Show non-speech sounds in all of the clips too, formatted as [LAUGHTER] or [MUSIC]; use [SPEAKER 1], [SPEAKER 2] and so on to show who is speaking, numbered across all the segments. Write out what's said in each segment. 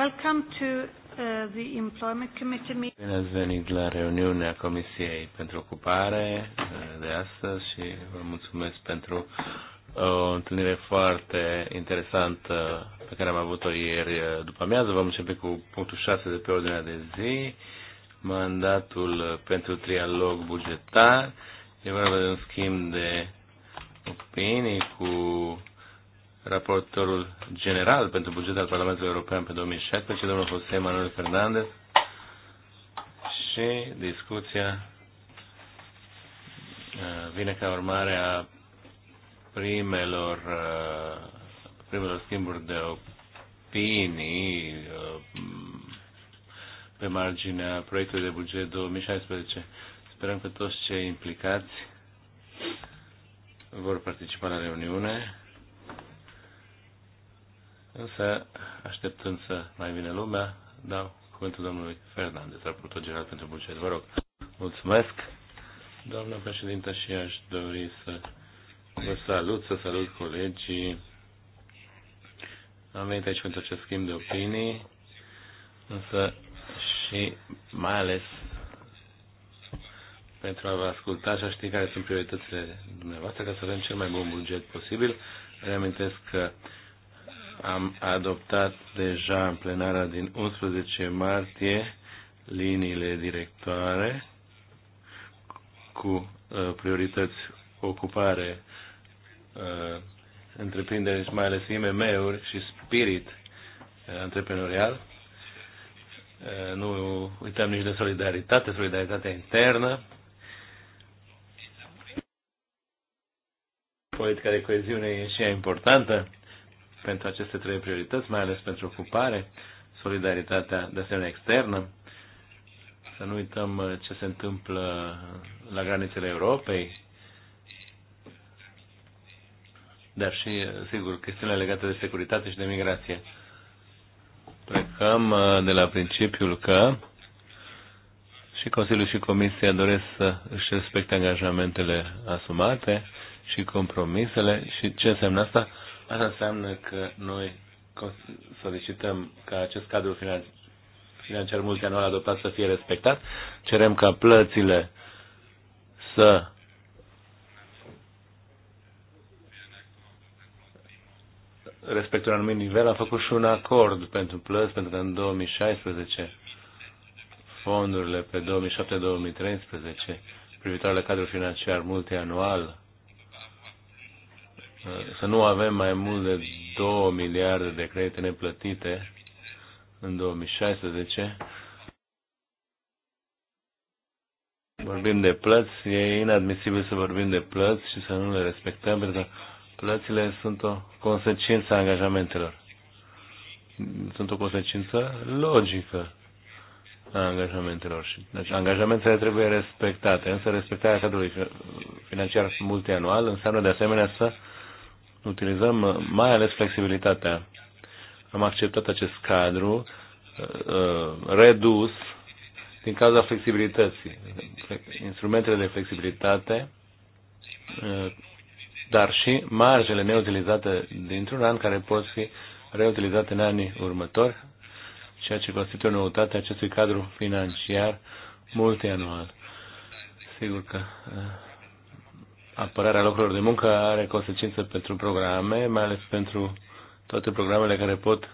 [SPEAKER 1] Welcome to uh, the Employment Committee meeting. Bine
[SPEAKER 2] ați venit la reuniunea Comisiei pentru Ocupare uh, de astăzi și vă mulțumesc pentru uh, o întâlnire foarte interesantă pe care am avut-o ieri uh, după amiază. Vom începe cu punctul 6 de pe ordinea de zi, mandatul pentru trialog bugetar. E vorba de un schimb de opinii cu raportorul general pentru bugetul al Parlamentului European pe 2016, domnul José Manuel Fernández, și discuția uh, vine ca urmare a primelor, uh, primelor schimburi de opinii uh, pe marginea proiectului de buget 2016. Sperăm că toți cei implicați vor participa la reuniune Însă, așteptând să mai vine lumea, dau cuvântul domnului Fernandez, raportor general pentru buget. Vă rog, mulțumesc, doamna președintă, și aș dori să vă salut, să salut colegii. Am venit aici pentru acest schimb de opinii, însă și mai ales pentru a vă asculta și a ști care sunt prioritățile dumneavoastră ca să avem cel mai bun buget posibil. Reamintesc că am adoptat deja în plenara din 11 martie liniile directoare cu uh, priorități ocupare, uh, întreprinderi și mai ales IMM-uri și spirit uh, antreprenorial. Uh, nu uităm nici de solidaritate, solidaritatea internă. Politica de coeziune e și ea importantă pentru aceste trei priorități, mai ales pentru ocupare, solidaritatea de asemenea externă, să nu uităm uh, ce se întâmplă la granițele Europei, dar și, uh, sigur, chestiunile legate de securitate și de migrație. Plecăm uh, de la principiul că și Consiliul și Comisia doresc să își respecte angajamentele asumate și compromisele și ce înseamnă asta? Asta înseamnă că noi solicităm ca acest cadru financiar multianual adoptat să fie respectat, cerem ca plățile să respectă un anumit nivel, a făcut și un acord pentru plăți pentru că în 2016 fondurile pe 2007-2013 privitoare la cadrul financiar multianual să nu avem mai mult de 2 miliarde de credite neplătite în 2016. Vorbim de plăți, e inadmisibil să vorbim de plăți și să nu le respectăm, pentru că plățile sunt o consecință a angajamentelor. Sunt o consecință logică a angajamentelor. Deci angajamentele trebuie respectate, însă respectarea cadrului financiar multianual înseamnă de asemenea să utilizăm uh, mai ales flexibilitatea. Am acceptat acest cadru uh, uh, redus din cauza flexibilității, instrumentele de flexibilitate, dar și marjele neutilizate dintr-un an care pot fi reutilizate în anii următori, ceea ce constituie o noutate acestui cadru financiar multianual. Sigur că apărarea locurilor de muncă are consecințe pentru programe, mai ales pentru toate programele care pot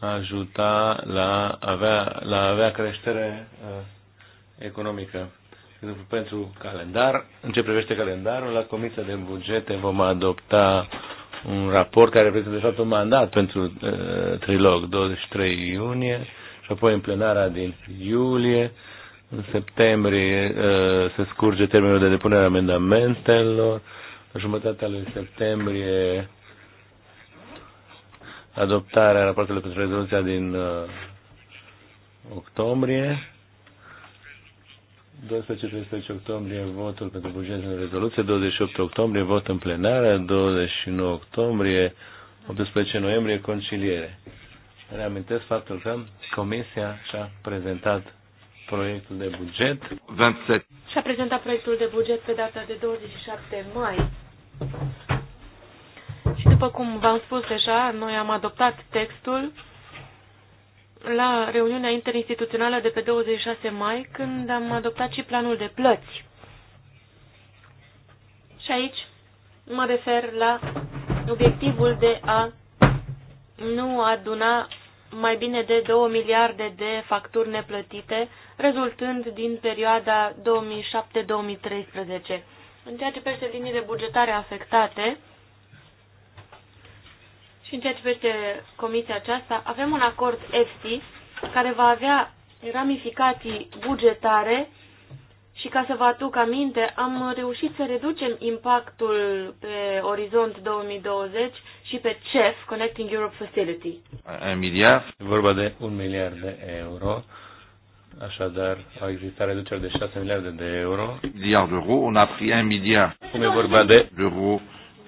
[SPEAKER 2] ajuta la avea, la avea creștere uh, economică. pentru calendar, în ce privește calendarul, la Comisia de Bugete vom adopta un raport care reprezintă, de fapt, un mandat pentru uh, trilog, 23 iunie, și apoi în plenara din iulie în septembrie uh, se scurge termenul de depunere a amendamentelor. La jumătatea lui septembrie adoptarea raportului pentru rezoluția din uh, octombrie. 12-13 octombrie votul pentru buget în rezoluție, 28 octombrie vot în plenară, 29 octombrie, 18 noiembrie conciliere. Reamintesc faptul că Comisia și-a prezentat proiectul de buget. 27.
[SPEAKER 3] Și a prezentat proiectul de buget pe data de 27 mai. Și după cum v-am spus deja, noi am adoptat textul la reuniunea interinstituțională de pe 26 mai, când am adoptat și planul de plăți. Și aici mă refer la obiectivul de a nu aduna mai bine de 2 miliarde de facturi neplătite, rezultând din perioada 2007-2013. În ceea ce privește liniile bugetare afectate și în ceea ce privește comisia aceasta, avem un acord EFSI care va avea ramificații bugetare și ca să vă aduc aminte, am reușit să reducem impactul pe Orizont 2020 și pe CEF, Connecting Europe Facility.
[SPEAKER 2] Un E vorba de un miliard de euro. Așadar, au existat reduceri de 6 miliarde de euro. Miliard de euro, on
[SPEAKER 4] a pris un miliard. Cum e vorba de
[SPEAKER 2] euro?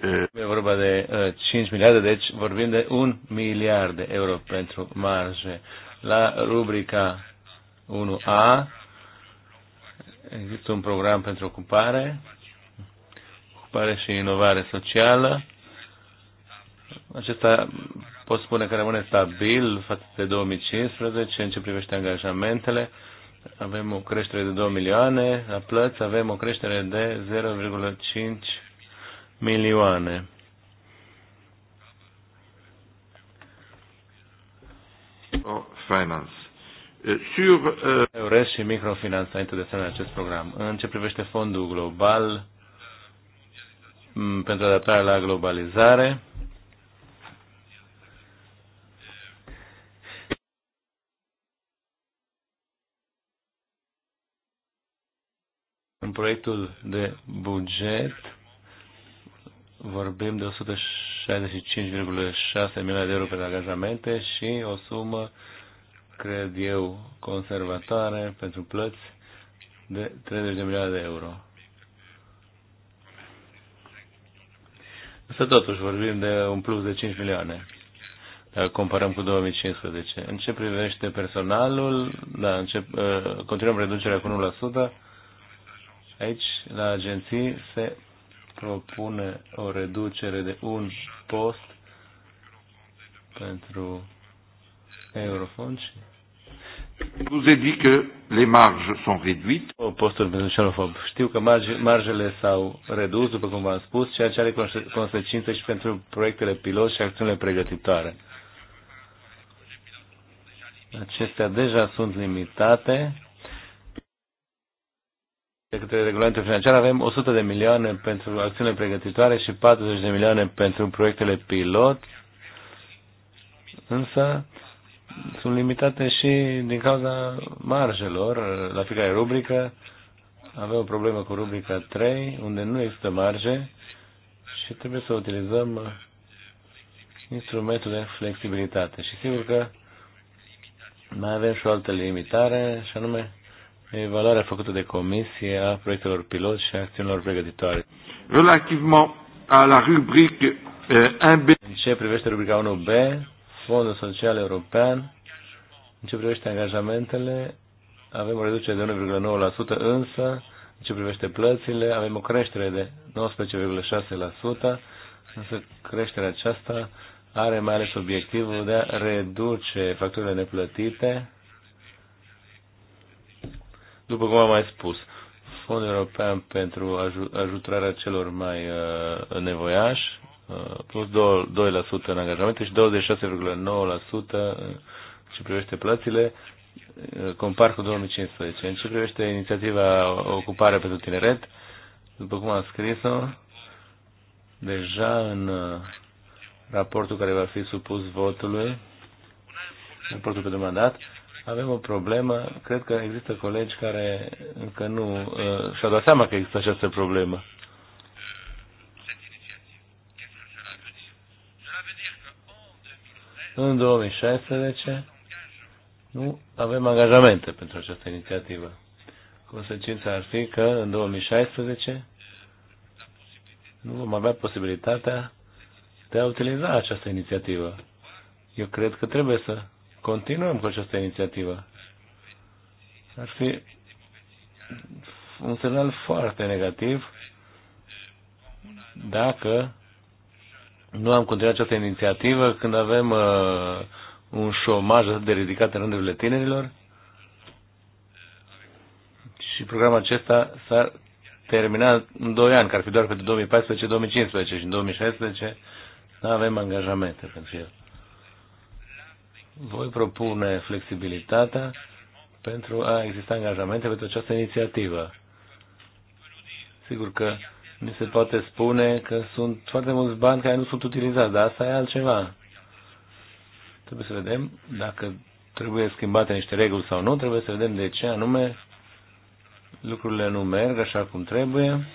[SPEAKER 2] Euh, e vorba de uh, 5 miliarde, deci vorbim de un miliard de euro pentru marge. La rubrica 1A, Există un program pentru ocupare, ocupare și inovare socială. Acesta pot spune că rămâne stabil față de 2015 în ce privește angajamentele. Avem o creștere de 2 milioane la plăți, avem o creștere de 0,5 milioane. O oh, finance. Eh, sur, uh... Eh, Eures și microfinanța de în acest program. În ce privește fondul global mm, pentru adaptarea la globalizare, În proiectul de buget vorbim de 165,6 milioane de euro pentru angajamente și o sumă cred eu, conservatoare pentru plăți de 30 de milioane de euro. Să totuși vorbim de un plus de 5 milioane, dacă comparăm cu 2015. În ce privește personalul, da, uh, continuăm reducerea cu 1%. Aici, la agenții, se propune o reducere de un post pentru Eurofond și vous ai dit că les marges sont réduites. Postul pentru xenofob. Știu că marge, marjele s-au redus, după cum v-am spus, ceea ce are consecințe și pentru proiectele pilot și acțiunile pregătitoare. Acestea deja sunt limitate. De către regulamentul financiar avem 100 de milioane pentru acțiunile pregătitoare și 40 de milioane pentru proiectele pilot. Însă, sunt limitate și din cauza marjelor la fiecare rubrică. Avem o problemă cu rubrica 3, unde nu există marge și trebuie să utilizăm instrumentul de flexibilitate. Și sigur că mai avem și o altă limitare, și anume evaluarea făcută de comisie a proiectelor pilot și a acțiunilor pregătitoare. Relativement
[SPEAKER 4] à la rubrique 1B. Euh,
[SPEAKER 2] În ce privește rubrica 1B, Fondul Social European, în ce privește angajamentele, avem o reducere de 1,9%, însă, în ce privește plățile, avem o creștere de 19,6%, însă creșterea aceasta are mai ales obiectivul de a reduce facturile neplătite, după cum am mai spus, Fondul European pentru ajutorarea celor mai uh, nevoiași, Uh, plus 2% în angajamente și 26,9% ce privește plățile, uh, compar cu 2015. În ce privește inițiativa Ocupare pentru Tineret, după cum am scris-o, deja în uh, raportul care va fi supus votului, raportul pe mandat, avem o problemă. Cred că există colegi care încă nu uh, și-au dat seama că există această problemă. În 2016 nu avem angajamente pentru această inițiativă. Consecința ar fi că în 2016 nu vom avea posibilitatea de a utiliza această inițiativă. Eu cred că trebuie să continuăm cu această inițiativă. Ar fi un semnal foarte negativ dacă nu am continuat această inițiativă când avem uh, un șomaj atât de ridicat în rândurile tinerilor și programul acesta s-ar termina în 2 ani, care ar fi doar pentru 2014-2015 și în 2016 nu avem angajamente pentru el. Voi propune flexibilitatea pentru a exista angajamente pentru această inițiativă. Sigur că ni se poate spune că sunt foarte mulți bani care nu sunt utilizați, dar asta e altceva. Trebuie să vedem dacă trebuie schimbate niște reguli sau nu, trebuie să vedem de ce anume lucrurile nu merg așa cum trebuie.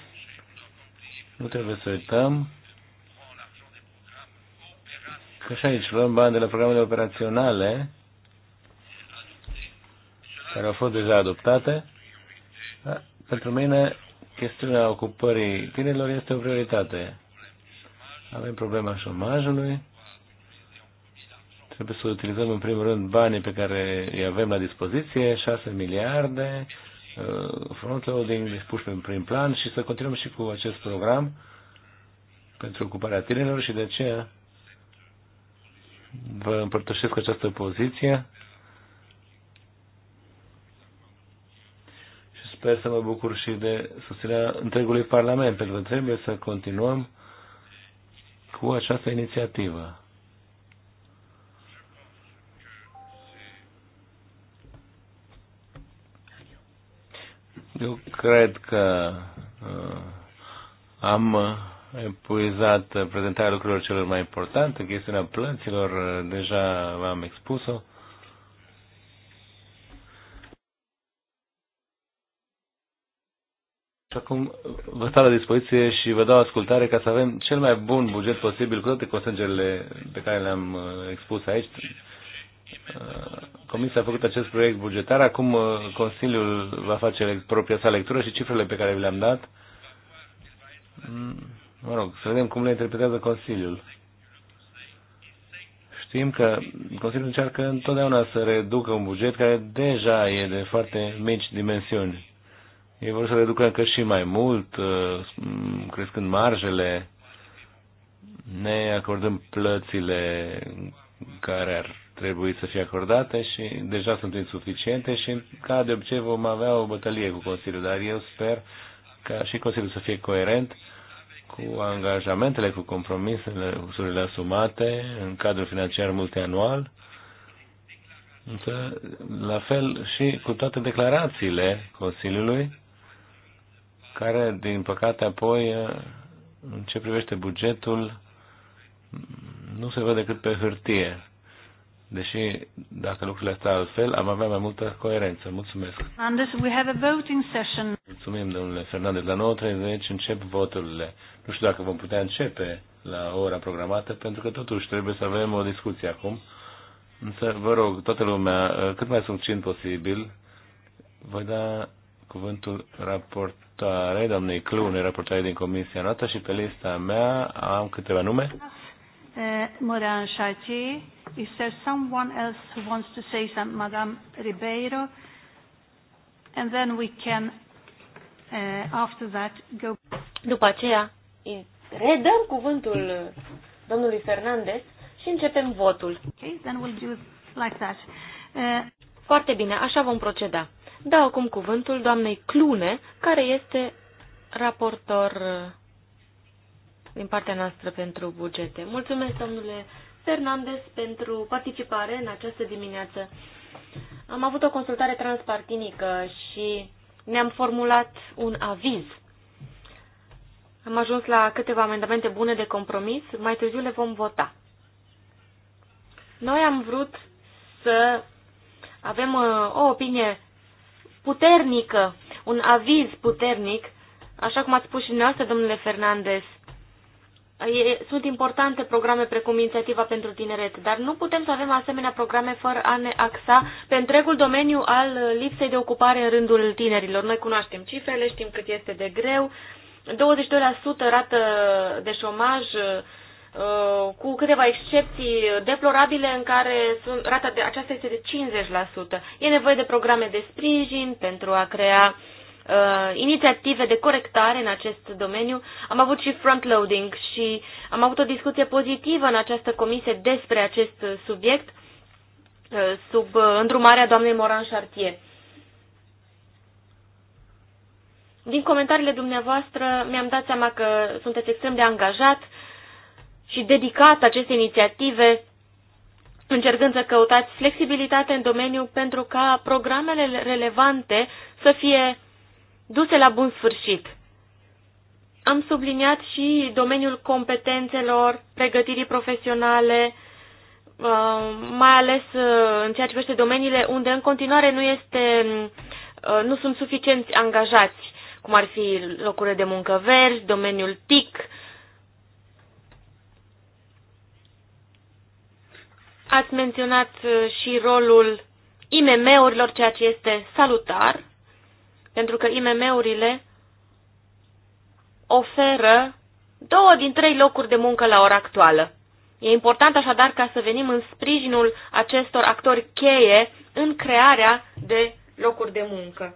[SPEAKER 2] Nu trebuie să uităm că și aici luăm bani de la programele operaționale care au fost deja adoptate. Pentru mine chestiunea ocupării tinerilor este o prioritate. Avem problema șomajului. Trebuie să utilizăm în primul rând banii pe care îi avem la dispoziție, 6 miliarde, uh, frontloading puși pe prim plan și să continuăm și cu acest program pentru ocuparea tinerilor și de aceea vă împărtășesc această poziție sper să mă bucur și de susținerea întregului Parlament, pentru că trebuie să continuăm cu această inițiativă. Eu cred că uh, am epuizat prezentarea lucrurilor celor mai importante, chestiunea plăților, uh, deja v-am expus-o. Și acum vă stau la dispoziție și vă dau ascultare ca să avem cel mai bun buget posibil cu toate consângerile pe care le-am uh, expus aici. Uh, Comisia a făcut acest proiect bugetar, acum uh, Consiliul va face propria sa lectură și cifrele pe care vi le-am dat. Mm, mă rog, să vedem cum le interpretează Consiliul. Știm că Consiliul încearcă întotdeauna să reducă un buget care deja e de foarte mici dimensiuni ei vor să reducă încă și mai mult, uh, crescând marjele, ne acordăm plățile care ar trebui să fie acordate și deja sunt insuficiente și ca de obicei vom avea o bătălie cu Consiliul, dar eu sper ca și Consiliul să fie coerent cu angajamentele, cu compromisele, usurile asumate în cadrul financiar multianual, însă la fel și cu toate declarațiile Consiliului care, din păcate, apoi, eh, în ce privește bugetul, nu se văd decât pe hârtie. Deși, dacă lucrurile stau altfel, am avea mai multă coerență. Mulțumesc.
[SPEAKER 1] Anders, we have a voting session.
[SPEAKER 2] Mulțumim, domnule Fernandez. La 9.30 încep voturile. Nu știu dacă vom putea începe la ora programată, pentru că totuși trebuie să avem o discuție acum. Însă, vă rog, toată lumea, eh, cât mai succint posibil, voi da cuvântul raportare, doamnei Clune, raportare din Comisia noastră și pe lista mea am câteva nume.
[SPEAKER 1] Uh, Moran is there someone else who wants to say something, Madame Ribeiro? And then we can, uh, after that, go...
[SPEAKER 3] După aceea, redăm cuvântul domnului Fernandez și începem votul. Okay, then we'll do like that. Uh... Foarte bine, așa vom proceda. Dau acum cuvântul doamnei Clune, care este raportor uh, din partea noastră pentru bugete. Mulțumesc, domnule Fernandez, pentru participare în această dimineață. Am avut o consultare transpartinică și ne-am formulat un aviz. Am ajuns la câteva amendamente bune de compromis, mai târziu le vom vota. Noi am vrut să avem uh, o opinie puternică, un aviz puternic, așa cum ați spus și dumneavoastră, domnule Fernandez. E, sunt importante programe precum inițiativa pentru tineret, dar nu putem să avem asemenea programe fără a ne axa pe întregul domeniu al lipsei de ocupare în rândul tinerilor. Noi cunoaștem cifrele, știm cât este de greu, 22% rată de șomaj Uh, cu câteva excepții deplorabile în care sunt, rata de aceasta este de 50%. E nevoie de programe de sprijin pentru a crea uh, inițiative de corectare în acest domeniu. Am avut și frontloading și am avut o discuție pozitivă în această comisie despre acest subiect uh, sub uh, îndrumarea doamnei Moran Chartier. Din comentariile dumneavoastră mi-am dat seama că sunteți extrem de angajat uh, și dedicat aceste inițiative, încercând să căutați flexibilitate în domeniu pentru ca programele relevante să fie duse la bun sfârșit. Am subliniat și domeniul competențelor, pregătirii profesionale, uh, mai ales uh, în ceea ce privește domeniile unde în continuare nu, este, uh, nu sunt suficienți angajați, cum ar fi locurile de muncă verzi, domeniul TIC, Ați menționat uh, și rolul IMM-urilor, ceea ce este salutar, pentru că IMM-urile oferă două din trei locuri de muncă la ora actuală. E important așadar ca să venim în sprijinul acestor actori cheie în crearea de locuri de muncă.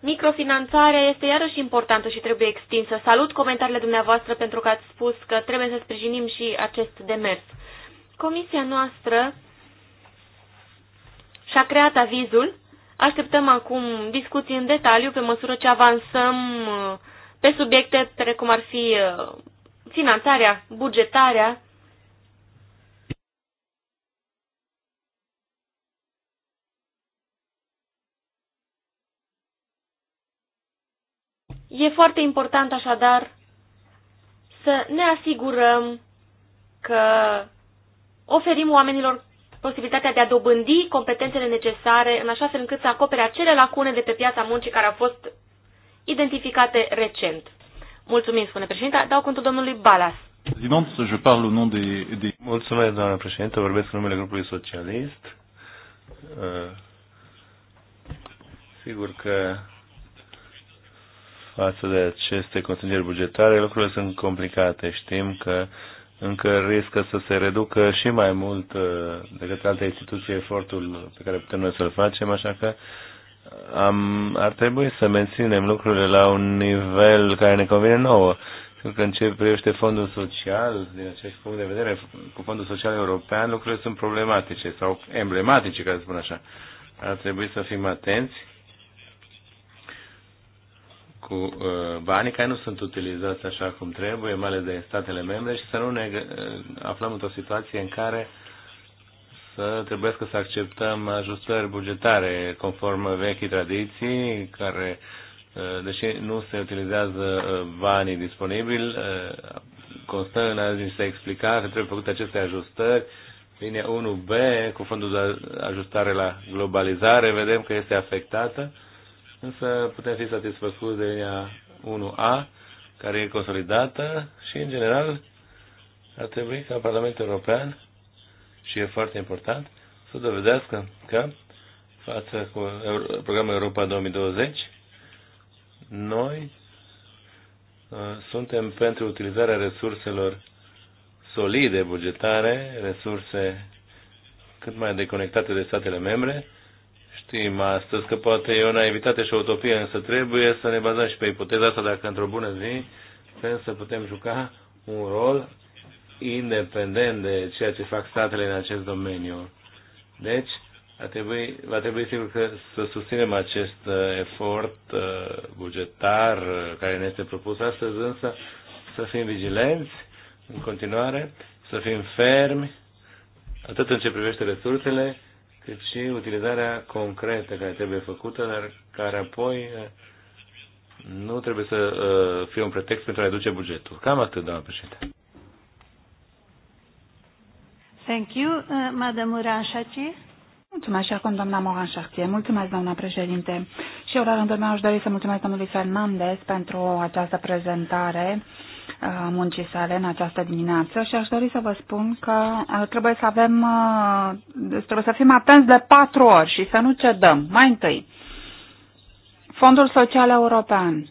[SPEAKER 3] Microfinanțarea este iarăși importantă și trebuie extinsă. Salut comentariile dumneavoastră pentru că ați spus că trebuie să sprijinim și acest demers. Comisia noastră și-a creat avizul. Așteptăm acum discuții în detaliu pe măsură ce avansăm uh, pe subiecte precum ar fi uh, finanțarea, bugetarea. E foarte important așadar să ne asigurăm că oferim oamenilor posibilitatea de a dobândi competențele necesare în așa fel încât să acopere acele lacune de pe piața muncii care au fost identificate recent. Mulțumim, spune președinte. Dau cuvântul domnului Balas.
[SPEAKER 2] Mulțumesc, doamnă președinte. Vorbesc în numele grupului socialist. Uh, sigur că față de aceste consilieri bugetare, lucrurile sunt complicate. Știm că încă riscă să se reducă și mai mult uh, decât alte instituții efortul pe care putem noi să-l facem, așa că uh, am, ar trebui să menținem lucrurile la un nivel care ne convine nouă. Pentru că în ce privește fondul social, din acest punct de vedere, cu fondul social european, lucrurile sunt problematice sau emblematice, ca să spun așa. Ar trebui să fim atenți cu uh, banii care nu sunt utilizați așa cum trebuie, mai ales de statele membre, și să nu ne uh, aflăm într-o situație în care să trebuiască să acceptăm ajustări bugetare conform vechii tradiții, care, uh, deși nu se utilizează uh, banii disponibili, uh, constă în a se explica că trebuie făcute aceste ajustări. Linia 1B cu fondul de ajustare la globalizare, vedem că este afectată însă putem fi satisfăcuți de linia 1A, care e consolidată și, în general, ar trebui ca Parlamentul European, și e foarte important, să dovedească că, față cu programul Europa 2020, noi uh, suntem pentru utilizarea resurselor solide bugetare, resurse cât mai deconectate de statele membre, Știm astăzi că poate e o naivitate și o utopie, însă trebuie să ne bazăm și pe ipoteza asta dacă într-o bună zi putem să putem juca un rol independent de ceea ce fac statele în acest domeniu. Deci, va trebui, va trebui sigur că să susținem acest uh, efort uh, bugetar uh, care ne este propus astăzi, însă să fim vigilenți în continuare, să fim fermi, atât în ce privește resursele, cât și utilizarea concretă care trebuie făcută, dar care apoi eh, nu trebuie să eh, fie un pretext pentru a reduce bugetul. Cam atât, doamna președinte.
[SPEAKER 1] Thank you, eh, Madame Moran Chartier.
[SPEAKER 5] Mulțumesc și acum, doamna Moran Chartier. Mulțumesc, doamna președinte. Și eu, la rândul meu, aș dori să mulțumesc domnului Fernandez pentru această prezentare muncii sale în această dimineață și aș dori să vă spun că trebuie să avem, trebuie să fim atenți de patru ori și să nu cedăm. Mai întâi, Fondul Social European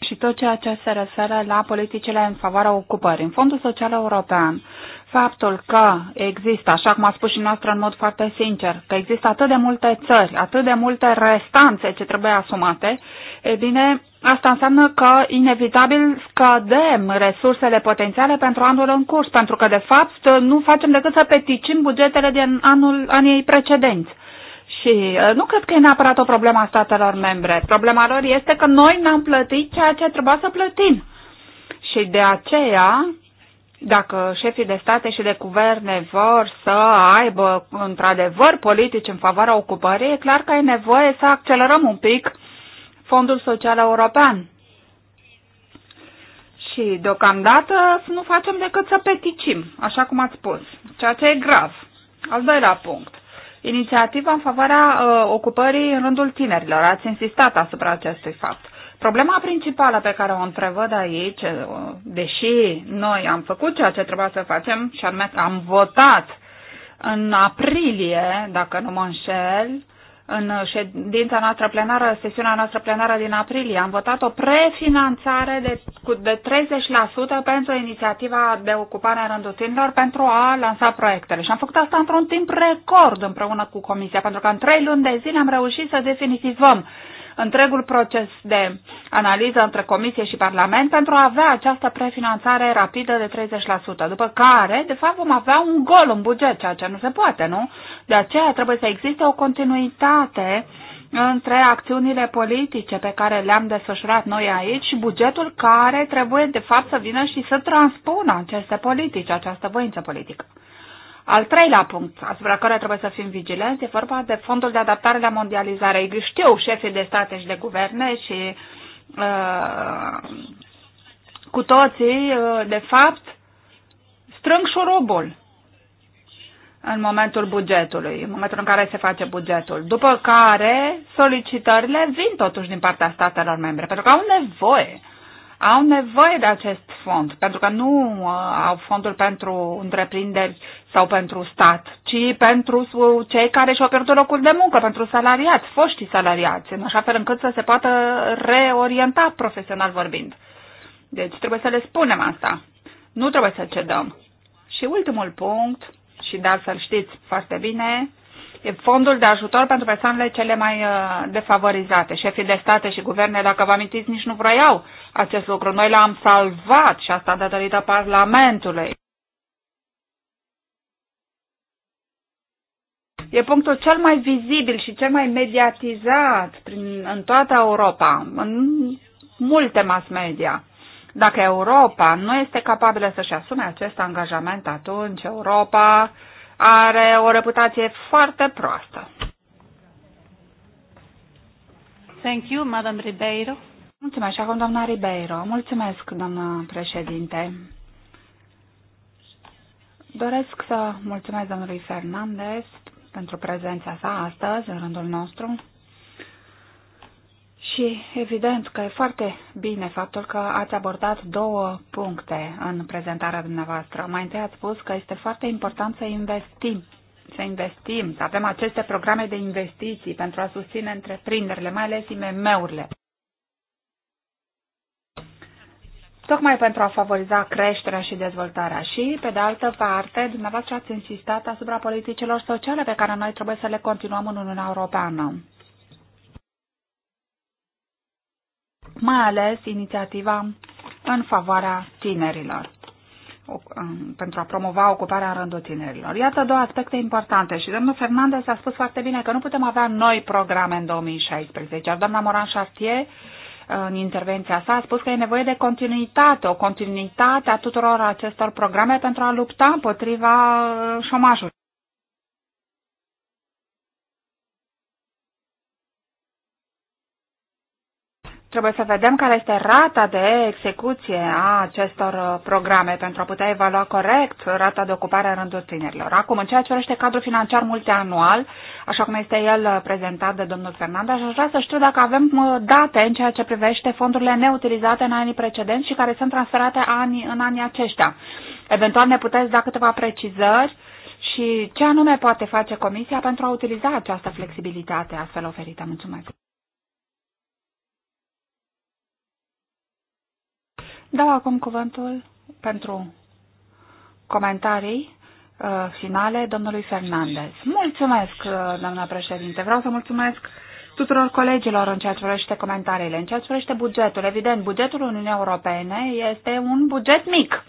[SPEAKER 5] și tot ceea ce se referă la politicile în favoarea ocupării. În Fondul Social European, faptul că există, așa cum a spus și noastră în mod foarte sincer, că există atât de multe țări, atât de multe restanțe ce trebuie asumate, e bine, Asta înseamnă că inevitabil scădem resursele potențiale pentru anul în curs, pentru că de fapt nu facem decât să peticim bugetele din anul, anii precedenți. Și uh, nu cred că e neapărat o problemă a statelor membre. Problema lor este că noi n-am plătit ceea ce trebuia să plătim. Și de aceea, dacă șefii de state și de guverne vor să aibă într-adevăr politici în favoarea ocupării, e clar că e nevoie să accelerăm un pic uh, Fondul Social European. Și deocamdată nu facem decât să peticim, așa cum ați spus, ceea ce e grav. Al doilea punct. Inițiativa în favoarea uh, ocupării în rândul tinerilor. Ați insistat asupra acestui fapt. Problema principală pe care o întrevăd aici, uh, deși noi am făcut ceea ce trebuia să facem și anume am votat în aprilie, dacă nu mă înșel, în ședința noastră plenară, sesiunea noastră plenară din aprilie, am votat o prefinanțare de, de 30% pentru inițiativa de ocupare a rândutinilor pentru a lansa proiectele. Și am făcut asta într-un timp record împreună cu Comisia, pentru că în trei luni de zile am reușit să definitivăm uh, întregul proces de analiză între Comisie și Parlament pentru a avea această prefinanțare rapidă de 30%, după care, de fapt, vom avea un gol în buget, ceea ce nu se poate, nu? De aceea trebuie să existe o continuitate între acțiunile politice pe care le-am desfășurat noi aici și bugetul care trebuie, de fapt, să vină și să transpună aceste politici, această voință politică. Al treilea punct asupra care trebuie să fim vigilenți e vorba de fondul de adaptare la mondializare. Știu șefii de state și de guverne și uh, cu toții, uh, de fapt, strâng șurubul în momentul bugetului, în momentul în care se face bugetul, după care solicitările vin totuși din partea statelor membre, pentru că au nevoie uh, au nevoie de acest fond, pentru că nu uh, au fondul pentru întreprinderi sau pentru stat, ci pentru uh, cei care și-au pierdut locul de muncă, pentru salariați, foștii salariați, în așa fel încât să se poată reorienta profesional vorbind. Deci trebuie să le spunem asta. Nu trebuie să cedăm. Și ultimul punct, și da, să-l știți foarte bine, fondul de ajutor pentru persoanele cele mai uh, defavorizate. Șefii de state și guverne, dacă vă amintiți, nici nu vroiau acest lucru. Noi l-am salvat și asta datorită Parlamentului. E punctul cel mai vizibil și cel mai mediatizat prin, în toată Europa, în multe mass media. Dacă Europa nu este capabilă să-și asume acest angajament, atunci Europa uh, are o reputație foarte proastă. Thank you, Madam Ribeiro. Mulțumesc, acum doamna Ribeiro. Mulțumesc, doamna președinte. Doresc să mulțumesc domnului Fernandez pentru prezența sa astăzi în rândul nostru. Și evident că e foarte bine faptul că ați abordat două puncte în prezentarea dumneavoastră. Mai întâi ați spus că este foarte important să investim să investim, să avem aceste programe de investiții pentru a susține întreprinderile, mai ales IMM-urile. Tocmai pentru a favoriza creșterea și dezvoltarea și, pe de altă parte, dumneavoastră ați insistat asupra politicilor sociale pe care noi trebuie să le continuăm în Uniunea Europeană. mai ales inițiativa în favoarea tinerilor pentru a promova ocuparea în rândul tinerilor. Iată două aspecte importante și domnul Fernandez a spus foarte bine că nu putem avea noi programe în 2016, iar doamna Moran Chartier în intervenția sa a spus că e nevoie de continuitate, o continuitate a tuturor acestor programe pentru a lupta împotriva șomajului. Trebuie să vedem care este rata de execuție a acestor uh, programe pentru a putea evalua corect rata de ocupare a rândul tinerilor. Acum, în ceea ce vrește cadrul financiar multianual, așa cum este el uh, prezentat de domnul Fernanda, aș vrea să știu dacă avem uh, date în ceea ce privește fondurile neutilizate în anii precedenți și care sunt transferate ani, în anii aceștia. Eventual ne puteți da câteva precizări și ce anume poate face Comisia pentru a utiliza această flexibilitate astfel oferită. Mulțumesc! Dau acum cuvântul pentru comentarii uh, finale domnului Fernandez. Mulțumesc, uh, doamna președinte. Vreau să mulțumesc tuturor colegilor în ceea ce vrește comentariile, în ceea ce vrește bugetul. Evident, bugetul Uniunii Europene este un buget mic.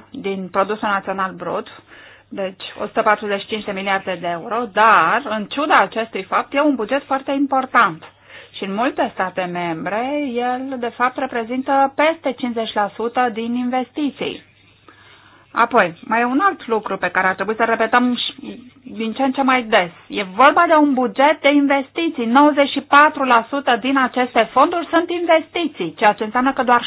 [SPEAKER 5] 1% din produsul național brut, deci 145 de miliarde de euro, dar, în ciuda acestui fapt, e un buget foarte important. Și în multe state membre, el de fapt reprezintă peste 50% din investiții. Apoi, mai e un alt lucru pe care ar trebui să repetăm din ce în ce mai des. E vorba de un buget de investiții. 94% din aceste fonduri sunt investiții, ceea ce înseamnă că doar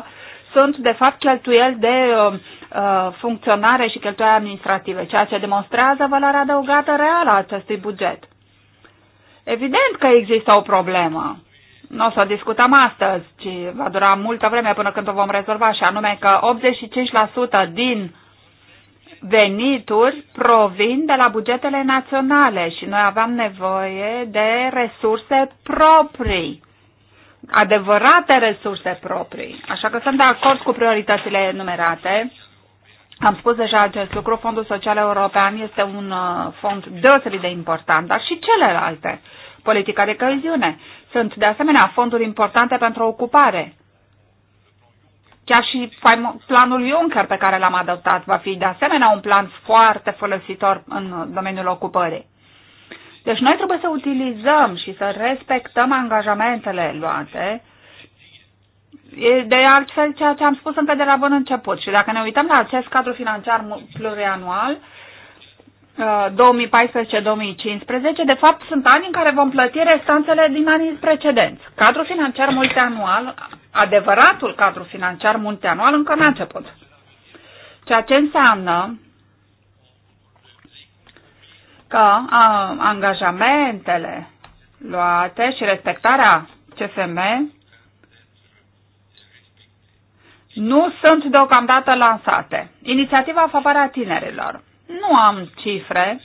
[SPEAKER 5] 6% sunt, de fapt, cheltuieli de uh, uh, funcționare și cheltuieli administrative, ceea ce demonstrează valoarea adăugată reală a acestui buget. Evident că există o problemă. Nu o să o discutăm astăzi, ci va dura multă vreme până când o vom rezolva, și anume că 85% din venituri provin de la bugetele naționale și noi aveam nevoie de resurse proprii, adevărate resurse proprii. Așa că sunt de acord cu prioritățile enumerate. Am spus deja acest lucru, Fondul Social European este un uh, fond deosebit de important, dar și celelalte politica de căziune. Sunt, de asemenea, fonduri importante pentru ocupare. Chiar și planul Juncker pe care l-am adoptat va fi, de asemenea, un plan foarte folositor în domeniul ocupării. Deci noi trebuie să utilizăm și să respectăm angajamentele luate. De altfel, ceea ce am spus încă de la bun început. Și dacă ne uităm la acest cadru financiar plurianual, 2014-2015, de fapt sunt ani în care vom plăti restanțele din anii precedenți. Cadrul financiar multianual, adevăratul cadru financiar multianual încă n-a început. Ceea ce înseamnă că a, angajamentele luate și respectarea CFM nu sunt deocamdată lansate. Inițiativa a favoarea tinerilor nu am cifre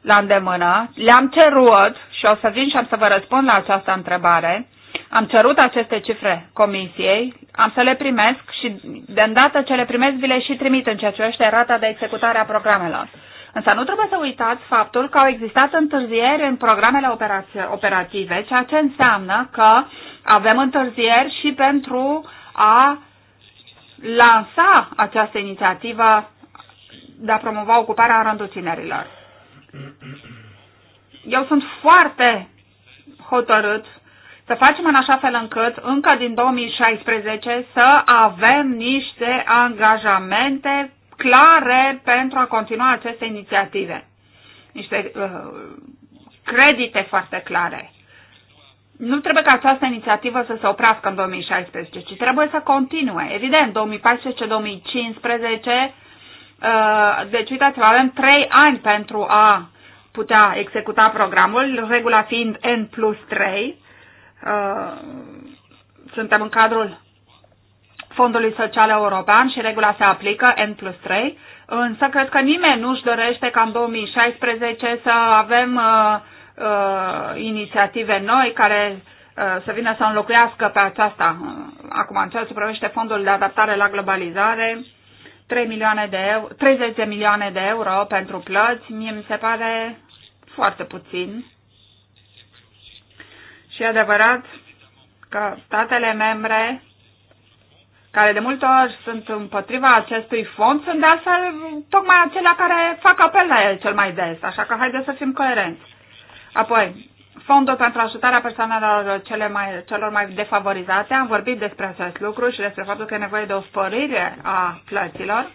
[SPEAKER 5] la îndemână, le-am cerut și o să vin și am să vă răspund la această întrebare. Am cerut aceste cifre comisiei, am să le primesc și de îndată ce le primesc vi le și trimit în ceea ce este rata de executare a programelor. Însă nu trebuie să uitați faptul că au existat întârzieri în programele operative, ceea ce înseamnă că avem întârzieri și pentru a lansa această inițiativă de a promova ocuparea în rândul tinerilor. Eu sunt foarte hotărât să facem în așa fel încât încă din 2016 să avem niște angajamente clare pentru a continua aceste inițiative. Niște uh, credite foarte clare. Nu trebuie ca această inițiativă să se oprească în 2016, ci trebuie să continue. Evident, 2014-2015 Uh, deci uitați, avem trei ani pentru a putea executa programul, regula fiind N plus 3. Uh, suntem în cadrul Fondului Social European și regula se aplică N plus 3, însă cred că nimeni nu-și dorește ca în 2016 să avem uh, uh, inițiative noi care uh, să vină să înlocuiască pe aceasta. Acum, în ceea ce privește Fondul de Adaptare la Globalizare, 3 milioane de eu, 30 de milioane de euro pentru plăți, mie mi se pare foarte puțin. Și e adevărat că statele membre care de multe ori sunt împotriva acestui fond, sunt de altfel tocmai acelea care fac apel la el cel mai des, așa că haideți să fim coerenți. Apoi, fondul pentru ajutarea persoanelor cele mai, celor mai defavorizate. Am vorbit despre acest lucru și despre faptul că e nevoie de o sporire a plăților.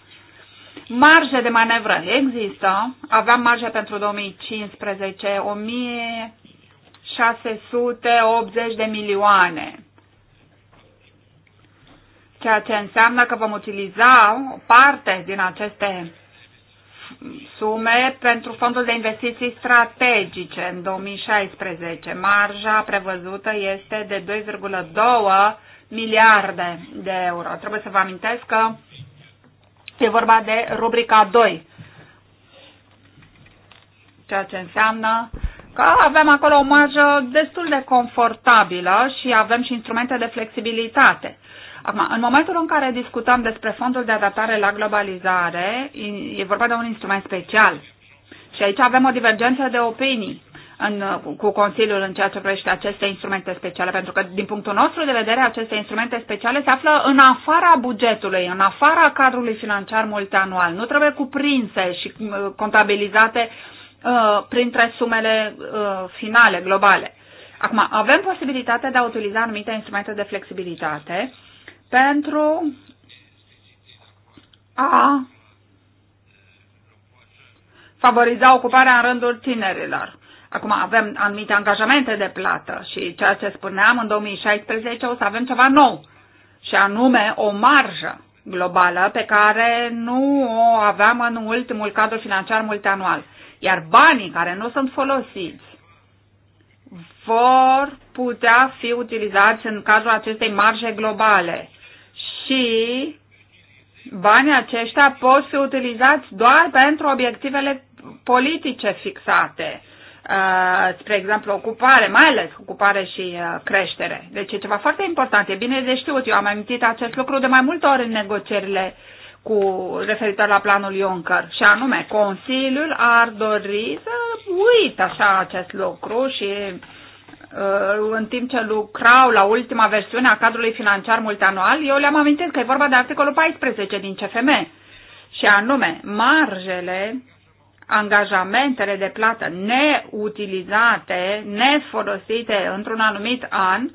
[SPEAKER 5] Marge de manevră există. Aveam marge pentru 2015, 1680 de milioane. Ceea ce înseamnă că vom utiliza o parte din aceste sume pentru fondul de investiții strategice în 2016. Marja prevăzută este de 2,2 miliarde de euro. Trebuie să vă amintesc că e vorba de rubrica 2, ceea ce înseamnă că avem acolo o marjă destul de confortabilă și avem și instrumente de flexibilitate. Acum, în momentul în care discutăm despre fondul de adaptare la globalizare, e vorba de un instrument special. Și aici avem o divergență de opinii în, cu Consiliul în ceea ce privește aceste instrumente speciale, pentru că, din punctul nostru de vedere, aceste instrumente speciale se află în afara bugetului, în afara cadrului financiar multianual. Nu trebuie cuprinse și uh, contabilizate uh, printre sumele uh, finale, globale. Acum, avem posibilitatea de a utiliza anumite instrumente de flexibilitate pentru a favoriza ocuparea în rândul tinerilor. Acum avem anumite angajamente de plată și ceea ce spuneam, în 2016 o să avem ceva nou și anume o marjă globală pe care nu o aveam în ultimul cadru financiar multianual. Iar banii care nu sunt folosiți vor putea fi utilizați în cadrul acestei marje globale și banii aceștia pot fi utilizați doar pentru obiectivele politice fixate, uh, spre exemplu ocupare, mai ales ocupare și uh, creștere. Deci e ceva foarte important, e bine de știut. Eu am amintit acest lucru de mai multe ori în negocierile cu referitor la planul Juncker și anume Consiliul ar dori să uită așa acest lucru și uh, Uh, în timp ce lucrau la ultima versiune a cadrului financiar multianual, eu le-am amintit că e vorba de articolul 14 din CFM și anume marjele, angajamentele de plată neutilizate, nefolosite într-un anumit an,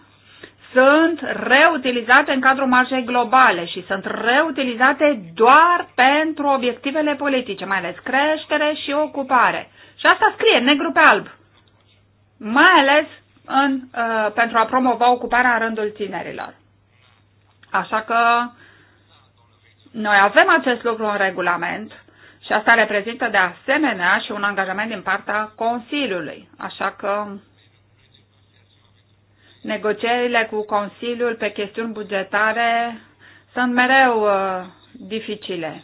[SPEAKER 5] sunt reutilizate în cadrul marjei globale și sunt reutilizate doar pentru obiectivele politice, mai ales creștere și ocupare. Și asta scrie negru pe alb. Mai ales în, uh, pentru a promova ocuparea în rândul tinerilor. Așa că noi avem acest lucru în regulament și asta reprezintă de asemenea și un angajament din partea Consiliului. Așa că negocierile cu Consiliul pe chestiuni bugetare sunt mereu uh, dificile.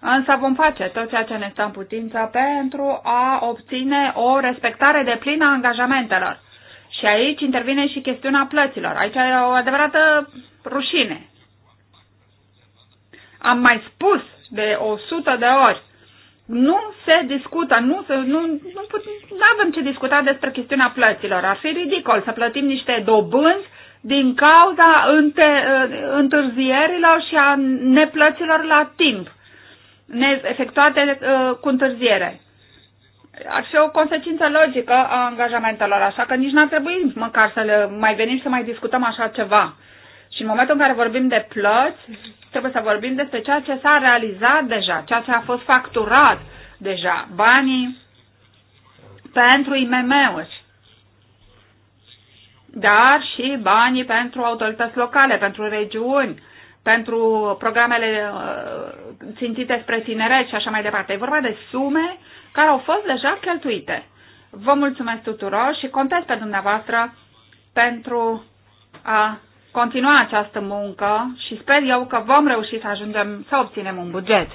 [SPEAKER 5] Însă vom face tot ceea ce ne stă în putință pentru a obține o respectare de plină a angajamentelor. Și aici intervine și chestiunea plăților. Aici e o adevărată rușine. Am mai spus de 100 de ori nu se discută, nu, se, nu, nu, put, nu avem ce discuta despre chestiunea plăților. Ar fi ridicol să plătim niște dobânzi din cauza înte, uh, întârzierilor și a neplăților la timp efectuate uh, cu întârziere. Ar fi o consecință logică a angajamentelor, așa că nici n-ar trebui măcar să le mai venim să mai discutăm așa ceva. Și în momentul în care vorbim de plăți, trebuie să vorbim despre ceea ce s-a realizat deja, ceea ce a fost facturat deja, banii pentru IMM-uri, dar și banii pentru autorități locale, pentru regiuni, pentru programele uh, țintite spre tineret și așa mai departe. E vorba de sume care au fost deja cheltuite. Vă mulțumesc tuturor și contez pe dumneavoastră pentru a continua această muncă și sper eu că vom reuși să ajungem să obținem un buget.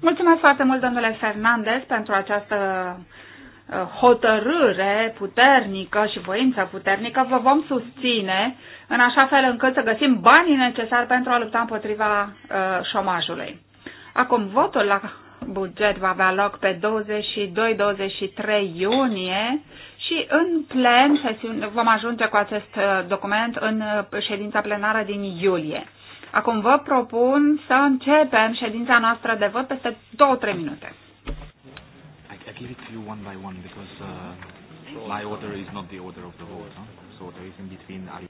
[SPEAKER 5] Mulțumesc foarte mult, domnule Fernandez, pentru această Uh, hotărâre puternică și voință puternică, vă vom susține în așa fel încât să găsim banii necesari pentru a lupta împotriva uh, șomajului. Acum, votul la buget va avea loc pe 22-23 iunie și în plen vom ajunge cu acest uh, document în uh, ședința plenară din iulie. Acum vă propun să începem ședința noastră de vot peste 2-3 minute
[SPEAKER 4] give it to you one by one because uh, my order is not the order of the vote, huh? so there is in between. I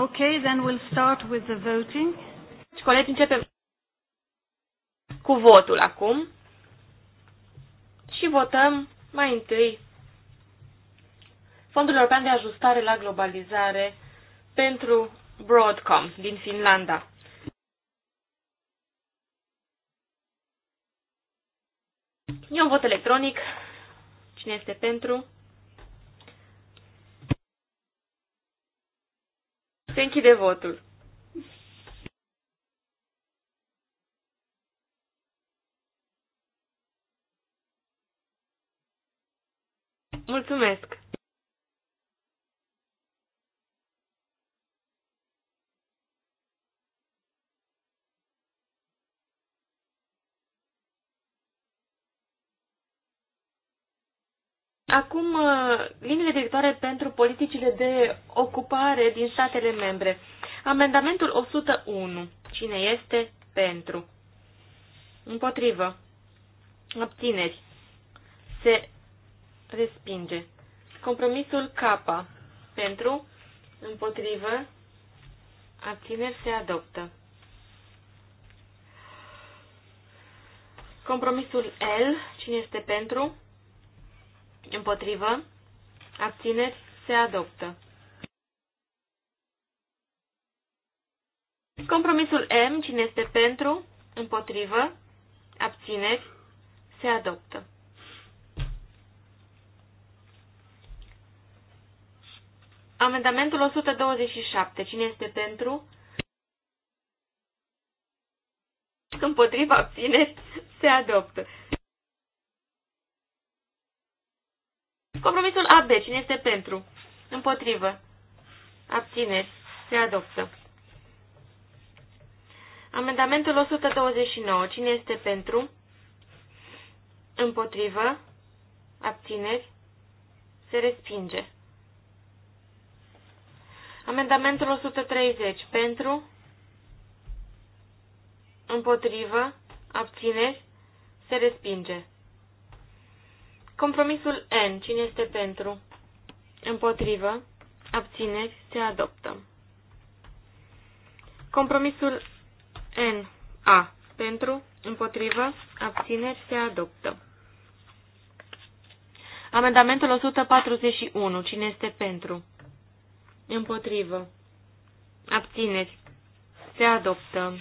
[SPEAKER 3] Okay, then we'll start with the voting. Deci, colegi, începem cu votul acum și votăm mai întâi Fondul European de Ajustare la Globalizare pentru Broadcom din Finlanda. E un vot electronic. Cine este pentru? închide votul.
[SPEAKER 4] Mulțumesc!
[SPEAKER 3] Acum, uh, liniile directoare pentru politicile de ocupare din statele membre. Amendamentul 101. Cine este pentru? Împotrivă. Obțineri. Se respinge. Compromisul K. Pentru. Împotrivă. Abțineri se adoptă. Compromisul L. Cine este pentru? Împotrivă. Abțineri. Se adoptă. Compromisul M, cine este pentru, împotrivă, abțineri, se adoptă. Amendamentul 127. Cine este pentru? Împotriva abțineri, se adoptă. Compromisul AB, cine este pentru? Împotrivă. Abțineri. Se adoptă. Amendamentul 129. Cine este pentru? Împotrivă. Abțineri. Se respinge. Amendamentul 130. Pentru? Împotrivă. Abțineri. Se respinge. Compromisul N. Cine este pentru? Împotrivă. Abțineri. Se adoptă. Compromisul N. A. Pentru. Împotrivă. Abțineri. Se adoptă. Amendamentul 141. Cine este pentru? Împotrivă. Abțineri. Se adoptă.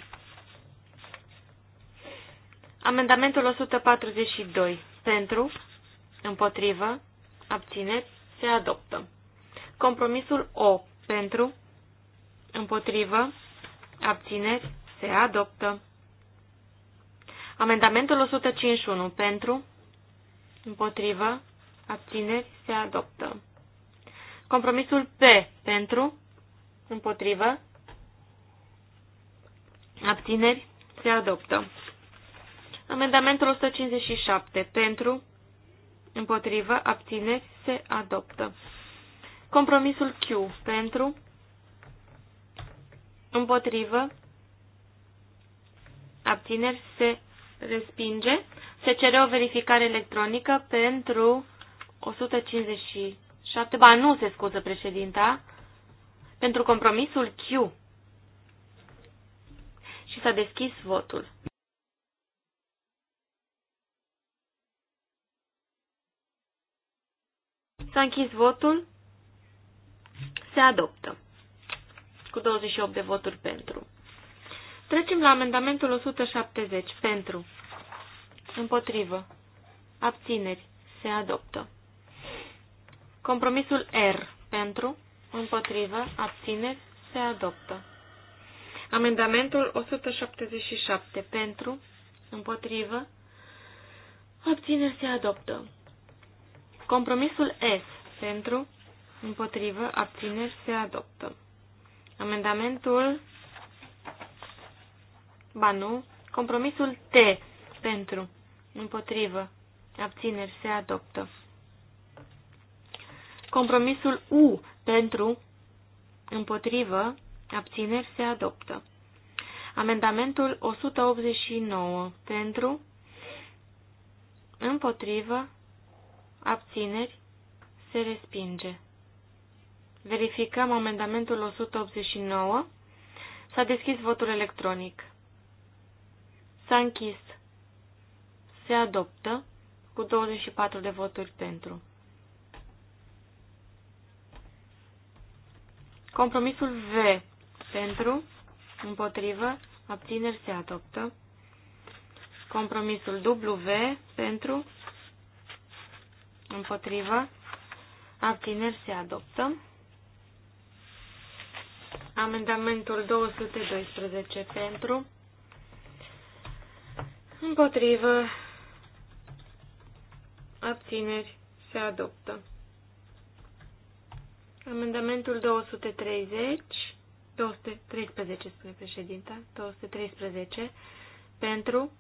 [SPEAKER 3] Amendamentul 142. Pentru. Împotrivă. abțineți, Se adoptă. Compromisul O. Pentru. Împotrivă. abțineți, Se adoptă. Amendamentul 151. Pentru. Împotrivă. abțineți, Se adoptă. Compromisul P. Pentru. Împotrivă. Abțineri. Se adoptă. Amendamentul 157. Pentru împotrivă, abțineri, se adoptă. Compromisul Q pentru, împotrivă, abțineri, se respinge. Se cere o verificare electronică pentru 157, ba nu se scuză președinta, pentru compromisul Q. Și s-a deschis votul. S-a închis votul. Se adoptă. Cu 28 de voturi pentru. Trecem la amendamentul 170. Pentru. Împotrivă. Abțineri. Se adoptă. Compromisul R. Pentru. Împotrivă. Abțineri. Se adoptă. Amendamentul 177. Pentru. Împotrivă. Abțineri. Se adoptă. Compromisul S pentru, împotrivă, abțineri se adoptă. Amendamentul, ba nu, compromisul T pentru, împotrivă, abțineri se adoptă. Compromisul U pentru, împotrivă, abțineri se adoptă. Amendamentul 189 pentru, împotrivă, abțineri, se respinge. Verificăm amendamentul 189. S-a deschis votul electronic. S-a închis. Se adoptă cu 24 de voturi pentru. Compromisul V pentru, împotrivă, abțineri se adoptă. Compromisul W pentru, Împotrivă. Abțineri se adoptă. Amendamentul 212 pentru. Împotrivă. Abțineri se adoptă. Amendamentul 230. 213 spune președinta. 213 pentru.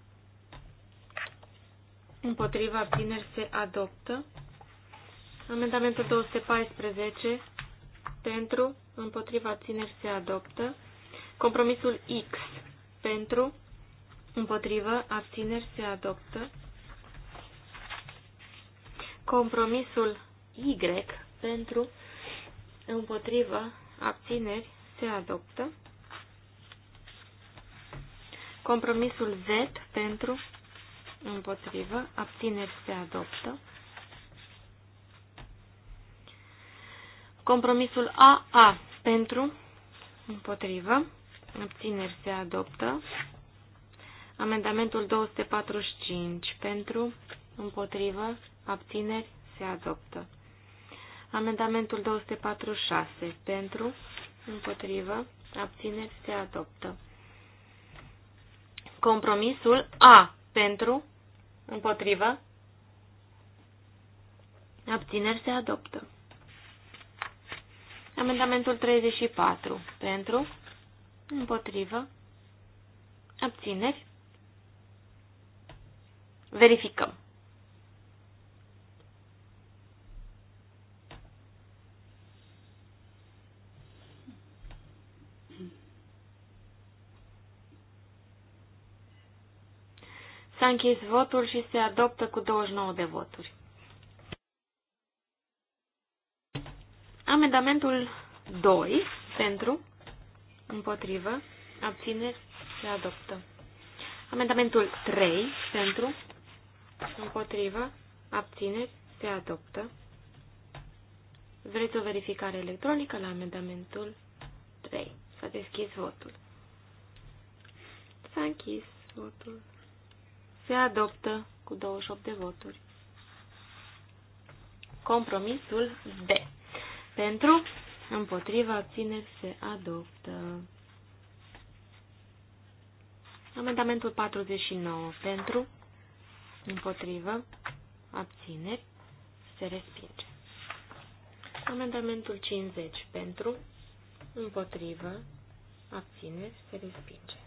[SPEAKER 3] Împotriva vineri se adoptă. Amendamentul 214 pentru, împotriva țineri se adoptă. Compromisul X pentru, împotriva abțineri se adoptă. Compromisul Y pentru, împotriva abțineri se adoptă. Compromisul Z pentru, împotrivă, abțineri se adoptă. Compromisul AA pentru, împotrivă, abțineri se adoptă. Amendamentul 245 pentru, împotrivă, abțineri se adoptă. Amendamentul 246 pentru, împotrivă, abțineri se adoptă. Compromisul A pentru, Împotrivă. Abțineri se adoptă. Amendamentul 34. Pentru. Împotrivă. Abțineri. Verificăm. S-a închis votul și se adoptă cu 29 de voturi. Amendamentul 2 pentru, împotrivă, abțineri, se adoptă. Amendamentul 3 pentru, împotrivă, abțineri, se adoptă. Vreți o verificare electronică la amendamentul 3. S-a deschis votul. S-a închis votul se adoptă cu 28 de voturi. Compromisul B. Pentru, împotriva, abțineri, se adoptă. Amendamentul 49. Pentru, împotrivă, abțineri, se respinge. Amendamentul 50. Pentru, împotrivă, abțineri, se respinge.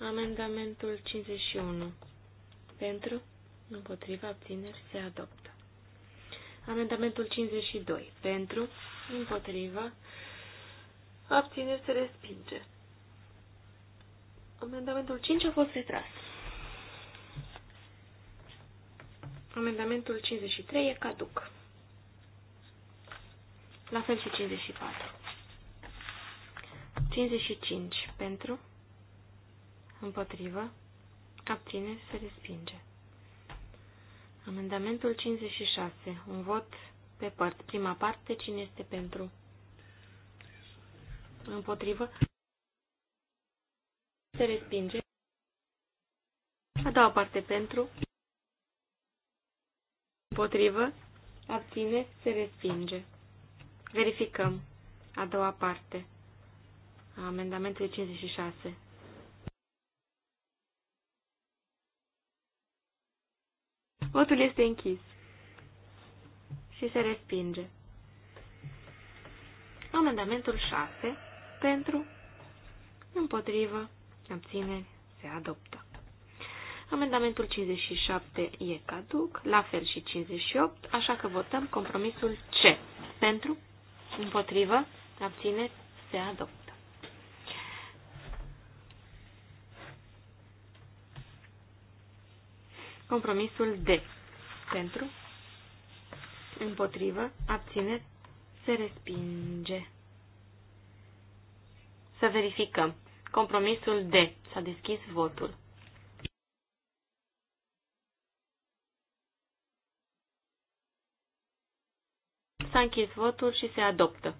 [SPEAKER 3] Amendamentul 51. Pentru, împotriva, abțineri, se adoptă. Amendamentul 52. Pentru, împotriva, abțineri, se respinge. Amendamentul 5 a fost retras. Amendamentul 53 e caduc. La fel și 54. 55 pentru, împotrivă, abțineri, se respinge. Amendamentul 56. Un vot pe părți. Prima parte, cine este pentru? Împotrivă. Se respinge. A doua parte pentru. Împotrivă. Abține. Se respinge. Verificăm. A doua parte. A amendamentului 56. Votul este închis. Și se respinge. Amendamentul 6. Pentru. Împotrivă. Abțineri. Se adoptă. Amendamentul 57 e caduc, la fel și 58, așa că votăm compromisul C. Pentru, împotrivă, abțineri, se adoptă. Compromisul D. Pentru, împotrivă, abține, se respinge. Să verificăm. Compromisul D. S-a deschis votul. S-a închis votul și se adoptă.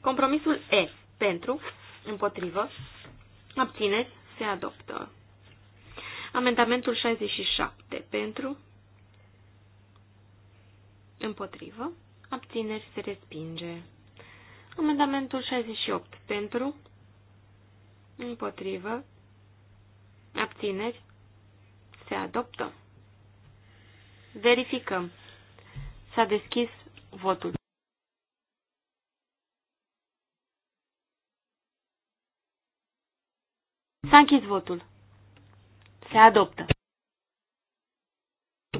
[SPEAKER 3] Compromisul E pentru, împotrivă, abțineți, se adoptă. Amendamentul 67 pentru, împotrivă, abțineri, se respinge. Amendamentul 68 pentru, împotrivă, abțineri, se adoptă. Verificăm. S-a deschis votul. S-a închis votul. Se adoptă.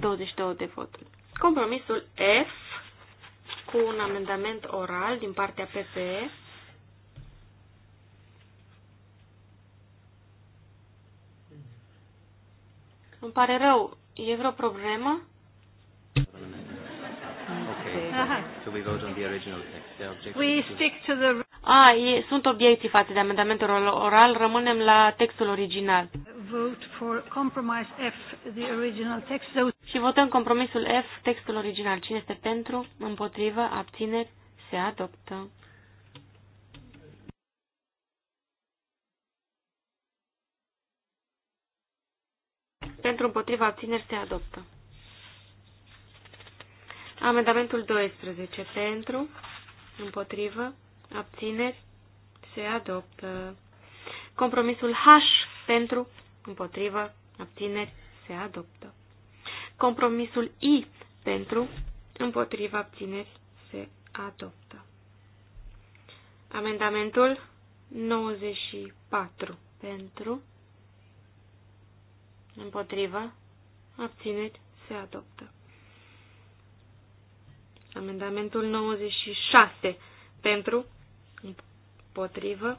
[SPEAKER 3] 22 de voturi. Compromisul F cu un amendament oral din partea PPE. Îmi pare rău. E vreo problemă?
[SPEAKER 4] Okay. So we vote on the original text. The we stick
[SPEAKER 3] to the a, e, sunt obiecții față de amendamentul oral, rămânem la textul original. Vote for compromise F, the original text. So... Și votăm compromisul F, textul original. Cine este pentru, împotrivă, abțineri, se adoptă. Pentru împotriva abțineri se adoptă. Amendamentul 12. Pentru, împotrivă, abțineri, se adoptă. Compromisul H pentru, împotrivă, abțineri, se adoptă. Compromisul I pentru, împotrivă, abțineri, se adoptă. Amendamentul 94 pentru, împotrivă, abțineri, se adoptă. Amendamentul 96 pentru, împotrivă,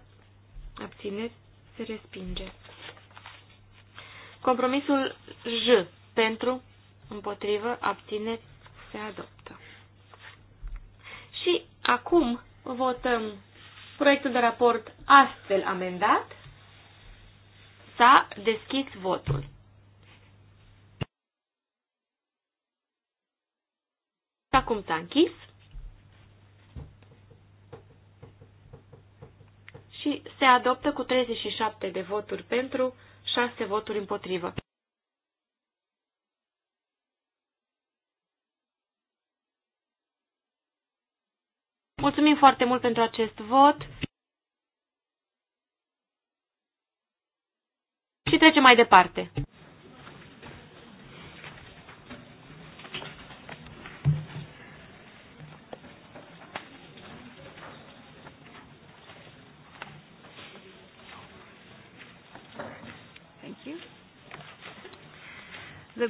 [SPEAKER 3] abțineri, se respinge. Compromisul J pentru, împotrivă, abțineri, se adoptă. Și acum votăm proiectul de raport astfel amendat. S-a deschis votul. Acum s-a închis. și se adoptă cu 37 de voturi pentru, 6 voturi împotrivă. Mulțumim foarte mult pentru acest vot. Și trecem mai departe.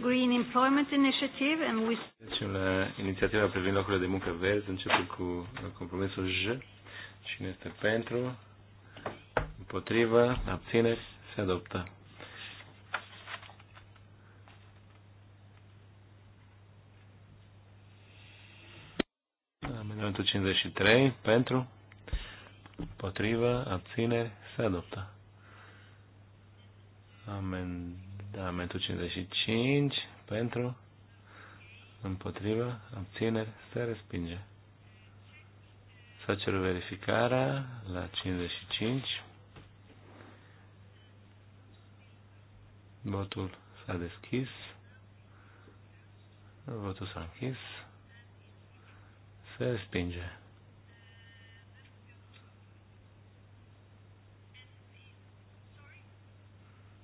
[SPEAKER 1] Green Employment Initiative and we...
[SPEAKER 2] Deci la inițiativa privind locurile de muncă verzi, începem cu compromisul J. Cine este pentru? Împotrivă? Abțineri? Se adoptă. Amendamentul 53. Pentru? Împotrivă? Abțineri? Se adoptă. Amendamentul 55 pentru, împotriva, abțineri, se respinge. Să cer verificarea la 55. Votul s-a deschis. Votul s-a închis. Se respinge.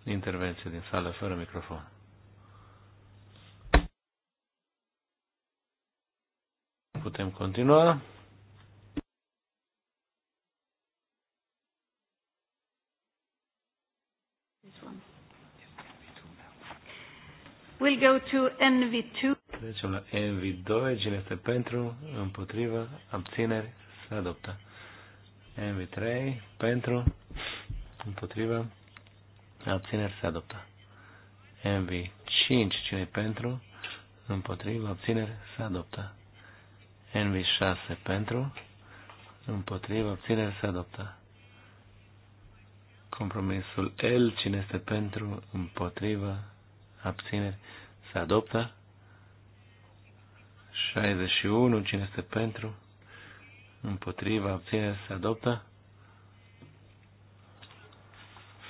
[SPEAKER 2] Intervenție din sală fără microfon. Putem continua.
[SPEAKER 1] We'll go to NV2.
[SPEAKER 2] Trecem la NV2. Cine este pentru, împotrivă, abțineri, se adoptă. NV3, pentru, împotrivă, abțineri se adoptă. MV 5, cine pentru, împotriva, abțineri se adoptă. NV 6 pentru, împotriva, abțineri se adoptă. Compromisul L, cine este pentru, împotriva, abțineri se adoptă. 61, cine este pentru, împotriva, abțineri se adoptă.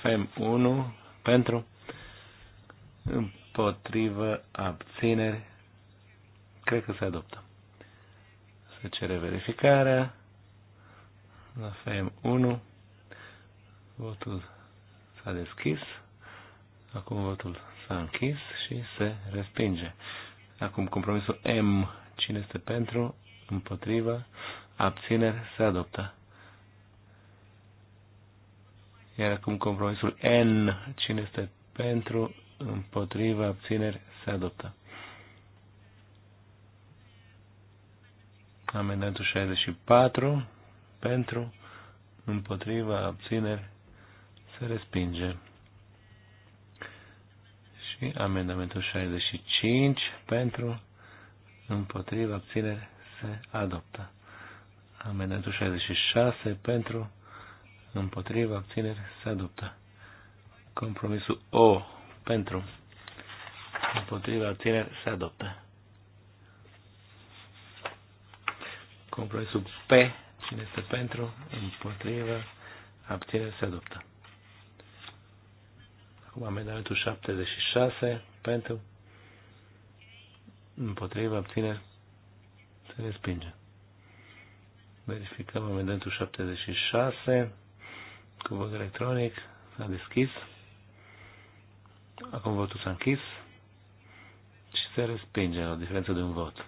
[SPEAKER 2] FEM 1 pentru împotrivă abțineri. Cred că se adoptă. Se cere verificarea la FEM 1. Votul s-a deschis. Acum votul s-a închis și se respinge. Acum compromisul M. Cine este pentru? Împotrivă? Abțineri? Se adoptă. Iar acum compromisul N. Cine este pentru, împotriva, abțineri, se adoptă. Amendamentul 64. Pentru, împotriva, abțineri, se respinge. Și amendamentul 65. Pentru, împotriva, abțineri, se adoptă. Amendamentul 66. Pentru, împotriva, abțineri, se adoptă. Compromisul O, pentru, împotriva, abțineri, se adoptă. Compromisul P, cine este pentru, împotriva, abțineri, se adoptă. Acum amendamentul 76, pentru, împotriva, abțineri, se respinge. Verificăm amendamentul 76 cu vot electronic. S-a deschis. Acum votul s-a închis și se respinge la o diferență de un vot.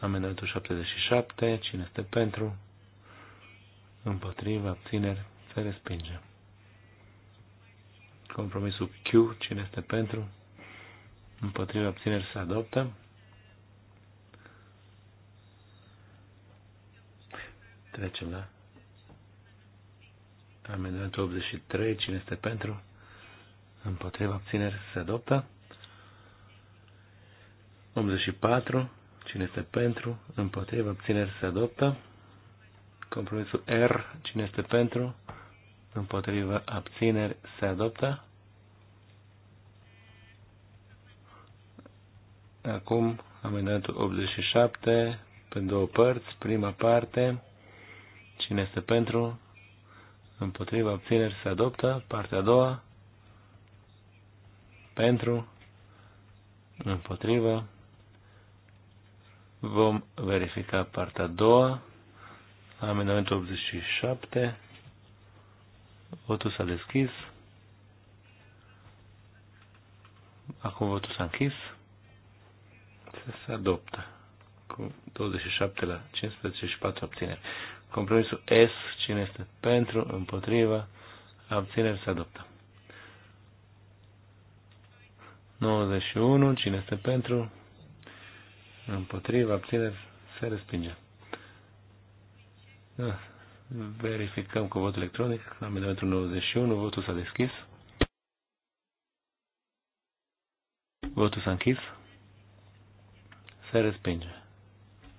[SPEAKER 2] Amendamentul 77, cine este pentru, împotriva, abțineri, se respinge. Compromisul Q, cine este pentru, împotriva, abțineri, se adoptă. Trecem la Amendamentul 83, cine este pentru? Împotriva abțineri se adoptă. 84, cine este pentru? Împotriva abțineri se adoptă. Compromisul R, cine este pentru? Împotriva abțineri se adoptă. Acum amendamentul 87 pe două părți, prima parte, cine este pentru, împotriva obțineri se adoptă, partea a doua, pentru, împotriva, vom verifica partea a doua, amendamentul 87, votul s-a deschis, acum votul s-a închis, se adoptă cu 27 la 15 și 4 obțineri. Compromisul S, cine este pentru, împotriva, abțineri se adoptă. 91, cine este pentru, împotriva, abțineri se respinge. Da. Verificăm cu vot electronic. milimetru 91, votul s-a deschis. Votul s-a închis. Se respinge.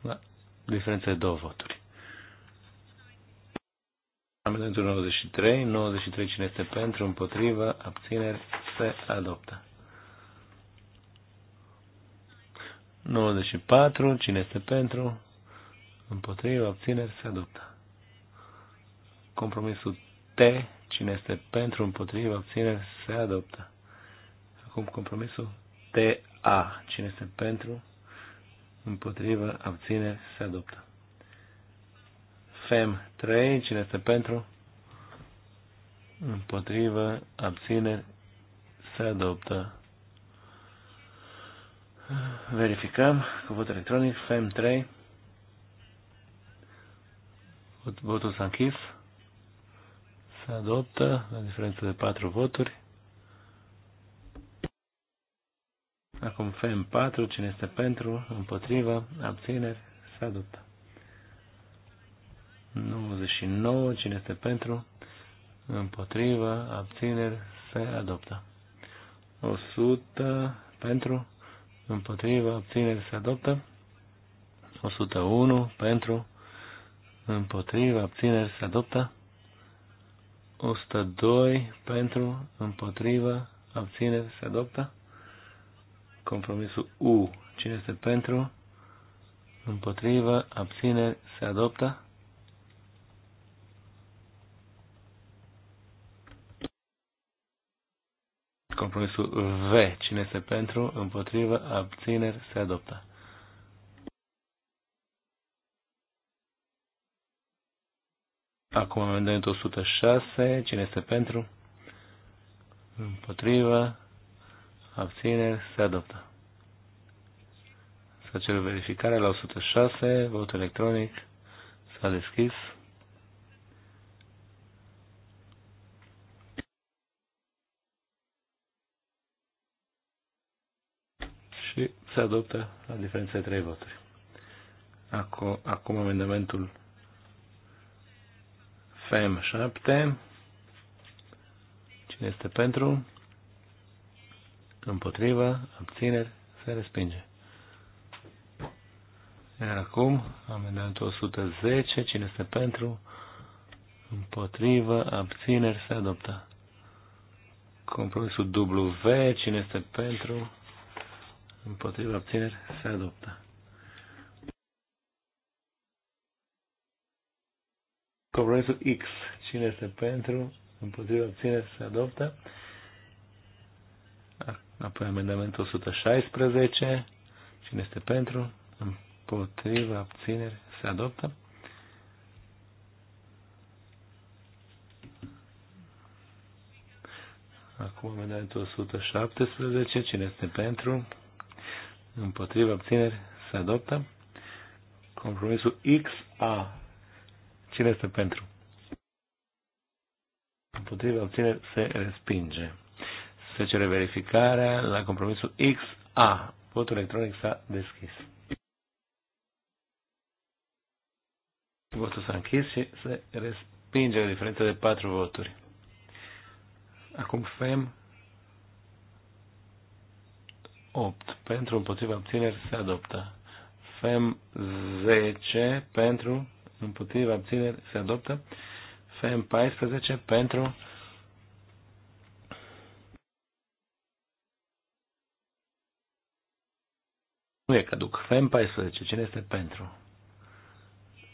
[SPEAKER 2] Da. Diferență de două voturi. Amendamentul 93, 93 cine este pentru, împotrivă, abțineri, se adoptă. 94, cine este pentru, împotrivă, abțineri, se adoptă. Compromisul T, cine este pentru, împotrivă, abțineri, se adoptă. Acum compromisul TA, cine este pentru, împotrivă, abțineri, se adoptă. FM 3, cine este pentru? Împotrivă, abține, se adoptă. Verificăm cu vot electronic, FM 3. Votul s-a închis. Se adoptă, la diferență de 4 voturi. Acum FM 4, cine este pentru, împotrivă, abține, se adoptă. 99. Cine este pentru? Împotrivă. Abțineri. Se adoptă. 100. Pentru? Împotrivă. Abțineri. Se adoptă. 101. Pentru? Împotrivă. Abțineri. Se adoptă. 102. Pentru? Împotrivă. Abțineri. Se adoptă. Compromisul U. Cine este pentru? Împotrivă. Abțineri. Se adoptă. Compromisul V. Cine este pentru, împotrivă, abțineri, se adoptă. Acum amendamentul 106. Cine este pentru? Împotrivă. Abțineri. Se adoptă. Să cer verificarea la 106. Vot electronic. S-a deschis. și se adoptă la diferență de trei voturi. Acum, acum amendamentul FEM 7. Cine este pentru? Împotrivă? Abțineri? Se respinge. Iar acum, amendamentul 110. Cine este pentru? Împotrivă? Abțineri? Se adoptă. Compromisul W. Cine este pentru? împotriva abțineri se adoptă. Compromisul X. Cine este pentru? Împotriva abțineri se adoptă. Apoi amendamentul 116. Cine este pentru? Împotriva abțineri se adoptă. Acum amendamentul 117. Cine este pentru? împotriva abțineri se adoptă. Compromisul XA. Cine este pentru? Împotriva abțineri se respinge. Se cere verificarea la compromisul
[SPEAKER 4] XA.
[SPEAKER 2] Votul electronic s-a deschis. Votul s-a închis și se respinge o diferență de patru voturi. Acum FEM 8 pentru împotriva abțineri se adoptă. FEM 10 pentru împotriva abțineri se adoptă. FEM 14 pentru Nu e caduc. FEM 14. Cine este pentru?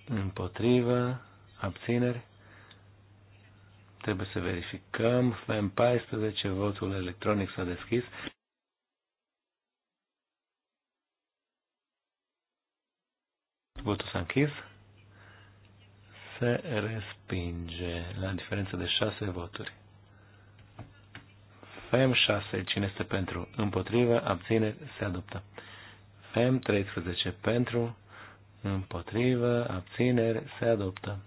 [SPEAKER 2] Împotriva Abțineri. Trebuie să verificăm. FEM 14. Votul electronic s-a deschis. Votul s-a închis. Se respinge la diferență de șase voturi. FEM 6. Cine este pentru? Împotrivă. Abține. Se adoptă. FEM 13. Pentru. Împotrivă. Abțineri. Se adoptă.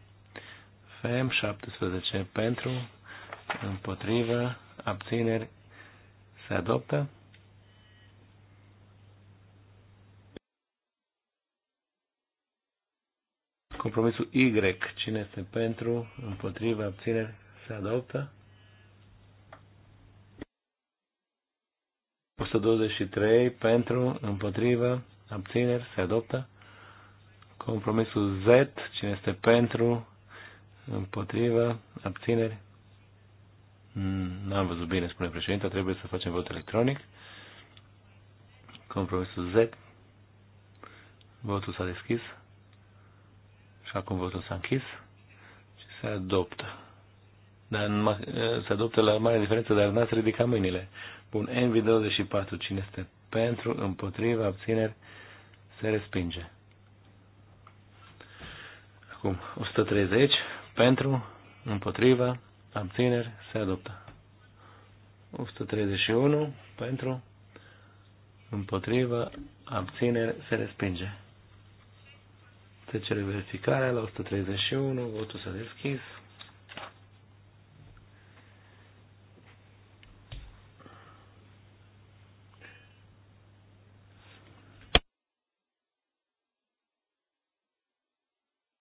[SPEAKER 2] FEM 17. Pentru. Împotrivă. Abțineri. Se adoptă. Compromisul Y. Cine este pentru? Împotriva? Abțineri? Se adoptă? 123 pentru, împotriva, abțineri, se adoptă. Compromisul Z, cine este pentru, împotriva, abțineri. N-am văzut bine, spune președinte, trebuie să facem vot electronic. Compromisul Z. Votul s-a deschis. Și acum votul s-a închis și se adoptă. Dar în, se adoptă la mare diferență, dar n-ați ridicat mâinile. Bun, NV24, cine este pentru, împotriva, abțineri, se respinge. Acum, 130, pentru, împotriva, abțineri, se adoptă. 131, pentru, împotriva, abțineri, se respinge trecere verificare la 131, votul s-a deschis.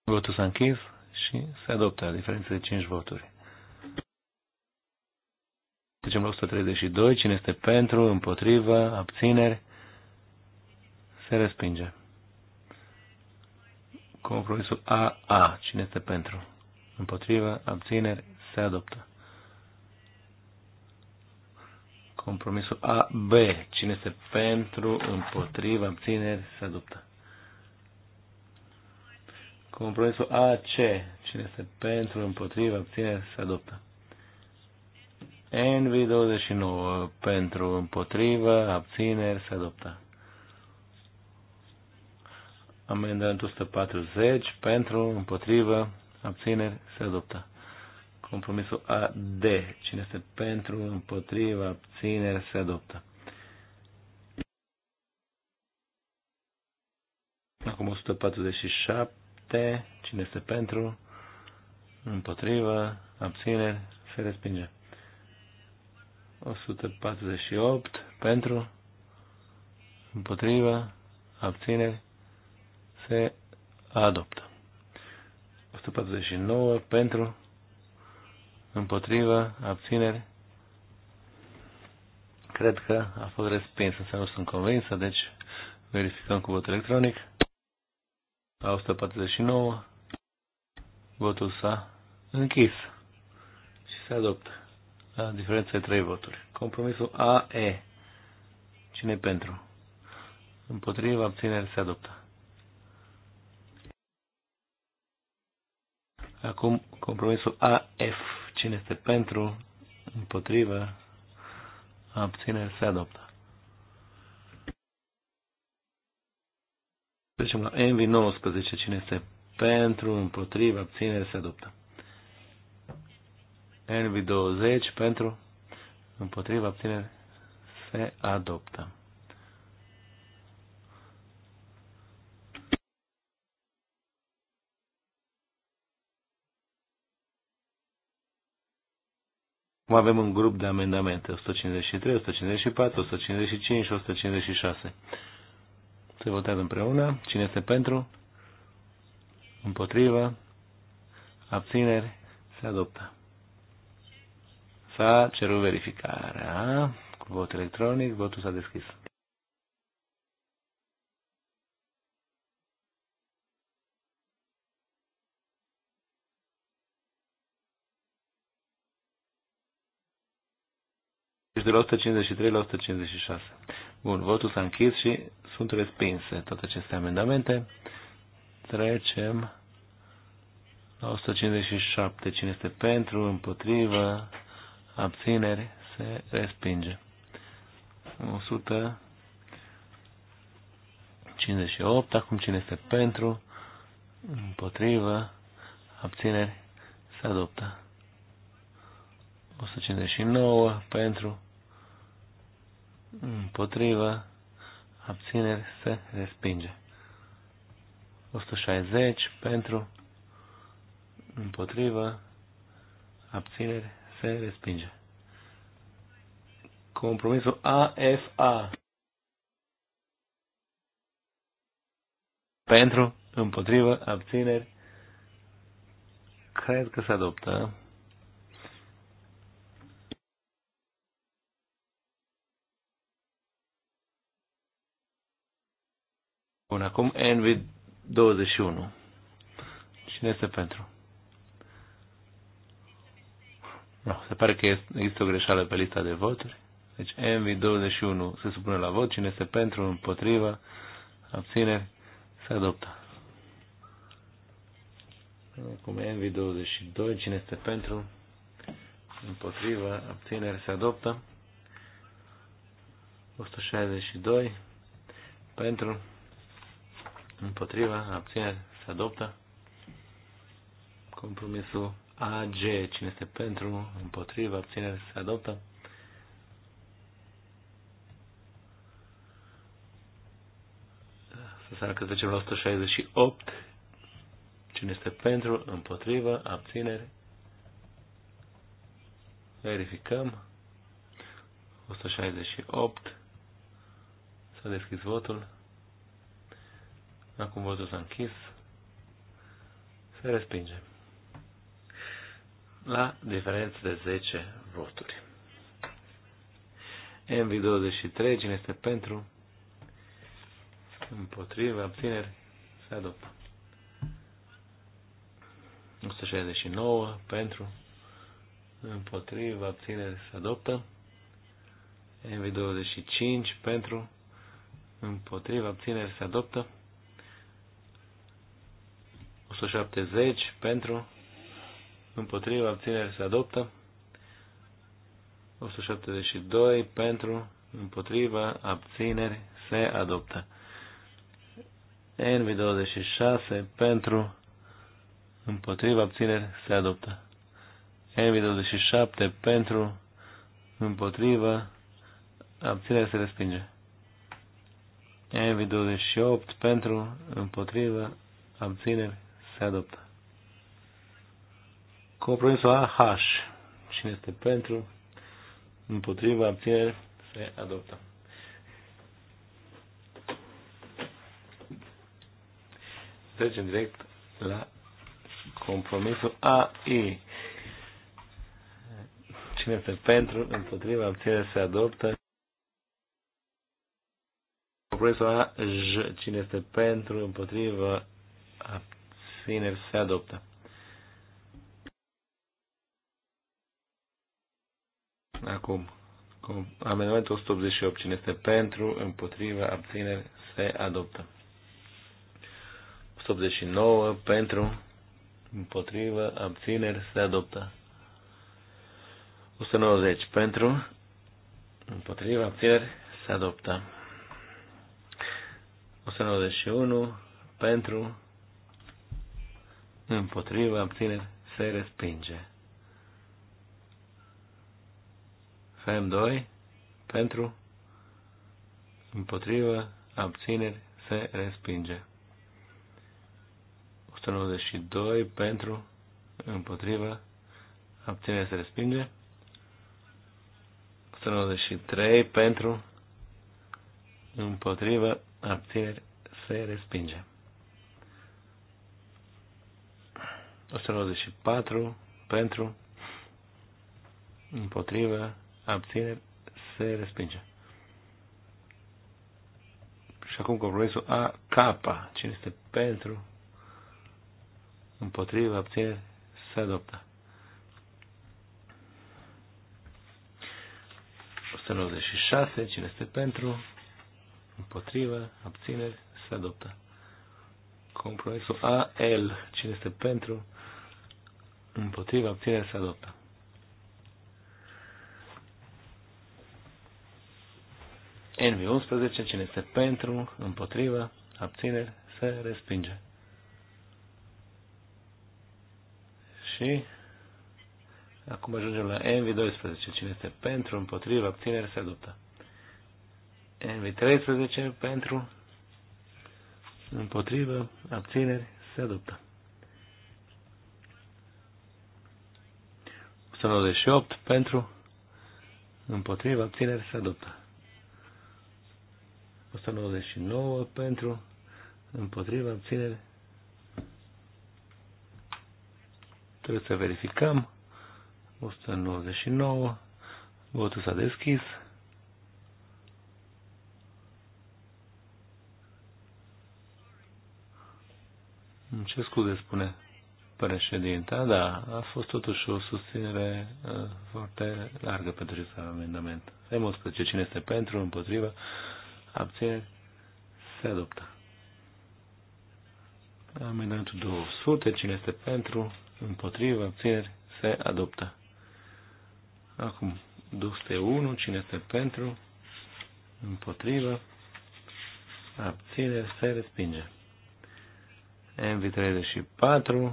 [SPEAKER 2] Votul s-a închis și se adoptă la diferență de 5 voturi. Trecem la 132. Cine este pentru, împotrivă, abțineri, se respinge. Compromisul AA. Cine este pentru? Împotrivă. Abțineri. Se adoptă. Compromisul AB. Cine este pentru? Împotrivă. Abțineri. Se adoptă. Compromisul AC. Cine este pentru? Împotrivă. Abțineri. Se adoptă. NV29. Pentru, împotrivă, abțineri, se adoptă. Amendamentul 140 pentru, împotrivă, abțineri, se adoptă. Compromisul AD. Cine este pentru, împotrivă, abțineri, se adoptă. Acum 147. Cine este pentru, împotrivă, abțineri, se respinge. 148 pentru, împotrivă, abțineri, se adoptă. 149 pentru, împotriva, abțineri. Cred că a fost respins, însă nu sunt convinsă, deci verificăm cu vot electronic. La 149, votul s-a închis și se adoptă la diferență de 3 voturi. Compromisul AE. Cine pentru? Împotriva abțineri se adoptă. Acum compromisul AF. Cine este pentru, împotrivă, abțineri, se adoptă. Trecem la MV19. Cine este pentru, împotrivă, abțineri, se adoptă. mv 20 pentru împotrivă, abținere se adoptă. Acum avem un grup de amendamente, 153, 154, 155 și 156. Se votează împreună. Cine este pentru? Împotrivă? Abțineri? Se adoptă. S-a cerut verificarea. Cu vot electronic, votul s-a deschis. Deci de la 153 la 156. Bun, votul s-a închis și sunt respinse toate aceste amendamente. Trecem la 157. Cine este pentru, împotrivă, abțineri, se respinge. 158. Acum cine este pentru, împotrivă, abțineri, se adoptă. 159 pentru, împotrivă, abțineri, se respinge. 160 pentru, împotrivă, abțineri, se respinge. Compromisul AFA. Pentru, împotrivă, abțineri. Cred că se adoptă. Bun, acum Envid 21. Cine este pentru? No, se pare că există o greșeală pe lista de voturi. Deci Envid 21 se supune la vot. Cine este pentru, împotriva, abține, se adoptă. Acum Envi 22, cine este pentru, împotriva, abțineri, se adoptă. 162, pentru, Împotriva, abține, se adoptă. Compromisul AG, cine este pentru, împotriva, abține, se adoptă. Să se că 10 la 168. Cine este pentru, împotriva, abțineri, verificăm. 168. S-a deschis votul. Acum văzut s-a închis. Se respinge. La diferență de 10 voturi. MV23, cine este pentru? Împotriva, abțineri, se adoptă. 169 pentru, împotriva, abțineri, se adoptă. MV25 pentru, împotriva, abțineri, se adoptă. 170 pentru, împotriva, abțineri se adoptă. 172 pentru, împotriva, abțineri se adoptă. NV26 pentru, împotriva, abțineri se adoptă. NV27 pentru, împotriva, abțineri se respinge. NV28 pentru, împotriva, abțineri se adoptă. Compromisul AH. Cine este pentru? Împotriva abțineri? Se adoptă. Trecem direct la compromisul AI. Cine este pentru, împotriva, abține, se adoptă. Compromisul AJ. Cine este pentru, împotriva, abțineri, se adoptă. Acum, amendamentul 188, cine este pentru, împotriva, abțineri, se adoptă. 189, pentru, împotriva, abțineri, se adoptă. 190, pentru, împotriva, abțineri, se adoptă. 191, pentru, împotriva, abțineri, se respinge. Fem 2, pentru, împotriva, abțineri, se respinge. 192, pentru, împotriva, abținere se respinge. 193, pentru, împotriva, abțineri, se respinge. 194 pentru, împotrivă, abțineri, se respinge. Și acum compromisul A, K, cine este pentru, împotrivă, abțineri, se adoptă. 196, cine este pentru, împotrivă, abțineri, se adoptă. Compromisul A, L, cine este pentru, Împotriva obținerea se adoptă. Envi 11 cine este pentru, împotriva, abțineri, se respinge. Și acum ajungem la Envi 12 cine este pentru, împotriva, abțineri, se adoptă. Envi 13 pentru, împotriva, abțineri, se adoptă. 98 pentru, împotriva, abțineri se adoptă. 199 pentru, împotriva, abțineri. Trebuie să verificăm. 199. Votul s-a deschis. Ce scuze spune președinte, da, a fost totuși o susținere uh, foarte largă pentru acest amendament. Se ce Cine este pentru, împotrivă, abține, se adoptă. Amendamentul 200. Cine este pentru, împotrivă, abțineri, se adoptă. Acum, 201. Cine este pentru, împotrivă, abțineri, se respinge. MV34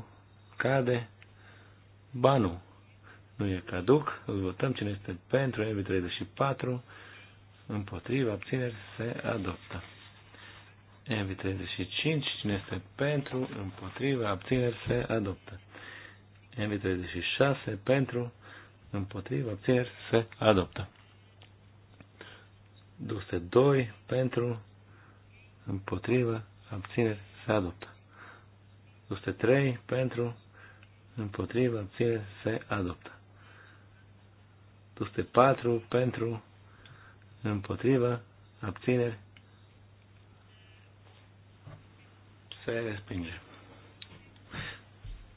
[SPEAKER 2] cade. Ba nu. Nu e caduc. Îl votăm cine este pentru MV34. Împotriva abțineri se adoptă. MV35. Cine este pentru împotriva abțineri se adoptă. MV36 pentru împotriva abțineri se adoptă. 202 pentru împotriva abțineri se adoptă. 203 pentru împotriva, ție se adoptă. 204 pentru, împotriva, abțineri, se respinge.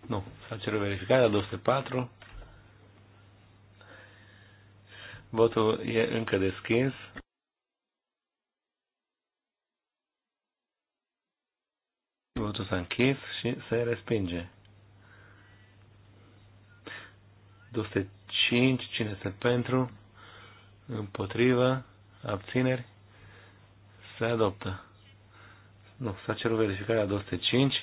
[SPEAKER 2] Nu, s-a cerut verificarea 204. Votul e încă deschis. Votul s-a închis și se respinge. 205, cine este pentru, împotriva, abțineri, se adoptă. Nu, s-a cerut verificarea 205.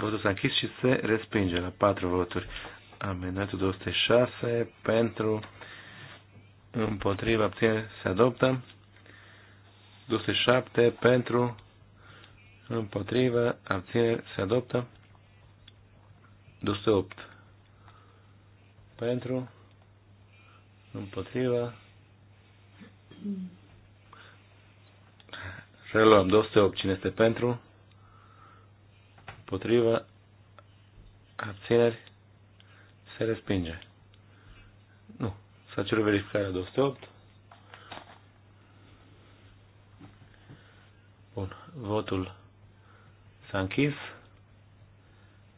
[SPEAKER 2] Votul s-a închis și se respinge la 4 voturi. Amendatul 206 pentru împotriva abțineri se adoptă. 207 pentru, împotrivă, abțineri, se adoptă. 208 pentru, împotrivă. Reluăm 208 cine este pentru, împotrivă, abțineri, se respinge. Nu, s-a cerut verificarea 208. Bun, votul s-a închis.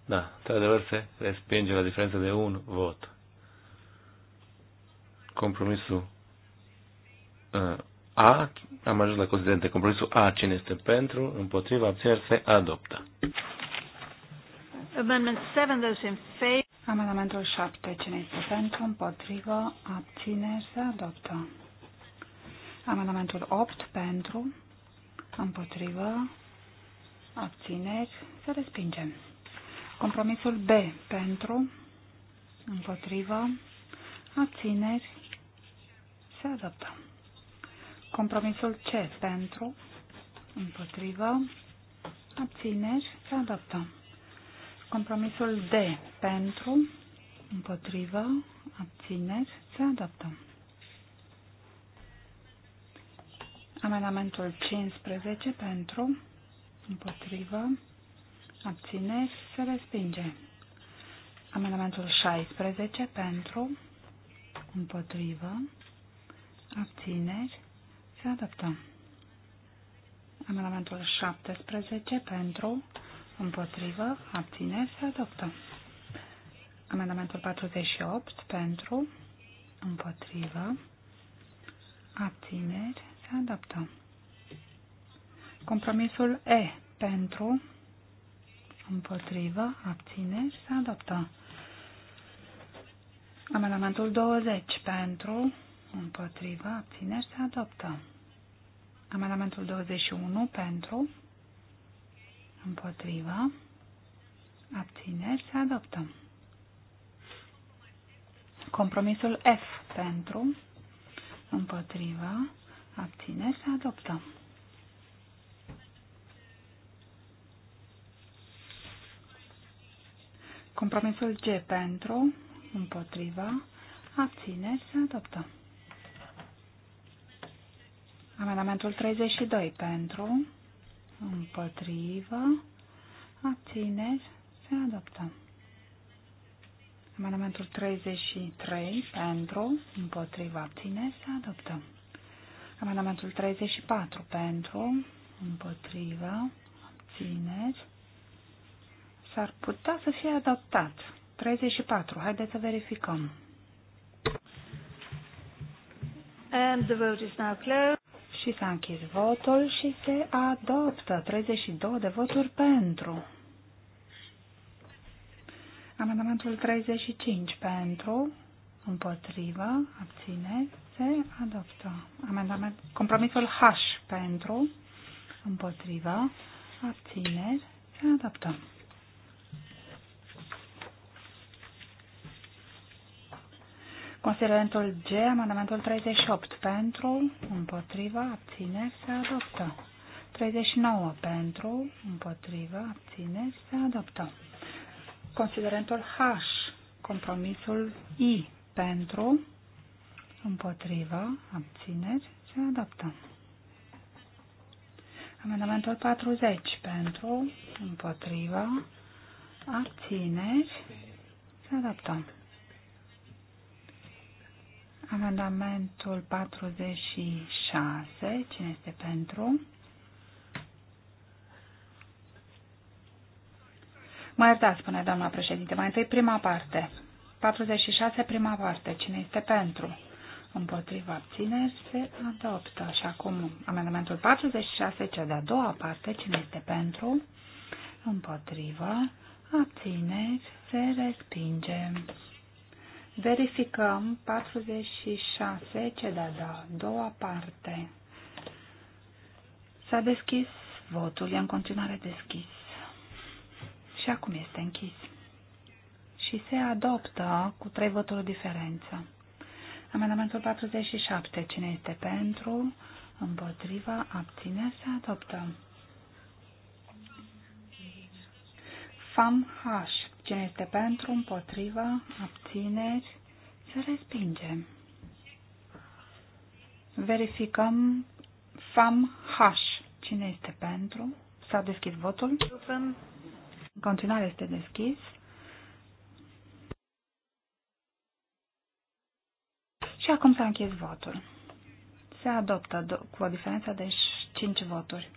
[SPEAKER 2] Da, într-adevăr se respinge la diferență de un vot. Compromisul uh, A, am ajuns la considerente, compromisul A, cine este pentru, împotriva, abțineri, se adoptă.
[SPEAKER 5] Amendment 7, those in favor. Amendamentul 7, cine este pentru, împotriva, abțineri, se adoptă. Amendamentul 8, pentru, împotrivă, abțineri, să respingem. Compromisul B pentru, împotrivă, abțineri, se adoptă. Compromisul C pentru, împotrivă, abțineri, se adoptă. Compromisul D pentru, împotrivă, abțineri, se adoptă. Amendamentul 15 pentru, împotrivă, abține, se respinge. Amendamentul 16 pentru, împotrivă, abțineri, se adoptă. Amendamentul 17 pentru, împotrivă, abțineri, se adoptă. Amendamentul 48 pentru, împotrivă, abțineri, se adaptă. Compromisul E pentru, împotrivă, și se adaptă. Amendamentul 20 pentru, împotrivă, și se adaptă. Amendamentul 21 pentru, împotrivă, și se adaptă. Compromisul F pentru, împotrivă, abține și adoptăm. Compromisul G pentru, împotriva, abține și adoptăm. Amendamentul 32 pentru, împotriva, abține se adoptăm. Amendamentul 33 pentru, împotriva, abține se adoptăm. Amendamentul 34 pentru, împotriva, abțineri. S-ar putea să fie adoptat. 34. Haideți să verificăm. And the vote is now closed. Și s-a închis votul și se adoptă 32 de voturi pentru. Amendamentul 35 pentru, împotriva, abțineri se adoptă. Amendament. Compromisul H pentru, împotriva, abțineri. Se adoptă. Considerentul G, amendamentul 38 pentru, împotriva, abțineri, se adoptă. 39 pentru, împotriva, abțineri, se adoptă. Considerentul H, compromisul I pentru, împotriva, abțineri, se adoptă. Amendamentul 40 pentru, împotriva, abțineri, se adoptă. Amendamentul 46, cine este pentru? Mă iertați, spune doamna președinte, mai întâi prima parte. 46, prima parte, cine este pentru? împotriva abțineri se adoptă. Și acum amendamentul 46, cea de-a doua parte, cine este pentru, împotriva, abțineri se respinge. Verificăm 46, cea de-a da-, doua parte. S-a deschis votul, e în continuare deschis. Și acum este închis. Și se adoptă cu trei voturi diferență. Amendamentul 47. Cine este pentru? Împotriva. Abține. Se adoptă. FAMH. Cine este pentru? Împotriva. Abțineri. Se respinge. Verificăm FAMH. Cine este pentru? S-a deschis votul. În continuare este deschis. Și acum s-a închis votul. Se adoptă cu o diferență de 5 voturi.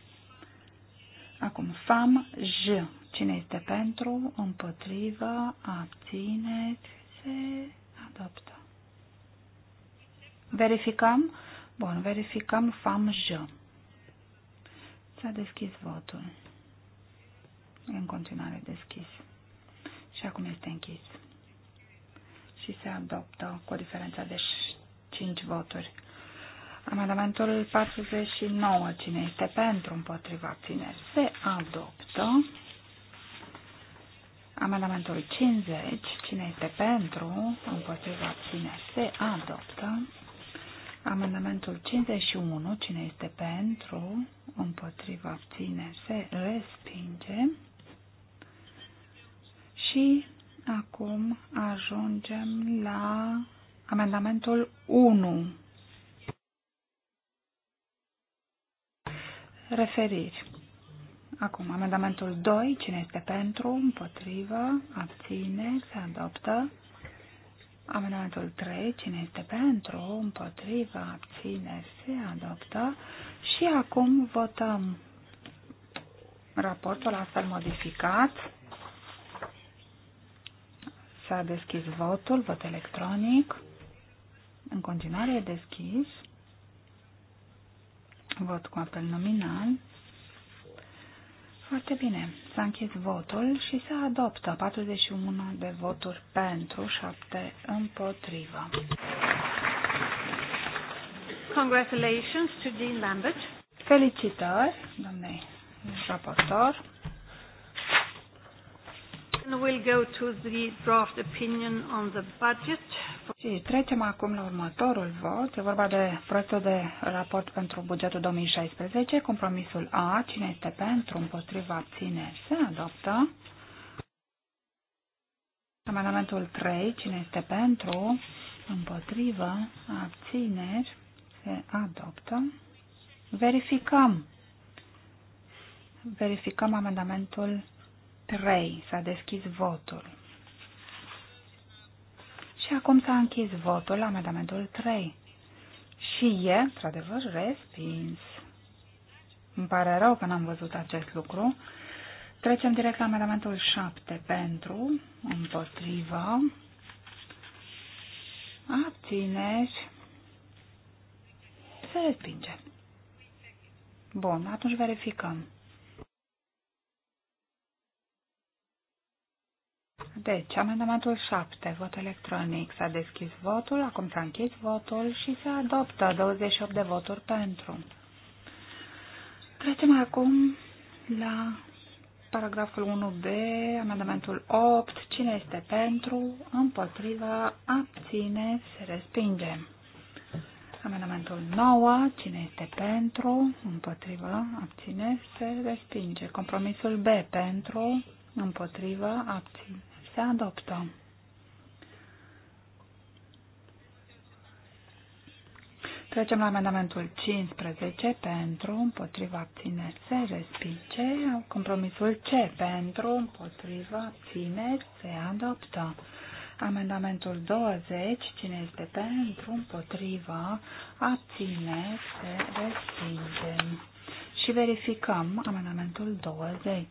[SPEAKER 5] Acum, fam, j. Cine este pentru, împotrivă, abține, se adoptă. Verificăm? Bun, verificăm fam, j. S-a deschis votul. E în continuare deschis. Și acum este închis. Și se adoptă cu o diferență de 5 voturi. Amendamentul 49. Cine este pentru împotriva abțineri se adoptă. Amendamentul 50. Cine este pentru împotriva abțineri se adoptă. Amendamentul 51. Cine este pentru împotriva abțineri se respinge. Și acum ajungem la Amendamentul 1. Referiri. Acum, amendamentul 2. Cine este pentru? Împotrivă? Abține? Se adoptă? Amendamentul 3. Cine este pentru? Împotrivă? Abține? Se adoptă? Și acum votăm raportul astfel modificat. S-a deschis votul, vot electronic. În continuare e deschis. Vot cu apel nominal. Foarte bine. S-a închis votul și se adoptă 41 de voturi pentru, 7 împotrivă.
[SPEAKER 1] Congratulations to Dean Lambert. Felicitări, domnei raportor. And we'll go to the draft opinion on the budget.
[SPEAKER 5] Și trecem acum la următorul vot. E vorba de proiectul de raport pentru bugetul 2016, compromisul A. Cine este pentru, împotriva, abțineri, se adoptă. Amendamentul 3. Cine este pentru, împotriva, abțineri, se adoptă. Verificăm. Verificăm amendamentul 3. S-a deschis votul. Și acum s-a închis votul la amendamentul 3. Și e, într-adevăr, respins. Îmi pare rău că n-am văzut acest lucru. Trecem direct la amendamentul 7 pentru, împotrivă, abțineri, se respinge. Bun, atunci verificăm. Deci, amendamentul 7, vot electronic. S-a deschis votul, acum s-a închis votul și se adoptă 28 de voturi pentru. Trecem acum la paragraful 1b, amendamentul 8. Cine este pentru, împotriva, abține, se respinge. Amendamentul 9. Cine este pentru, împotriva, abține, se respinge. Compromisul B. Pentru, împotriva, abține, se adoptă. Trecem la amendamentul 15 pentru, împotriva abțineri se respinge, compromisul C pentru, împotriva abțineri se adoptă. Amendamentul 20, cine este pentru, împotriva, abțineri se
[SPEAKER 4] respinge.
[SPEAKER 5] Și verificăm amendamentul 20.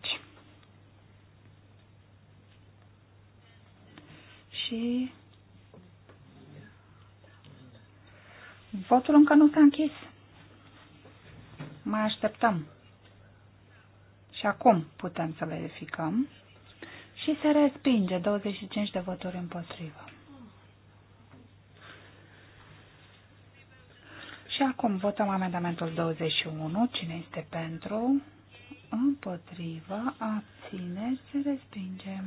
[SPEAKER 5] și votul încă nu s-a închis. Mai așteptăm. Și acum putem să verificăm. Și se respinge 25 de voturi împotrivă. Și acum votăm amendamentul 21. Cine este pentru? Împotrivă. Abțineri. Se respinge.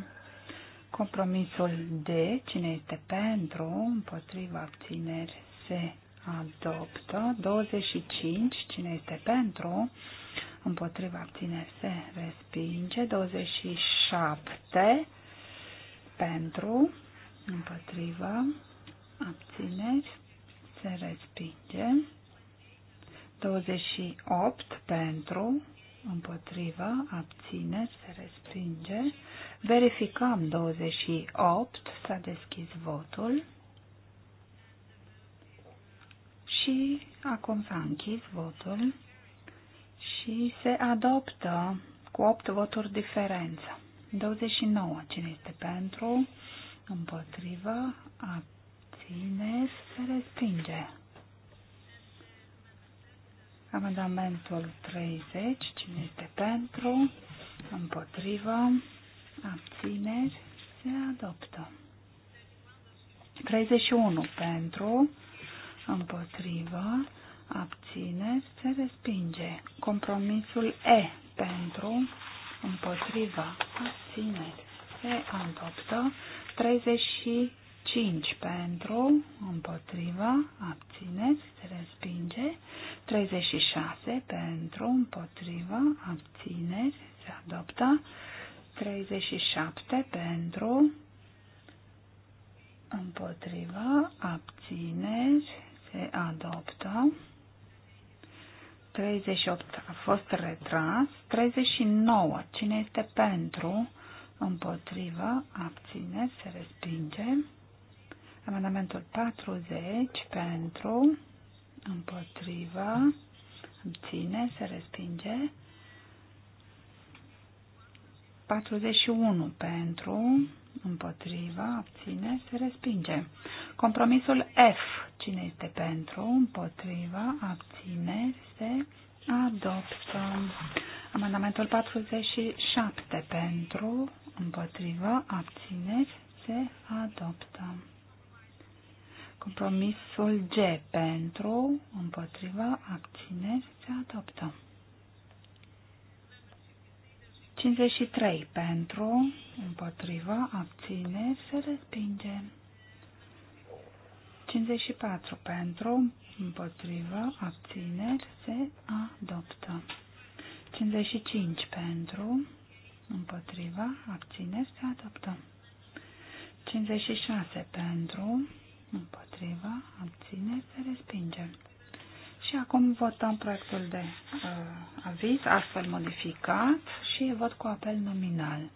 [SPEAKER 5] Compromisul D, cine este pentru, împotriva abțineri, se adoptă. 25, cine este pentru, împotriva abțineri, se respinge. 27, pentru, împotriva abțineri, se respinge. 28, pentru, împotriva abțineri, se respinge. Verificăm 28, s-a deschis votul și acum s-a închis votul și se adoptă cu 8 voturi diferență. 29, cine este pentru, împotrivă, abține, se respinge. Amendamentul 30, cine este pentru, împotrivă, abțineri, se adoptă. 31 pentru, împotrivă, abțineri, se respinge. Compromisul E pentru, împotrivă, abțineri, se adoptă. 35 pentru, împotrivă, abțineri se respinge. 36 pentru, împotrivă, abțineri se adoptă. 37 pentru, împotriva, abțineri, se adoptă. 38 a fost retras. 39. Cine este pentru? Împotriva, abțineri, se respinge. Amendamentul 40 pentru, împotriva, abține, se respinge. 41 pentru, împotriva, abține, se respinge. Compromisul F, cine este pentru, împotriva, abține, se adoptă. Amendamentul 47 pentru, împotriva, abține, se adoptă. Compromisul G pentru, împotriva, abține, se adoptă. 53 pentru, împotriva, abțineri, se respinge. 54 pentru, împotriva, abțineri, se adoptă. 55 pentru, împotriva, abțineri, se adoptă. 56 pentru, împotriva, abțineri, se respinge. Și acum votăm proiectul de uh, aviz, astfel modificat și vot cu apel nominal.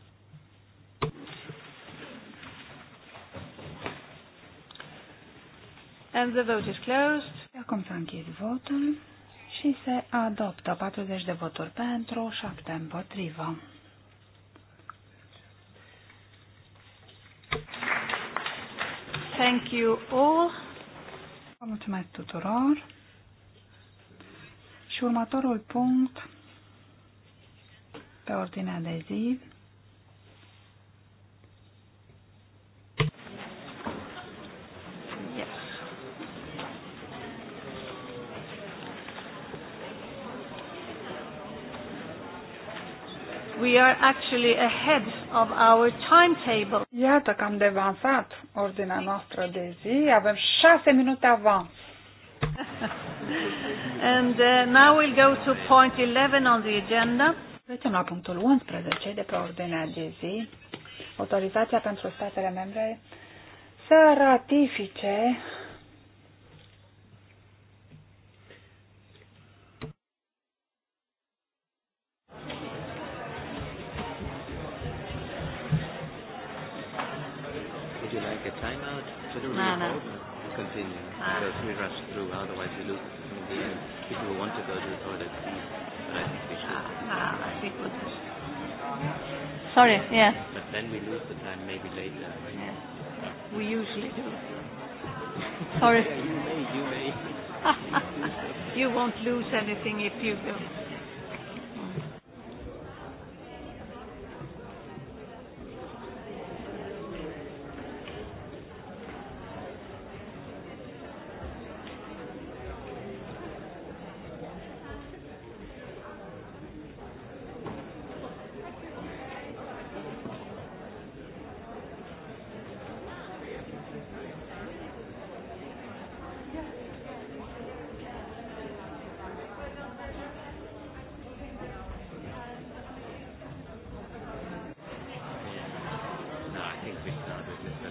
[SPEAKER 5] And the vote is closed. Acum s-a închis votul și se adoptă 40 de voturi pentru, 7 împotrivă. Thank you all. Vă mulțumesc tuturor. Și următorul punct pe ordinea de zi
[SPEAKER 4] We are actually ahead
[SPEAKER 5] of our timetable. Iată că am devansat ordinea noastră de zi. Avem șase minute avans
[SPEAKER 4] [LAUGHS]
[SPEAKER 5] And uh, now we'll go to point 11 on the agenda. Trecem la punctul 11 de pe ordinea de zi. Autorizația pentru statele membre să ratifice
[SPEAKER 4] Would you like a timeout to the no, report? No continue ah. because we rush through, otherwise we lose in the end. People who want to go to the toilet, but I think we should. Ah, ah I think we should. Sorry, yeah. But then we lose the time maybe later. Yeah. We usually do. Sorry. [LAUGHS] you may, you may. [LAUGHS] you won't lose anything if you go.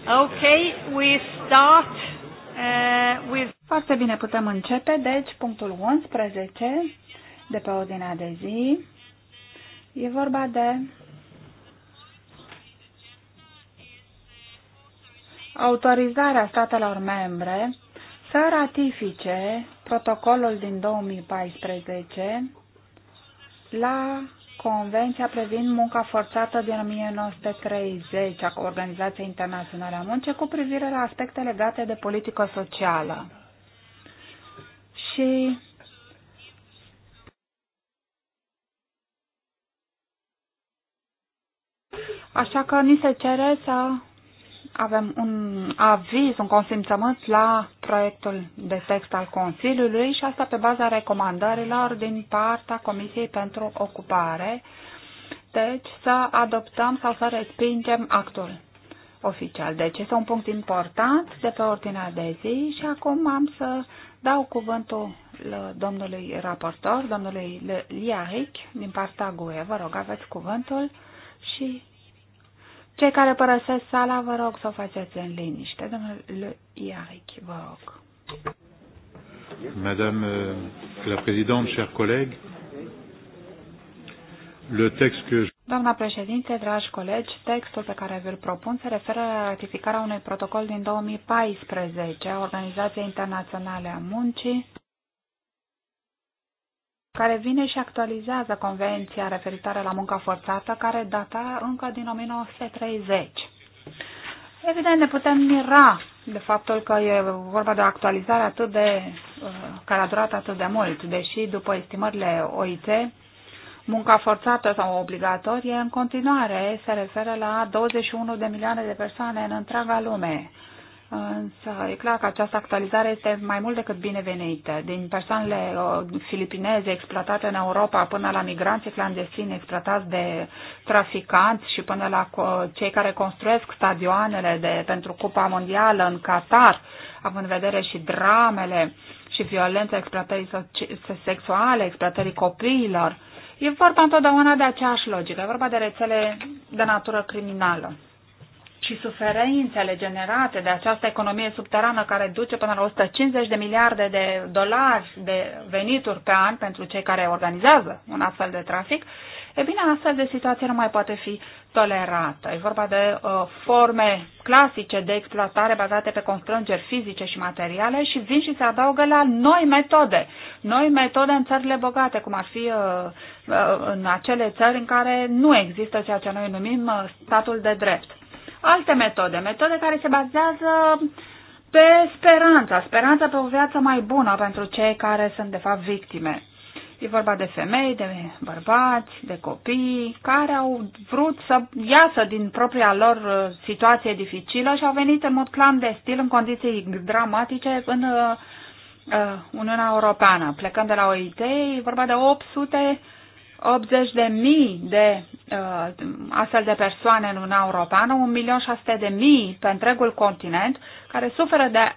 [SPEAKER 4] Okay, we start
[SPEAKER 5] uh, with... Foarte bine, putem începe. Deci, punctul 11 de pe ordinea de zi. E vorba de autorizarea statelor membre să ratifice protocolul din 2014 la Convenția privind munca forțată din 1930 a Organizației Internaționale a Muncii cu privire la aspecte legate de politică socială. Și Așa că ni se cere să avem un aviz, un consimțământ la proiectul de text al Consiliului și asta pe baza recomandărilor din partea Comisiei pentru Ocupare. Deci să adoptăm sau să respingem actul oficial. Deci este un punct important de pe ordinea de zi și acum am să dau cuvântul domnului raportor, domnului Liaric, din partea GUE. Vă rog, aveți cuvântul și cei care părăsesc sala, vă rog să o faceți în liniște. Domnul Iaric,
[SPEAKER 4] vă rog. Madame euh, la Présidente, chers collègues, le texte que je...
[SPEAKER 5] Doamna președinte, dragi colegi, textul pe care vi-l propun se referă la ratificarea unui protocol din 2014 a Organizației Internaționale a Muncii care vine și actualizează convenția referitoare la munca forțată, care data încă din 1930. Evident, ne putem mira de faptul că e vorba de o actualizare atât de, uh, care a durat atât de mult, deși după estimările OIT, munca forțată sau obligatorie în continuare se referă la 21 de milioane de persoane în întreaga lume, Însă e clar că această actualizare este mai mult decât binevenită. Din persoanele uh, filipineze exploatate în Europa până la migranții clandestini exploatați de traficanți și până la cei care construiesc stadioanele de, pentru Cupa Mondială în Qatar, având în vedere și dramele și violența exploatării sexuale, exploatării copiilor. E vorba întotdeauna de aceeași logică, e vorba de rețele de natură criminală și suferințele generate de această economie subterană care duce până la 150 de miliarde de dolari de venituri pe an pentru cei care organizează un astfel de trafic, e bine, astfel de situație nu mai poate fi tolerată. E vorba de uh, forme clasice de exploatare bazate pe constrângeri fizice și materiale și vin și se adaugă la noi metode. Noi metode în țările bogate, cum ar fi uh, uh, în acele țări în care nu există ceea ce noi numim uh, statul de drept alte metode, metode care se bazează pe speranța, speranța pe o viață mai bună pentru cei care sunt de fapt victime. E vorba de femei, de bărbați, de copii care au vrut să iasă din propria lor uh, situație dificilă și au venit în mod clandestin, în condiții dramatice, în uh, uh, Uniunea Europeană. Plecând de la OIT, e vorba de 800 80 de mii de uh, astfel de persoane în Uniunea Europeană, milion de mii pe întregul continent, care suferă de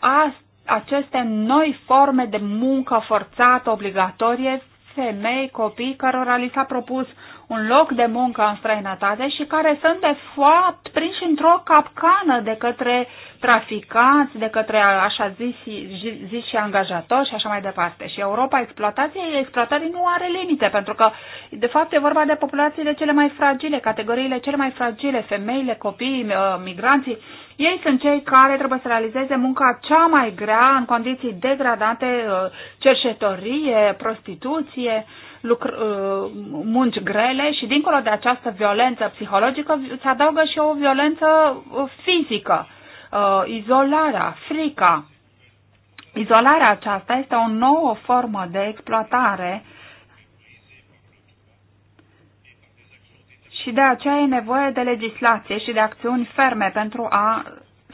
[SPEAKER 5] aceste noi forme de muncă forțată, obligatorie, femei, copii, cărora li s-a propus un loc de muncă în străinătate și care sunt de fapt prinși într-o capcană de către traficanți, de către așa zis, zis și angajatori și așa mai departe. Și Europa exploatației, exploatării nu are limite, pentru că de fapt e vorba de populațiile cele mai fragile, categoriile cele mai fragile, femeile, copiii, migranții. Ei sunt cei care trebuie să realizeze munca cea mai grea în condiții degradate, ă, cerșetorie, prostituție, lucr- uh, munci grele și dincolo de această violență psihologică se adaugă și o violență uh, fizică, uh, izolarea, frica. Izolarea aceasta este o nouă formă de exploatare și de aceea e nevoie de legislație și de acțiuni ferme pentru a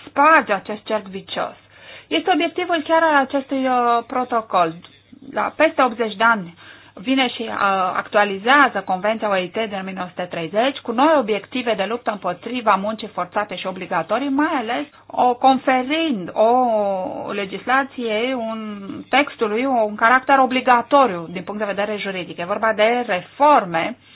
[SPEAKER 5] sparge acest cerc vicios. Este obiectivul chiar al acestui uh, protocol. La peste 80 de ani vine și uh, actualizează Convenția OIT din 1930 cu noi obiective de luptă împotriva muncii forțate și obligatorii, mai ales o conferind o legislație, un textului, un caracter obligatoriu din punct de vedere juridic. E vorba de reforme uh,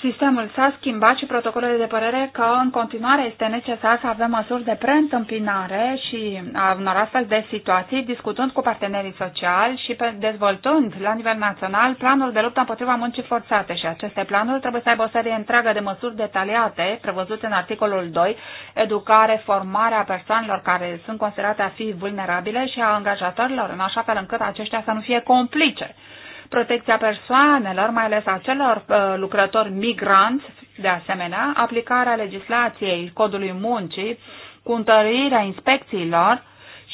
[SPEAKER 5] Sistemul s-a schimbat și protocolul de părere că în continuare este necesar să avem măsuri de preîntâmpinare și a unor astfel de situații, discutând cu partenerii sociali și dezvoltând la nivel național planul de luptă împotriva muncii forțate și aceste planuri trebuie să aibă o serie întreagă de măsuri detaliate prevăzute în articolul 2, educare, formarea persoanelor care sunt considerate a fi vulnerabile și a angajatorilor, în așa fel încât aceștia să nu fie complice protecția persoanelor, mai ales a celor uh, lucrători migranți, de asemenea, aplicarea legislației codului muncii, cu întărirea inspecțiilor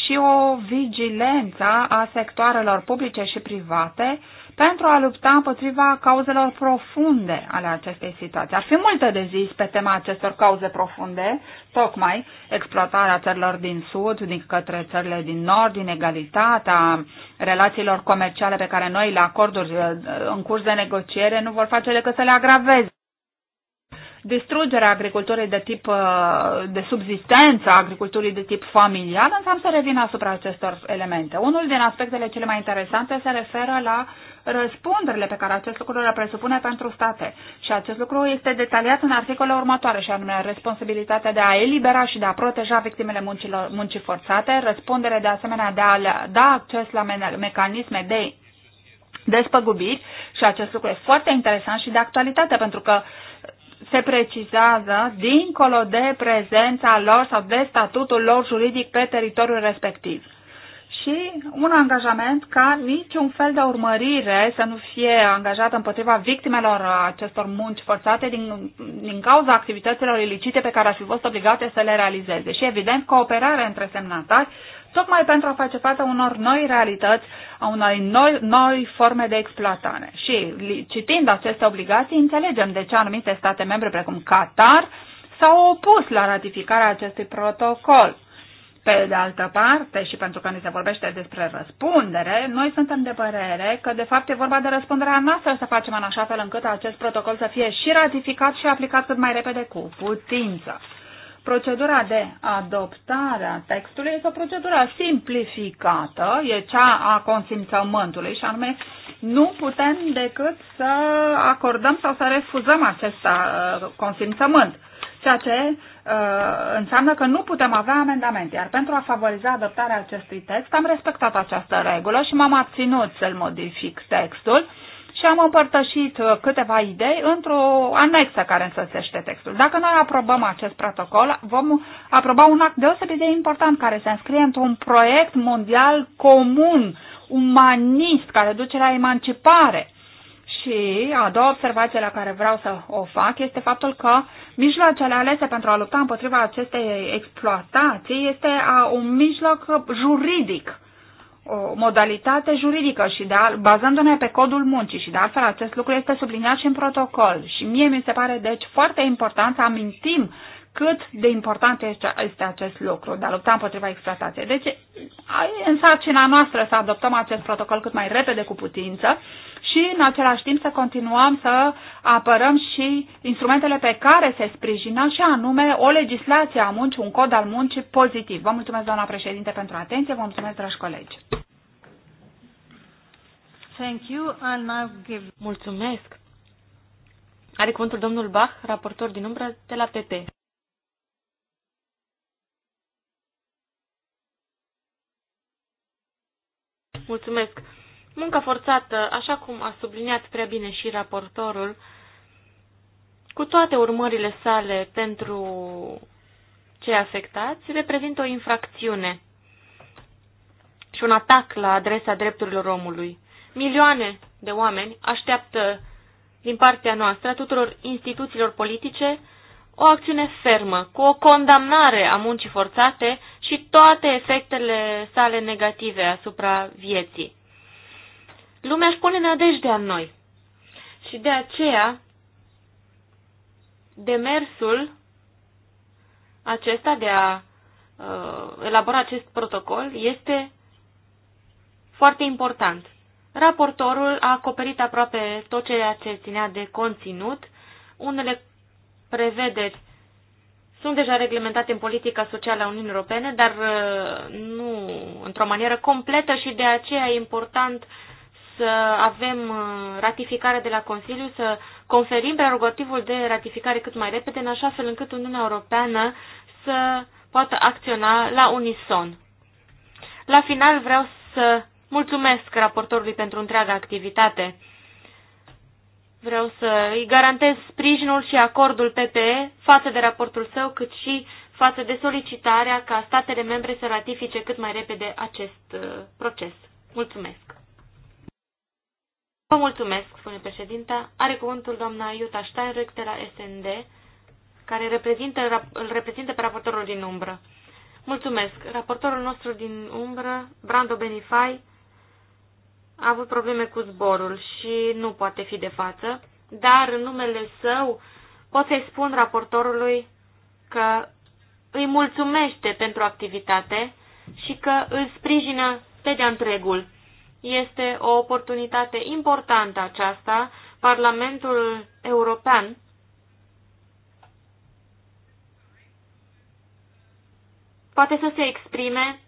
[SPEAKER 5] și o vigilență a sectoarelor publice și private pentru a lupta împotriva cauzelor profunde ale acestei situații. Ar fi multe de zis pe tema acestor cauze profunde, tocmai exploatarea țărilor din sud, din către țările din nord, inegalitatea relațiilor comerciale pe care noi, le acorduri uh, în curs de negociere, nu vor face decât să le agraveze distrugerea agriculturii de tip uh, de subzistență, agriculturii de tip familial, însă am să revin asupra acestor elemente. Unul din aspectele cele mai interesante se referă la răspunderile pe care acest lucru le presupune pentru state. Și acest lucru este detaliat în articolele următoare, și anume responsabilitatea de a elibera și de a proteja victimele muncilor, muncii forțate, răspundere de asemenea de a da acces la mecanisme de despăgubiri și acest lucru e foarte interesant și de actualitate pentru că se precizează dincolo de prezența lor sau de statutul lor juridic pe teritoriul respectiv și un angajament ca niciun fel de urmărire să nu fie angajată împotriva victimelor acestor munci forțate din, din cauza activităților ilicite pe care ar fi fost obligate să le realizeze. Și, evident, cooperare între semnatari, tocmai pentru a face față unor noi realități, a unor noi, noi forme de exploatare. Și, citind aceste obligații, înțelegem de ce anumite state membre, precum Qatar, s-au opus la ratificarea acestui protocol pe de altă parte, și pentru că ni se vorbește despre răspundere, noi suntem de părere că, de fapt, e vorba de răspunderea noastră să facem în așa fel încât acest protocol să fie și ratificat și aplicat cât mai repede cu putință. Procedura de adoptare a textului este o procedură simplificată, e cea a consimțământului și anume nu putem decât să acordăm sau să refuzăm acest uh, consimțământ ceea ce uh, înseamnă că nu putem avea amendamente. Iar pentru a favoriza adoptarea acestui text, am respectat această regulă și m-am abținut să-l modific textul și am împărtășit uh, câteva idei într-o anexă care însățește textul. Dacă noi aprobăm acest protocol, vom aproba un act deosebit de important care se înscrie într-un proiect mondial comun, umanist, care duce la emancipare. Și a doua observație la care vreau să o fac este faptul că mijloacele alese pentru a lupta împotriva acestei exploatații este un mijloc juridic, o modalitate juridică și de al, bazându-ne pe codul muncii și de altfel acest lucru este subliniat și în protocol. Și mie mi se pare deci foarte important să amintim cât de important este acest lucru, de a lupta împotriva exploatației. Deci, în sarcina noastră să adoptăm acest protocol cât mai repede cu putință și, în același timp, să continuăm să apărăm și instrumentele pe care se sprijină, și anume o legislație a muncii, un cod al muncii pozitiv. Vă mulțumesc, doamna președinte, pentru atenție. Vă mulțumesc, dragi colegi.
[SPEAKER 3] Thank you, and I'll give... Mulțumesc. Are cuvântul domnul Bach, raportor din umbră de la PP. Mulțumesc. Munca forțată, așa cum a subliniat prea bine și raportorul, cu toate urmările sale pentru cei afectați, reprezintă o infracțiune și un atac la adresa drepturilor omului. Milioane de oameni așteaptă din partea noastră, a tuturor instituțiilor politice, o acțiune fermă, cu o condamnare a muncii forțate și toate efectele sale negative asupra vieții. Lumea își pune nădejdea în noi și de aceea demersul acesta de a uh, elabora acest protocol este foarte important. Raportorul a acoperit aproape tot ceea ce ținea de conținut. Unele prevede sunt deja reglementate în politica socială a Uniunii Europene, dar uh, nu într-o manieră completă și de aceea e important să avem uh, ratificarea de la Consiliu, să conferim prerogativul de ratificare cât mai repede, în așa fel încât Uniunea Europeană să poată acționa la unison. La final vreau să mulțumesc raportorului pentru întreaga activitate. Vreau să îi garantez sprijinul și acordul PPE față de raportul său, cât și față de solicitarea ca statele membre să ratifice cât mai repede acest uh, proces. Mulțumesc! Vă mulțumesc, spune președinta. Are cuvântul doamna Iuta Steinrück de la SND, care reprezintă, îl reprezintă pe raportorul din umbră. Mulțumesc. Raportorul nostru din umbră, Brando Benifai, a avut probleme cu zborul și nu poate fi de față, dar în numele său pot să-i spun raportorului că îi mulțumește pentru activitate și că îl sprijină pe de întregul. Este o oportunitate importantă aceasta. Parlamentul European poate să se exprime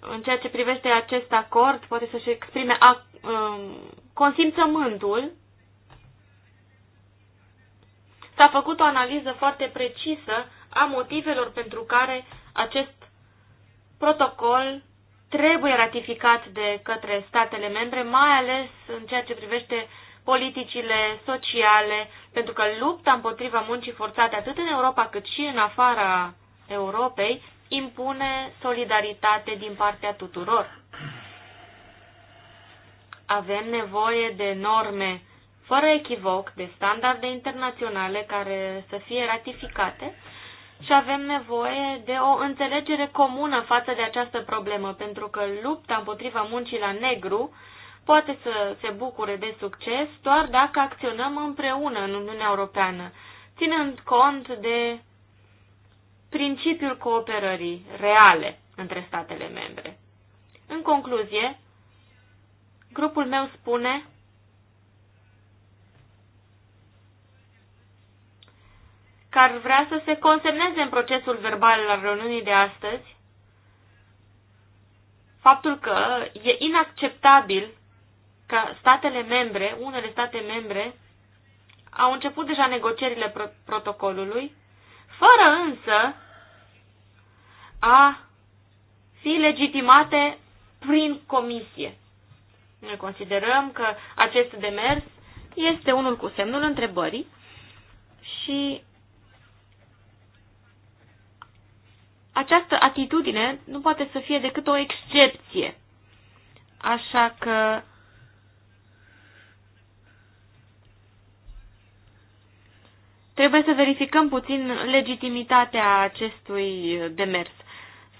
[SPEAKER 3] în ceea ce privește acest acord, poate să-și exprime a, um, consimțământul. S-a făcut o analiză foarte precisă a motivelor pentru care acest protocol trebuie ratificat de către statele membre, mai ales în ceea ce privește politicile sociale, pentru că lupta împotriva muncii forțate atât în Europa cât și în afara Europei impune solidaritate din partea tuturor. Avem nevoie de norme fără echivoc, de standarde internaționale care să fie ratificate și avem nevoie de o înțelegere comună față de această problemă, pentru că lupta împotriva muncii la negru poate să se bucure de succes doar dacă acționăm împreună în Uniunea Europeană, ținând cont de principiul cooperării reale între statele membre. În concluzie, grupul meu spune că ar vrea să se consemneze în procesul verbal al reuniunii de astăzi faptul că e inacceptabil că statele membre, unele state membre, au început deja negocierile pro protocolului fără însă a fi legitimate prin comisie. Noi considerăm că acest demers este unul cu semnul întrebării și această atitudine nu poate să fie decât o excepție. Așa că Trebuie să verificăm puțin legitimitatea acestui demers.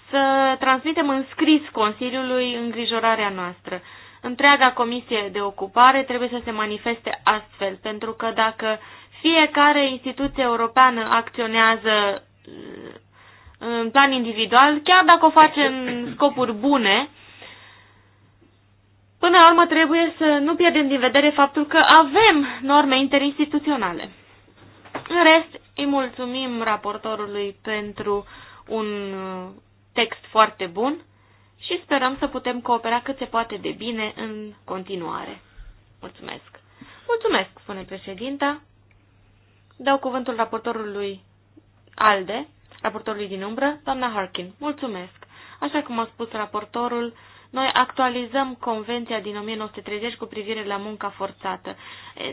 [SPEAKER 3] Să transmitem în scris Consiliului îngrijorarea noastră. Întreaga comisie de ocupare trebuie să se manifeste astfel, pentru că dacă fiecare instituție europeană acționează uh, în plan individual, chiar dacă o face în scopuri bune, până la urmă trebuie să nu pierdem din vedere faptul că avem norme interinstituționale. În rest, îi mulțumim raportorului pentru un uh, text foarte bun și sperăm să putem coopera cât se poate de bine în continuare. Mulțumesc! Mulțumesc, spune președinta. Dau cuvântul raportorului ALDE, raportorului din umbră, doamna Harkin. Mulțumesc! Așa cum a spus raportorul, noi actualizăm Convenția din 1930 cu privire la munca forțată.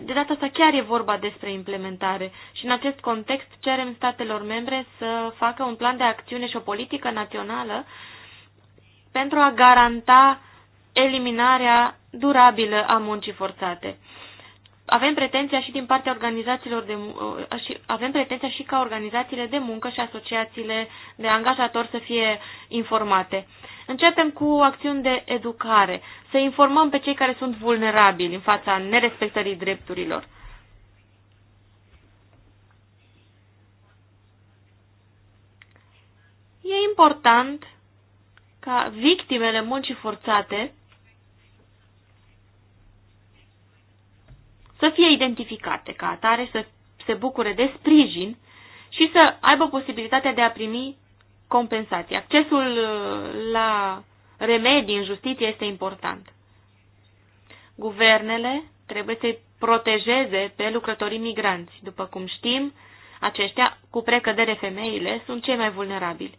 [SPEAKER 3] De data asta chiar e vorba despre implementare și în acest context cerem statelor membre să facă un plan de acțiune și o politică națională pentru a garanta eliminarea durabilă a muncii forțate. Avem pretenția și din partea organizațiilor de uh, și, avem pretenția și ca organizațiile de muncă și asociațiile de angajatori să fie informate. Începem cu acțiuni de educare, să informăm pe cei care sunt vulnerabili în fața nerespectării drepturilor. E important ca victimele muncii forțate să fie identificate ca atare, să se bucure de sprijin și să aibă posibilitatea de a primi compensații. Accesul uh, la remedii în justiție este important. Guvernele trebuie să-i protejeze pe lucrătorii migranți. După cum știm, aceștia, cu precădere femeile, sunt cei mai vulnerabili.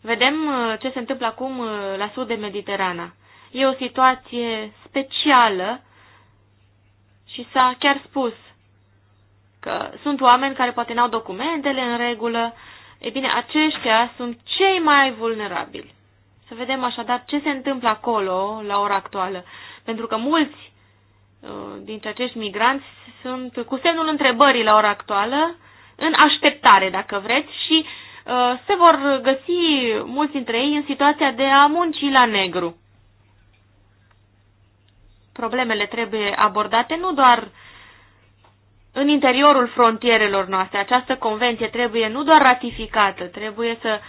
[SPEAKER 3] Vedem uh, ce se întâmplă acum uh, la sud de Mediterana. E o situație specială și s-a chiar spus că sunt oameni care poate n-au documentele în regulă E bine, aceștia sunt cei mai vulnerabili. Să vedem așadar ce se întâmplă acolo la ora actuală. Pentru că mulți uh, dintre acești migranți sunt cu semnul întrebării la ora actuală, în așteptare, dacă vreți, și uh, se vor găsi mulți dintre ei în situația de a munci la negru. Problemele trebuie abordate nu doar în interiorul frontierelor noastre. Această convenție trebuie nu doar ratificată, trebuie să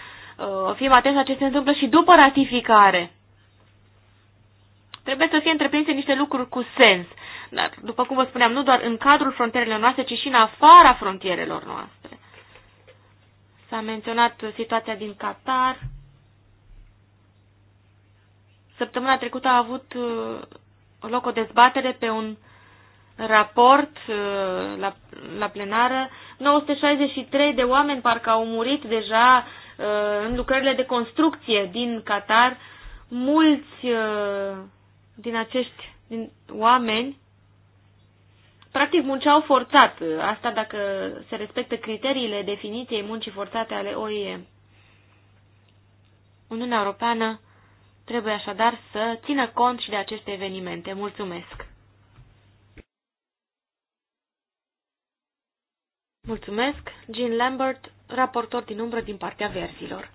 [SPEAKER 3] uh, fim atenți la ce se întâmplă și după ratificare. Trebuie să fie întreprinse niște lucruri cu sens, dar, după cum vă spuneam, nu doar în cadrul frontierelor noastre, ci și în afara frontierelor noastre. S-a menționat situația din Qatar. Săptămâna trecută a avut uh, loc o dezbatere pe un uh, raport uh, la, la plenară, 963 de oameni parcă au murit deja uh, în lucrările de construcție din Qatar. Mulți uh, din acești din oameni practic munceau forțat, asta dacă se respectă criteriile definiției muncii forțate ale OIM. Uniunea Europeană trebuie așadar să țină cont și de aceste evenimente. Mulțumesc! Mulțumesc, Jean Lambert, raportor din umbră din partea verzilor.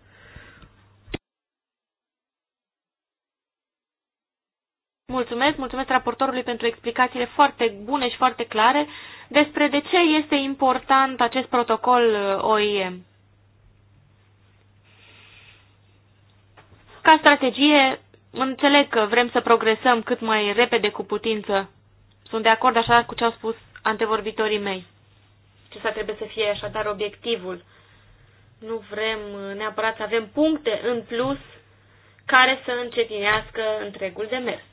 [SPEAKER 3] Mulțumesc, mulțumesc raportorului pentru explicațiile foarte bune și foarte clare despre de ce este important acest protocol uh, OIM. Ca strategie, înțeleg că vrem să progresăm cât mai repede cu putință. Sunt de acord așa cu ce au spus antevorbitorii mei. Acesta trebuie să fie așadar obiectivul. Nu vrem neapărat să avem puncte în plus care să încetinească întregul demers.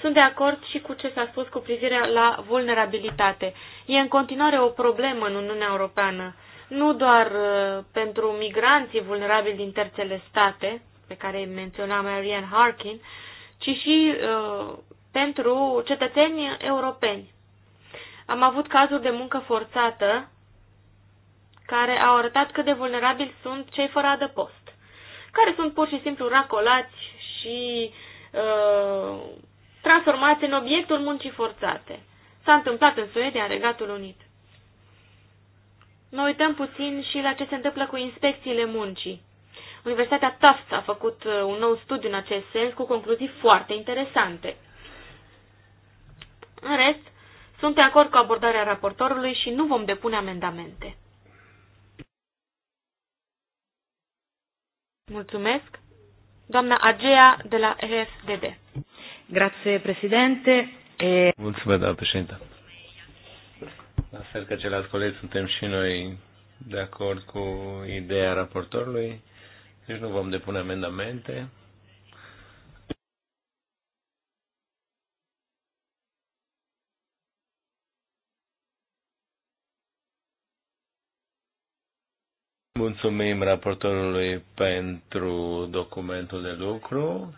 [SPEAKER 3] Sunt de acord și cu ce s-a spus cu privire la vulnerabilitate. E în continuare o problemă în Uniunea Europeană, nu doar uh, pentru migranții vulnerabili din terțele state, pe care menționa Marianne Harkin, ci și uh, pentru cetățenii europeni. Am avut cazuri de muncă forțată care au arătat cât de vulnerabili sunt cei fără adăpost, care sunt pur și simplu racolați și uh, transformați în obiectul muncii forțate. S-a întâmplat în Suedia, în Regatul Unit. Ne uităm puțin și la ce se întâmplă cu inspecțiile muncii. Universitatea Tufts a făcut uh, un nou studiu în acest sens cu concluzii foarte interesante. În rest, sunt de acord cu abordarea raportorului și nu vom depune amendamente. Mulțumesc. Doamna Agea de la RSDD. Grazie, președinte. E... Mulțumesc, doamna
[SPEAKER 2] președinte. La fel ca ceilalți colegi, suntem și noi de acord cu ideea raportorului, deci nu vom depune amendamente. Mulțumim raportorului pentru documentul de lucru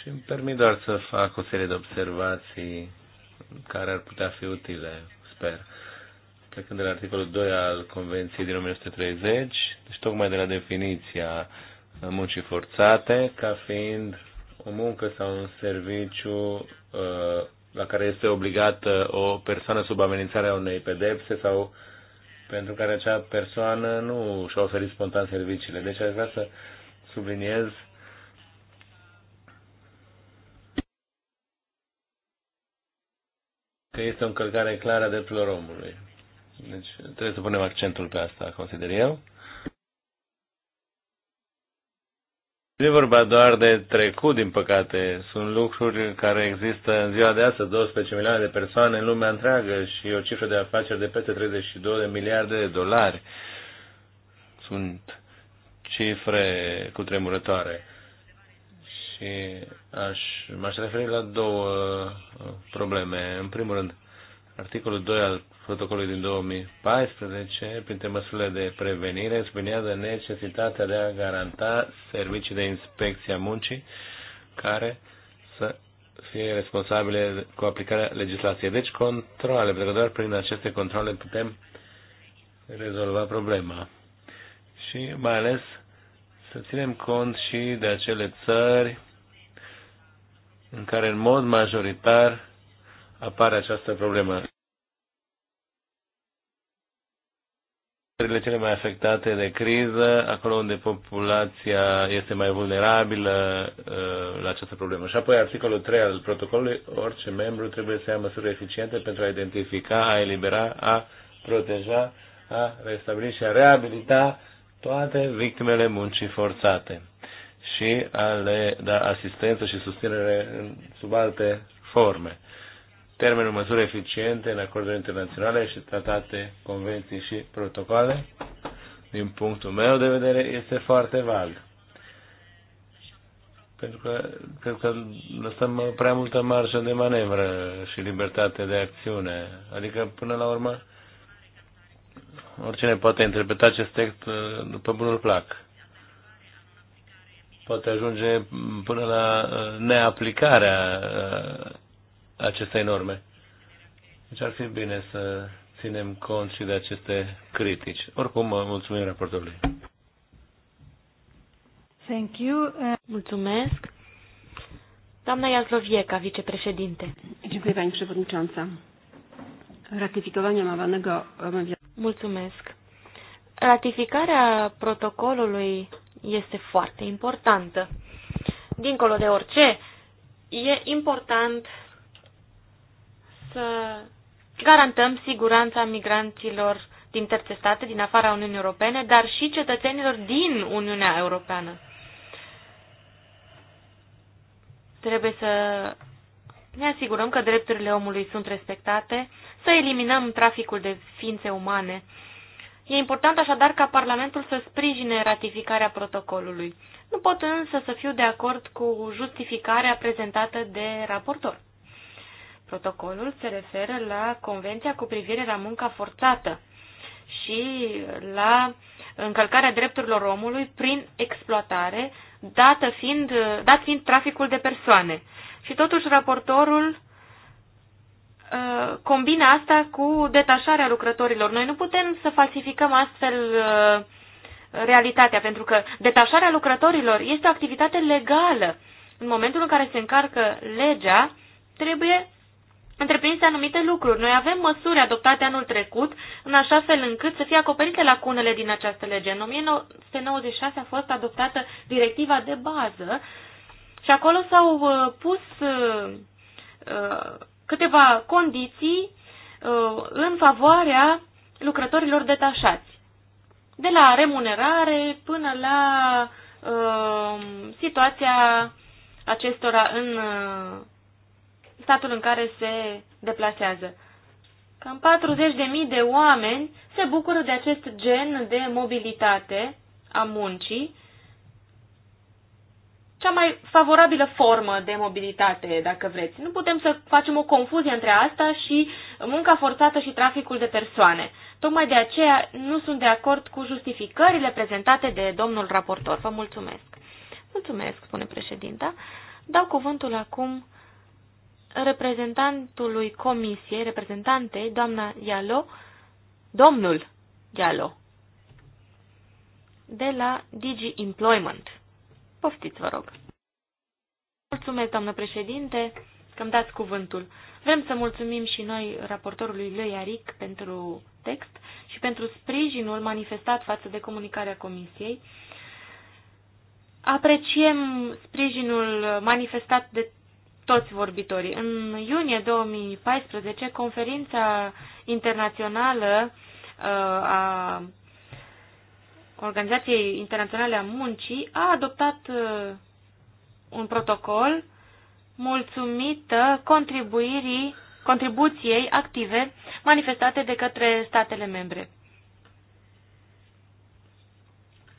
[SPEAKER 2] și îmi permit doar să fac o serie de observații care ar putea fi utile, sper. Plecând de la articolul 2 al Convenției din 1930, deci tocmai de la definiția muncii forțate, ca fiind o muncă sau un serviciu uh, la care este obligată o persoană sub amenințarea unei pedepse sau uh, pentru care acea persoană nu și-a oferit spontan serviciile. Deci aș vrea să subliniez că este o încălcare clară a drepturilor omului. Deci trebuie să punem accentul pe asta, consider eu. Nu e vorba doar de trecut, din păcate. Sunt lucruri care există în ziua de astăzi, 12 milioane de persoane în lumea întreagă și o cifră de afaceri de peste 32 de miliarde de dolari. Sunt cifre cutremurătoare. Și aș, m-aș referi la două probleme. În primul rând, articolul 2 al protocolului din 2014, printre măsurile de prevenire, subliniază necesitatea de a garanta servicii de inspecție a muncii care să fie responsabile cu aplicarea legislației. Deci controle, pentru că doar prin aceste controle putem rezolva problema. Și mai ales să ținem cont și de acele țări în care în mod majoritar apare această problemă. țările cele mai afectate de criză, acolo unde populația este mai vulnerabilă uh, la această problemă. Și apoi articolul 3 al protocolului, orice membru trebuie să ia măsuri eficiente pentru a identifica, a elibera, a proteja, a restabili și a reabilita toate victimele muncii forțate și a le da asistență și susținere sub alte forme termenul măsuri eficiente în acorduri internaționale și tratate, convenții și protocoale, din punctul meu de vedere, este foarte vag. Pentru că cred că lăsăm prea multă marjă de manevră și libertate de acțiune. Adică, până la urmă, oricine poate interpreta acest text uh, după bunul plac poate ajunge până la uh, neaplicarea uh, acestei norme. Deci ar fi bine să ținem cont și de aceste critici. Oricum, mulțumim raportorului.
[SPEAKER 3] Thank you. Mulțumesc. Doamna Jazlovieca, vicepreședinte. Dziękuję Pani Przewodnicząca. Ratyfikowanie omawianego... Mulțumesc. Ratificarea protocolului este foarte importantă. Dincolo de orice, e important să garantăm siguranța migranților din terțe state, din afara Uniunii Europene, dar și cetățenilor din Uniunea Europeană. Trebuie să ne asigurăm că drepturile omului sunt respectate, să eliminăm traficul de ființe umane. E important așadar ca Parlamentul să sprijine ratificarea protocolului. Nu pot însă să fiu de acord cu justificarea prezentată de raportor. Protocolul se referă la Convenția cu privire la munca forțată și la încălcarea drepturilor omului prin exploatare, dată fiind, dat fiind traficul de persoane. Și totuși raportorul uh, combina asta cu detașarea lucrătorilor. Noi nu putem să falsificăm astfel uh, realitatea, pentru că detașarea lucrătorilor este o activitate legală. În momentul în care se încarcă legea, trebuie întreprinse anumite lucruri. Noi avem măsuri adoptate anul trecut în așa fel încât să fie acoperite lacunele din această lege. În 1996 a fost adoptată directiva de bază și acolo s-au uh, pus uh, uh, câteva condiții în favoarea lucrătorilor detașați. De la remunerare până la situația acestora în statul în care se deplasează. Cam 40.000 de oameni se bucură de acest gen de mobilitate a muncii, cea mai favorabilă formă de mobilitate, dacă vreți. Nu putem să facem o confuzie între asta și munca forțată și traficul de persoane. Tocmai de aceea nu sunt de acord cu justificările prezentate de domnul raportor. Vă mulțumesc. Mulțumesc, spune președinta. Dau cuvântul acum reprezentantului comisiei, reprezentantei, doamna Ialo, domnul Ialo, de la Digi Employment. Poftiți, vă rog. Mulțumesc, doamnă președinte, că îmi dați cuvântul. Vrem să mulțumim și noi raportorului lui Aric pentru text și pentru sprijinul manifestat față de comunicarea comisiei. Apreciem sprijinul manifestat de toți vorbitorii. În iunie 2014, conferința internațională uh, a Organizației Internaționale a Muncii a adoptat uh, un protocol mulțumită contribuirii, contribuției active manifestate de către statele membre.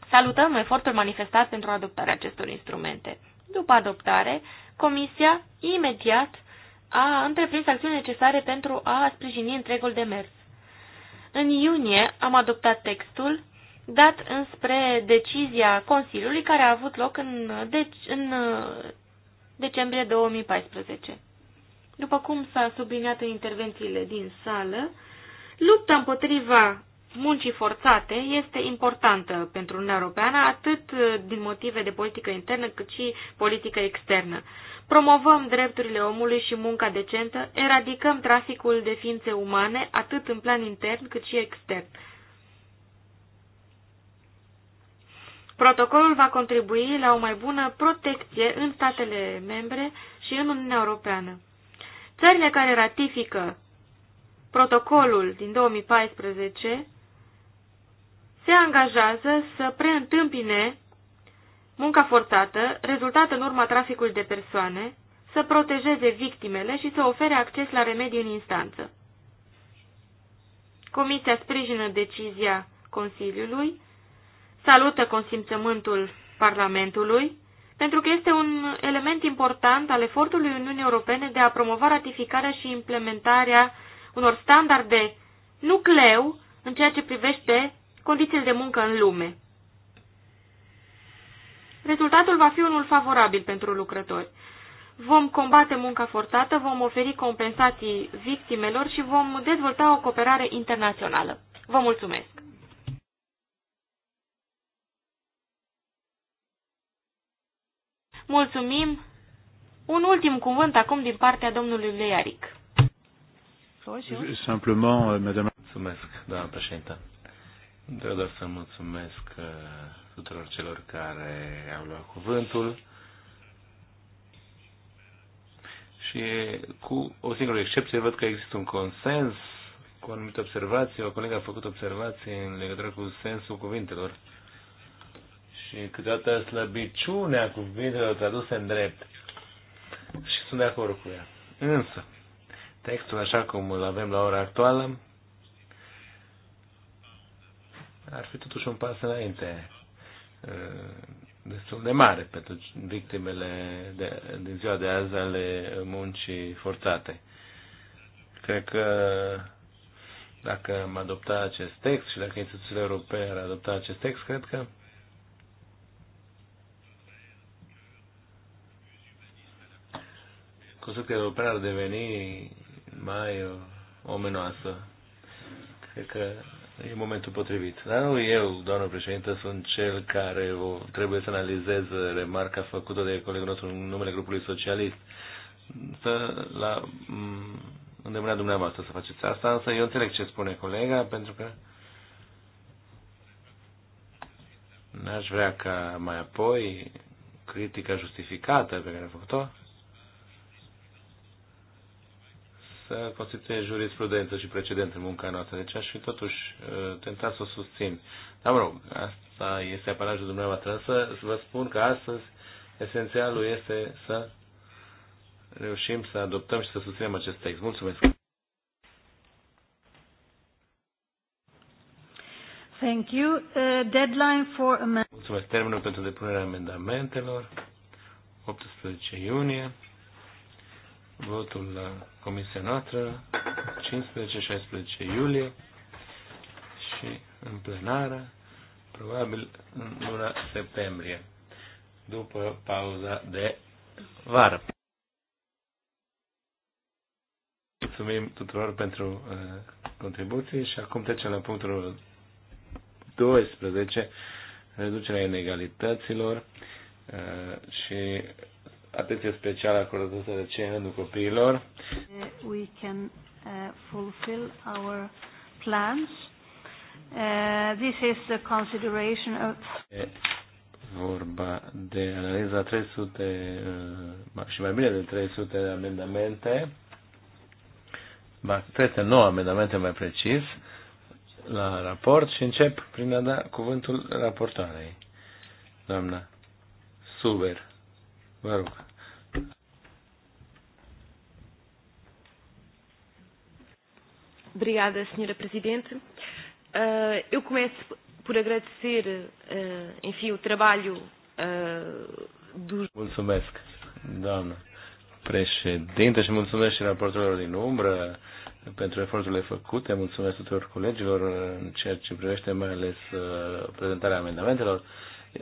[SPEAKER 3] Salutăm efortul manifestat pentru adoptarea acestor instrumente. După adoptare, Comisia imediat a întreprins acțiuni necesare pentru a sprijini întregul demers. În iunie am adoptat textul dat înspre decizia Consiliului care a avut loc în, deci, în decembrie 2014. După cum s-a subliniat în intervențiile din sală, lupta împotriva muncii forțate este importantă pentru Uniunea Europeană, atât din motive de politică internă cât și politică externă promovăm drepturile omului și munca decentă, eradicăm traficul de ființe umane, atât în plan intern cât și extern. Protocolul va contribui la o mai bună protecție în statele membre și în Uniunea Europeană. Țările care ratifică protocolul din 2014 se angajează să preîntâmpine munca forțată, rezultată în urma traficului de persoane, să protejeze victimele și să ofere acces la remedii în instanță. Comisia sprijină decizia Consiliului, salută consimțământul Parlamentului, pentru că este un element important al efortului Uniunii Europene de a promova ratificarea și implementarea unor standarde nucleu în ceea ce privește condițiile de muncă în lume rezultatul va fi unul favorabil pentru lucrători. Vom combate munca forțată, vom oferi compensații victimelor și vom dezvolta o cooperare internațională. Vă mulțumesc! Mulțumim! Un ultim cuvânt acum din partea domnului Learic.
[SPEAKER 2] Simplement, euh, madame... Mulțumesc, doamna președintă. Vreau să mulțumesc euh, tuturor celor care au luat cuvântul și cu o singură excepție văd că există un consens cu anumite observații, o colegă a făcut observații în legătură cu sensul cuvintelor și câteodată slăbiciunea cuvintelor traduse în drept. Și sunt de acord cu ea. Însă, textul așa cum îl avem la ora actuală ar fi totuși un pas înainte Uh, destul de mare pentru victimele de, din ziua de azi ale muncii forțate. Cred că dacă am adoptat acest text și dacă instituțiile europene ar adopta acest text, cred că construcția europeană ar deveni mai omenoasă. Cred că e momentul potrivit. Dar nu eu, doamnă președinte, sunt cel care o, trebuie să analizez remarca făcută de colegul nostru în numele grupului socialist. Să la îndemânea dumneavoastră să faceți asta, însă eu înțeleg ce spune colega, pentru că n-aș vrea ca mai apoi critica justificată pe care a făcut-o să constituie jurisprudență și precedent în munca noastră. Deci aș fi totuși uh, tentat să o susțin. Dar mă rog, asta este aparajul dumneavoastră. Însă vă spun că astăzi esențialul este să reușim să adoptăm și să susținem acest text. Mulțumesc!
[SPEAKER 1] Thank you. Uh, deadline for amendment.
[SPEAKER 2] Mulțumesc. Termenul pentru depunerea amendamentelor 18 iunie votul la comisia noastră 15-16 iulie și în plenară probabil în luna septembrie după pauza de vară. Mulțumim tuturor pentru uh, contribuții și acum trecem la punctul 12, reducerea inegalităților uh, și atenție specială acordată de cei în rândul copiilor.
[SPEAKER 1] We can uh, fulfill our plans. Uh, this is the consideration of
[SPEAKER 2] e vorba de analiza 300 uh, și mai bine de 300 de amendamente, 309 amendamente mai precis, la raport și încep prin a da cuvântul raportoarei, doamna Suber. Vă rog.
[SPEAKER 3] Obrigada, Sra. Presidente. Uh, eu começo por agradecer, uh, enfim, o trabalho uh, dos.
[SPEAKER 2] Mulțumesc, doamna președinte, și mulțumesc și raportorilor din umbră pentru eforturile făcute. Mulțumesc tuturor colegilor în ceea ce privește mai ales prezentarea amendamentelor.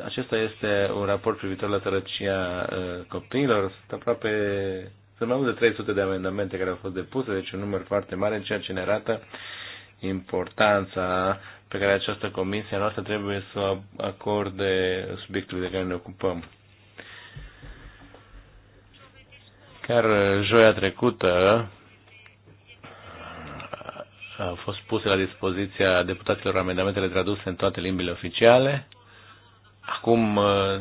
[SPEAKER 2] Acesta este un raport privitor la sărăcia uh, copiilor. Sunt aproape sunt mai mult de 300 de amendamente care au fost depuse, deci un număr foarte mare, ceea ce ne arată importanța pe care această comisie noastră trebuie să acorde subiectului de care ne ocupăm. Chiar uh, joia trecută uh, au fost puse la dispoziția deputaților amendamentele traduse în toate limbile oficiale Acum uh,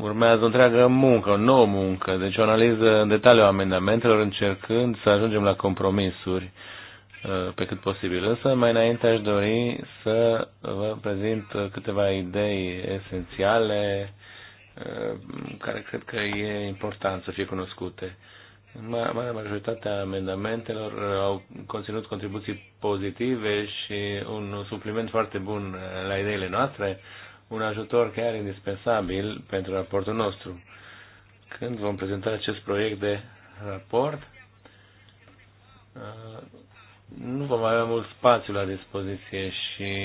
[SPEAKER 2] urmează o întreagă muncă, o nouă muncă, deci o analiză în detaliu a amendamentelor, încercând să ajungem la compromisuri uh, pe cât posibil. Însă, mai înainte aș dori să vă prezint câteva idei esențiale uh, care cred că e important să fie cunoscute. Marea majoritatea amendamentelor au conținut contribuții pozitive și un supliment foarte bun la ideile noastre un ajutor chiar indispensabil pentru raportul nostru. Când vom prezenta acest proiect de raport, uh, nu vom avea mult spațiu la dispoziție și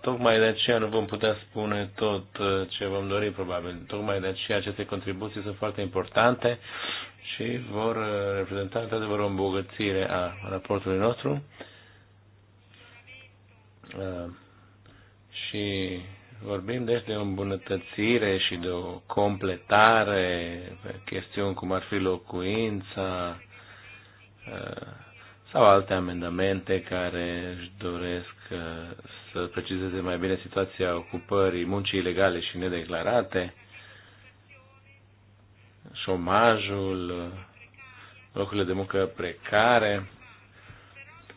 [SPEAKER 2] tocmai de aceea nu vom putea spune tot uh, ce vom dori, probabil. Tocmai de aceea aceste contribuții sunt foarte importante și vor uh, reprezenta într-adevăr o îmbogățire a raportului nostru. Și vorbim deci de o îmbunătățire și de o completare pe chestiuni cum ar fi locuința ă, sau alte amendamente care își doresc ă, să precizeze mai bine situația ocupării muncii ilegale și nedeclarate, șomajul, locurile de muncă precare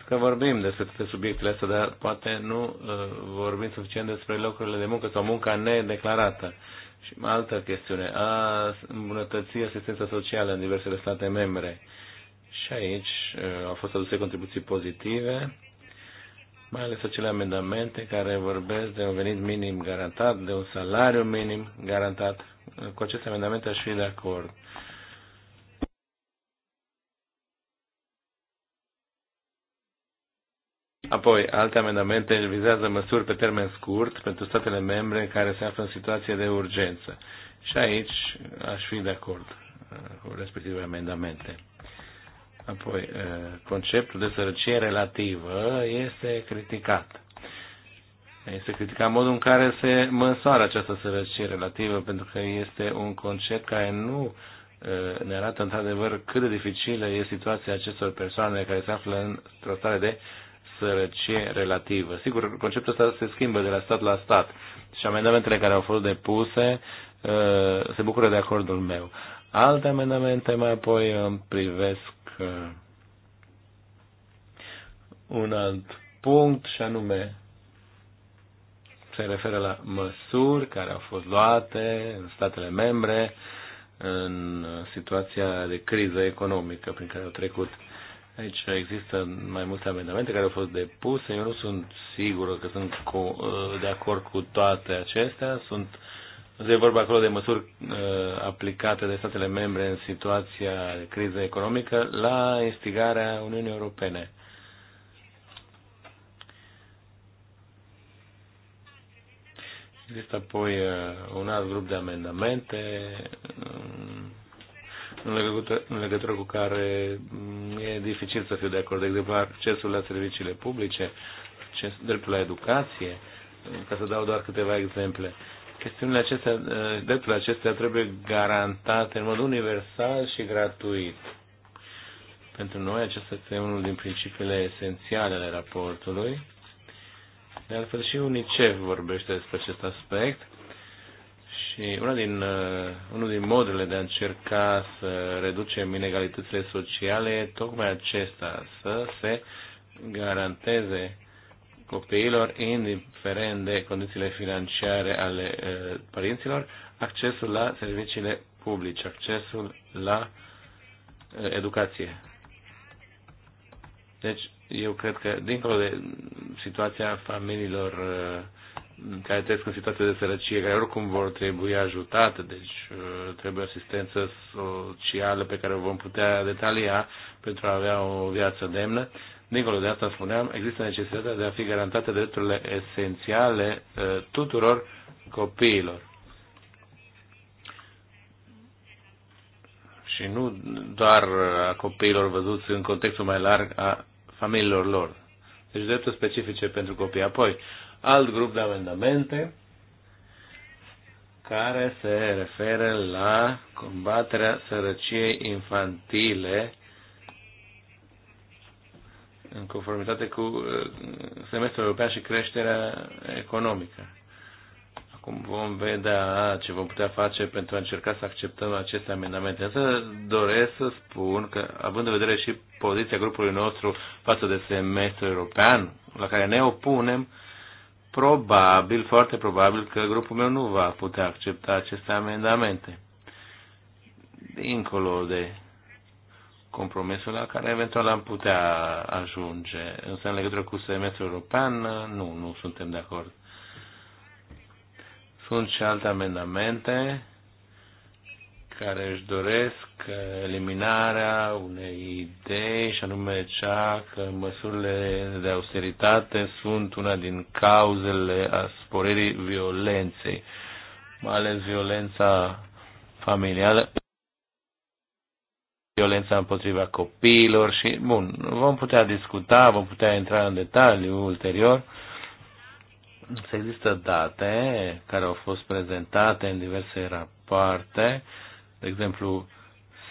[SPEAKER 2] că vorbim despre subiectele astea, dar poate nu uh, vorbim suficient despre locurile de muncă sau munca nedeclarată. Și altă chestiune, a îmbunătății asistența socială în diversele state membre. Și aici uh, au fost aduse contribuții pozitive, mai ales acele amendamente care vorbesc de un venit minim garantat, de un salariu minim garantat. Cu aceste amendamente aș fi de acord. Apoi, alte amendamente vizează măsuri pe termen scurt pentru statele membre care se află în situație de urgență. Și aici aș fi de acord uh, cu respectivele amendamente. Apoi, uh, conceptul de sărăcie relativă este criticat. Este criticat modul în care se măsoară această sărăcie relativă, pentru că este un concept care nu uh, ne arată într-adevăr cât de dificilă e situația acestor persoane care se află într-o stare de sărăcie relativă. Sigur, conceptul ăsta se schimbă de la stat la stat și amendamentele care au fost depuse uh, se bucură de acordul meu. Alte amendamente mai apoi uh, privesc uh, un alt punct și anume se referă la măsuri care au fost luate în statele membre în situația de criză economică prin care au trecut. Aici există mai multe amendamente care au fost depuse. Eu nu sunt sigur că sunt cu, uh, de acord cu toate acestea. Sunt de vorba acolo de măsuri uh, aplicate de statele membre în situația de criză economică la instigarea Uniunii Europene. Există apoi uh, un alt grup de amendamente în legătură, în legătură cu care mm, e dificil să fiu de acord. De exemplu, accesul la serviciile publice, dreptul la educație, ca să dau doar câteva exemple. Chestiunile acestea, eh, dreptul acestea trebuie garantate în mod universal și gratuit. Pentru noi acesta este unul din principiile esențiale ale raportului. De altfel și UNICEF vorbește despre acest aspect și una din, uh, unul din modurile de a încerca să reducem inegalitățile sociale e tocmai acesta, să se garanteze copiilor, indiferent de condițiile financiare ale uh, părinților, accesul la serviciile publice, accesul la uh, educație. Deci, eu cred că, dincolo de situația familiilor care trăiesc în situație de sărăcie, care oricum vor trebui ajutate, deci uh, trebuie asistență socială pe care o vom putea detalia pentru a avea o viață demnă. Dincolo de asta spuneam, există necesitatea de a fi garantate drepturile esențiale uh, tuturor copiilor. Și nu doar a copiilor văzuți în contextul mai larg a familiilor lor. Deci drepturi specifice pentru copii. Apoi, uh, alt grup de amendamente care se referă la combaterea sărăciei infantile în conformitate cu uh, semestrul european și creșterea economică. Acum vom vedea ce vom putea face pentru a încerca să acceptăm aceste amendamente. Însă doresc să spun că, având în vedere și poziția grupului nostru față de semestrul european, la care ne opunem, Probabil, foarte probabil că grupul meu nu va putea accepta aceste amendamente. Dincolo de compromisul la care eventual am putea ajunge. Însă în legătură cu semestrul european, nu, nu suntem de acord. Sunt și alte amendamente care își doresc eliminarea unei idei, și anume cea că măsurile de austeritate sunt una din cauzele a sporirii violenței, mai ales violența familială, violența împotriva copiilor și, bun, vom putea discuta, vom putea intra în detaliu ulterior. Există date care au fost prezentate în diverse rapoarte de exemplu,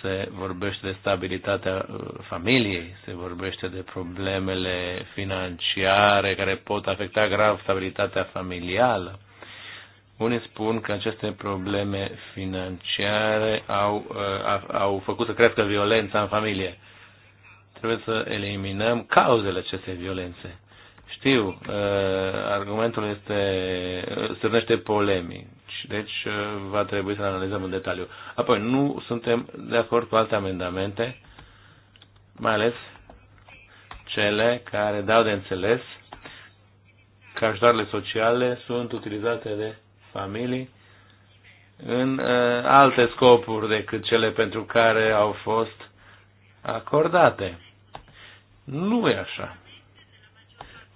[SPEAKER 2] se vorbește de stabilitatea uh, familiei, se vorbește de problemele financiare care pot afecta grav stabilitatea familială. Unii spun că aceste probleme financiare au, uh, au făcut să crească violența în familie. Trebuie să eliminăm cauzele acestei violențe. Știu, uh, argumentul este, strânește polemii, deci uh, va trebui să analizăm în detaliu. Apoi, nu suntem de acord cu alte amendamente, mai ales cele care dau de înțeles că ajutoarele sociale sunt utilizate de familii în uh, alte scopuri decât cele pentru care au fost acordate. Nu e așa.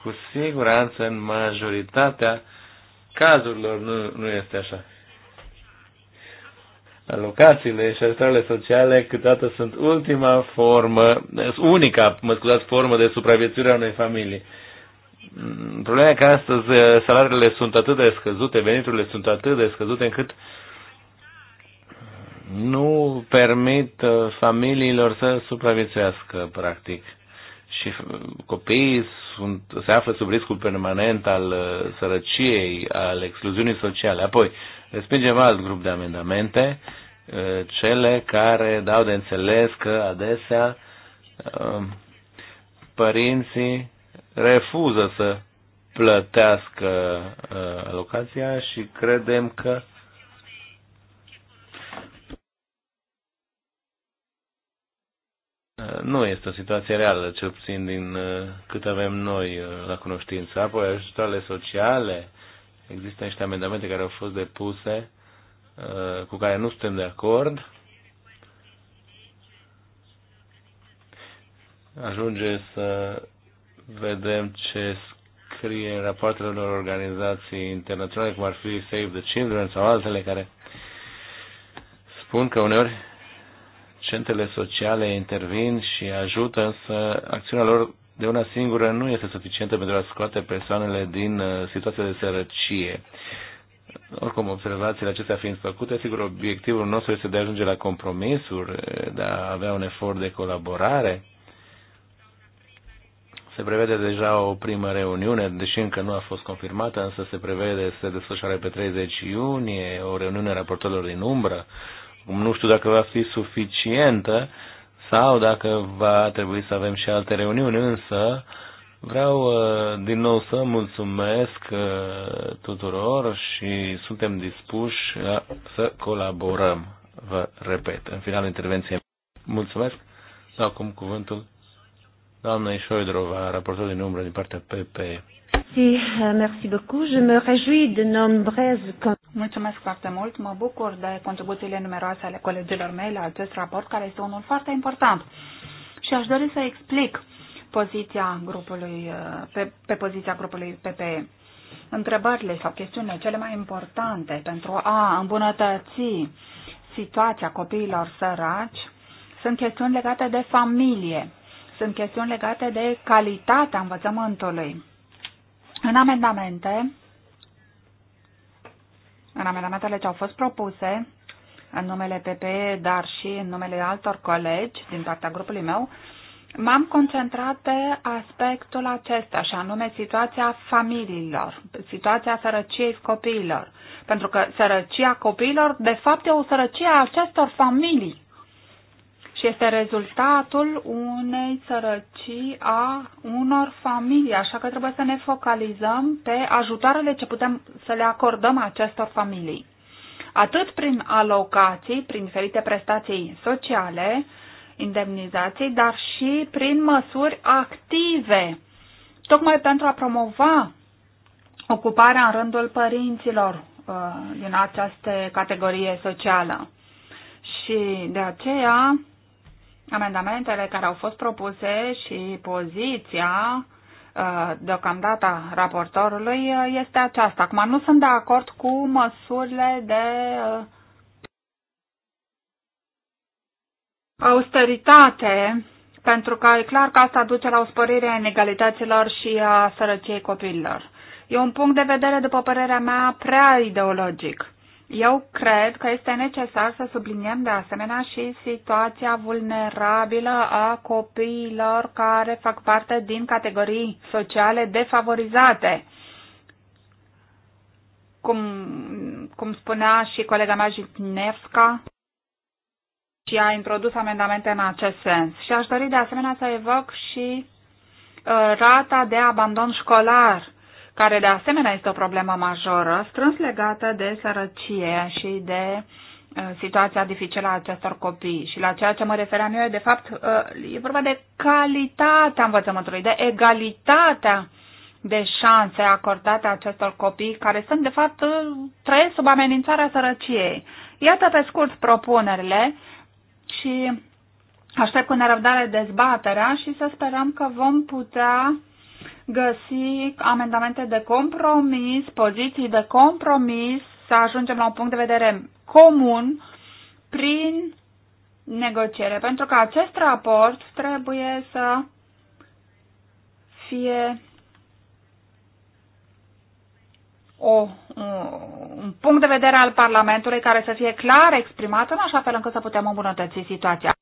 [SPEAKER 2] Cu siguranță, în majoritatea cazurilor nu, nu este așa. Alocațiile și ajutoarele sociale câteodată sunt ultima formă, unica, mă scuzați, formă de supraviețuire a unei familii. Problema e că astăzi uh, salariile sunt atât de scăzute, veniturile sunt atât de scăzute încât nu permit uh, familiilor să supraviețuiască, practic și uh, copiii sunt, se află sub riscul permanent al uh, sărăciei, al excluziunii sociale. Apoi, respingem alt grup de amendamente, uh, cele care dau de înțeles că adesea părinții refuză să plătească alocația și credem că nu este o situație reală, cel puțin din uh, cât avem noi uh, la cunoștință. Apoi ajutoarele sociale, există niște amendamente care au fost depuse uh, cu care nu suntem de acord. Ajunge să vedem ce scrie în rapoartele unor organizații internaționale, cum ar fi Save the Children sau altele care spun că uneori Centrele sociale intervin și ajută, însă acțiunea lor de una singură nu este suficientă pentru a scoate persoanele din uh, situația de sărăcie. Oricum, observațiile acestea fiind făcute, sigur, obiectivul nostru este de a ajunge la compromisuri, de a avea un efort de colaborare. Se prevede deja o primă reuniune, deși încă nu a fost confirmată, însă se prevede să se desfășoare pe 30 iunie o reuniune a raportorilor din umbră Acum nu știu dacă va fi suficientă sau dacă va trebui să avem și alte reuniuni, însă vreau uh, din nou să mulțumesc uh, tuturor și suntem dispuși să colaborăm. Vă repet, în final intervenție. Mulțumesc. Dau acum cuvântul doamnei Șoidrova, raportor din umbră din partea PP.
[SPEAKER 5] Mulțumesc foarte mult. Mă bucur de contribuțiile numeroase ale colegilor mei la acest raport, care este unul foarte important. Și aș dori să explic poziția grupului, uh, pe, pe poziția grupului PPE. Întrebările sau chestiunile cele mai importante pentru a îmbunătăți situația copiilor săraci sunt chestiuni legate de familie, sunt chestiuni legate de calitatea învățământului în amendamente, în amendamentele ce au fost propuse, în numele PPE, dar și în numele altor colegi din partea grupului meu, m-am concentrat pe aspectul acesta, și anume situația familiilor, situația sărăciei copiilor. Pentru că sărăcia copiilor, de fapt, e o sărăcie a acestor familii și este rezultatul unei sărăcii a unor familii, așa că trebuie să ne focalizăm pe ajutoarele ce putem să le acordăm acestor familii. Atât prin alocații, prin diferite prestații sociale, indemnizații, dar și prin măsuri active, tocmai pentru a promova ocuparea în rândul părinților uh, din această categorie socială. Și de aceea amendamentele care au fost propuse și poziția uh, deocamdată raportorului uh, este aceasta. Acum nu sunt de acord cu măsurile de uh, austeritate, pentru că e clar că asta duce la o spărire a inegalităților și a sărăciei copiilor. E un punct de vedere, după părerea mea, prea ideologic. Eu cred că este necesar să subliniem de asemenea și situația vulnerabilă a copiilor care fac parte din categorii sociale defavorizate. Cum, cum spunea și colega mea Jitnevska, și a introdus amendamente în acest sens. Și aș dori de asemenea să evoc și uh, rata de abandon școlar care de asemenea este o problemă majoră, strâns legată de sărăcie și de uh, situația dificilă a acestor copii. Și la ceea ce mă refeream eu, de fapt, uh, e vorba de calitatea învățământului, de egalitatea de șanse acordate acestor copii care sunt, de fapt, uh, trăiesc sub amenințarea sărăciei. Iată pe scurt propunerile și aștept cu nerăbdare dezbaterea și să sperăm că vom putea găsi amendamente de compromis, poziții de compromis, să ajungem la un punct de vedere comun prin negociere. Pentru că acest raport trebuie să fie o, un punct de vedere al Parlamentului care să fie clar exprimat în așa fel încât să putem îmbunătăți situația.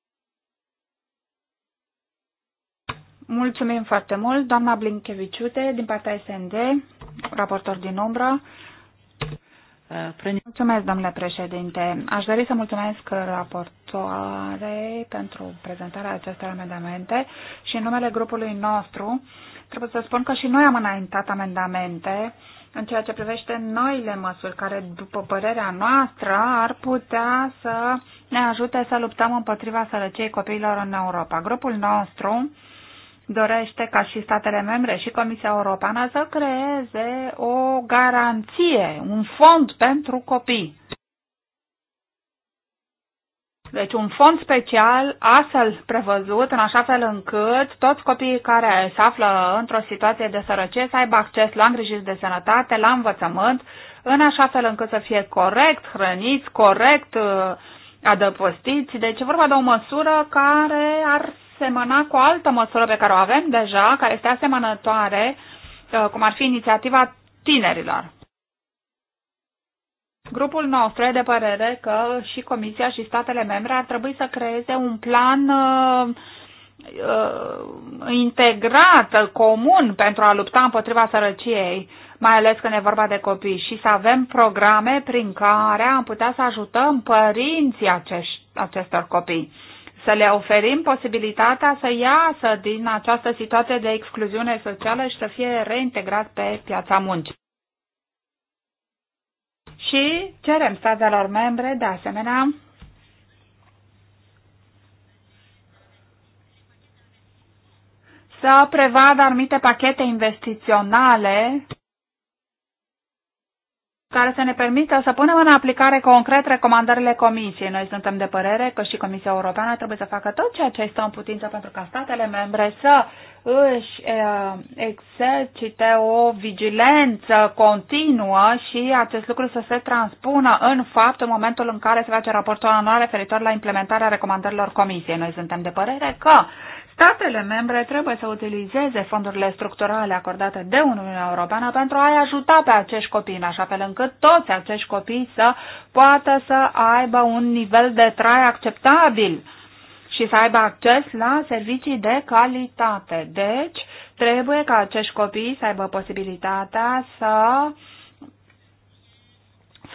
[SPEAKER 5] Mulțumim foarte mult, doamna Blinkeviciute, din partea SND, raportor din umbră. Uh, mulțumesc, domnule președinte. Aș dori să mulțumesc raportoare pentru prezentarea acestor amendamente și în numele grupului nostru trebuie să spun că și noi am înaintat amendamente în ceea ce privește noile măsuri care, după părerea noastră, ar putea să ne ajute să luptăm împotriva sărăciei copiilor în Europa. Grupul nostru dorește ca și statele membre și Comisia Europeană să creeze o garanție, un fond pentru copii. Deci un fond special astfel prevăzut în așa fel încât toți copiii care se află într-o situație de sărăcie să aibă acces la îngrijiri de sănătate, la învățământ, în așa fel încât să fie corect hrăniți, corect uh, adăpostiți. Deci e vorba de o măsură care ar semăna cu o altă măsură pe care o avem deja, care este asemănătoare, uh, cum ar fi inițiativa tinerilor. Grupul nostru e de părere că și Comisia și statele membre ar trebui să creeze un plan uh, uh, integrat, comun pentru a lupta împotriva sărăciei, mai ales când e vorba de copii, și să avem programe prin care am putea să ajutăm părinții acești, acestor copii să le oferim posibilitatea să iasă din această situație de excluziune socială și să fie reintegrat pe piața muncii. Și cerem statelor membre, de asemenea, să prevadă anumite pachete investiționale care să ne permită să punem în aplicare concret recomandările Comisiei. Noi suntem de părere că și Comisia Europeană trebuie să facă tot ceea ce este în putință pentru ca statele membre să își exercite o vigilență continuă și acest lucru să se transpună în fapt în momentul în care se face raportul anual referitor la implementarea recomandărilor Comisiei. Noi suntem de părere că Statele membre trebuie să utilizeze fondurile structurale acordate de Uniunea Europeană pentru a-i ajuta pe acești copii, în așa fel încât toți acești copii să poată să aibă un nivel de trai acceptabil și să aibă acces la servicii de calitate. Deci, trebuie ca acești copii să aibă posibilitatea să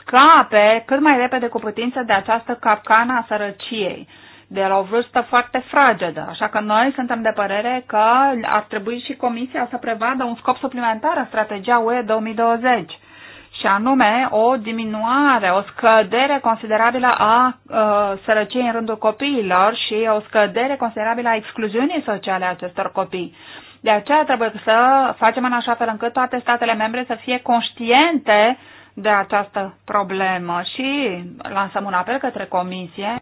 [SPEAKER 5] scape cât mai repede cu putință de această capcană a sărăciei de la o vârstă foarte fragedă. Așa că noi suntem de părere că ar trebui și Comisia să prevadă un scop suplimentar în strategia UE 2020 și anume o diminuare, o scădere considerabilă a uh, sărăciei în rândul copiilor și o scădere considerabilă a excluziunii sociale a acestor copii. De aceea trebuie să facem în așa fel încât toate statele membre să fie conștiente de această problemă și lansăm un apel către Comisie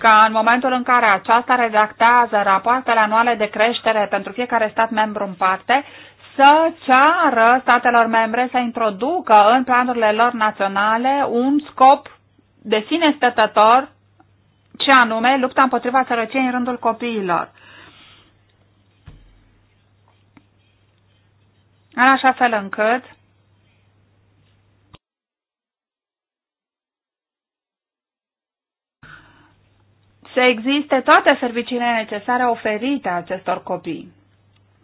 [SPEAKER 5] ca în momentul în care aceasta redactează rapoartele anuale de creștere pentru fiecare stat membru în parte, să ceară statelor membre să introducă în planurile lor naționale un scop de sine stătător, ce anume lupta împotriva sărăciei în rândul copiilor. În așa fel încât să existe toate serviciile necesare oferite acestor copii.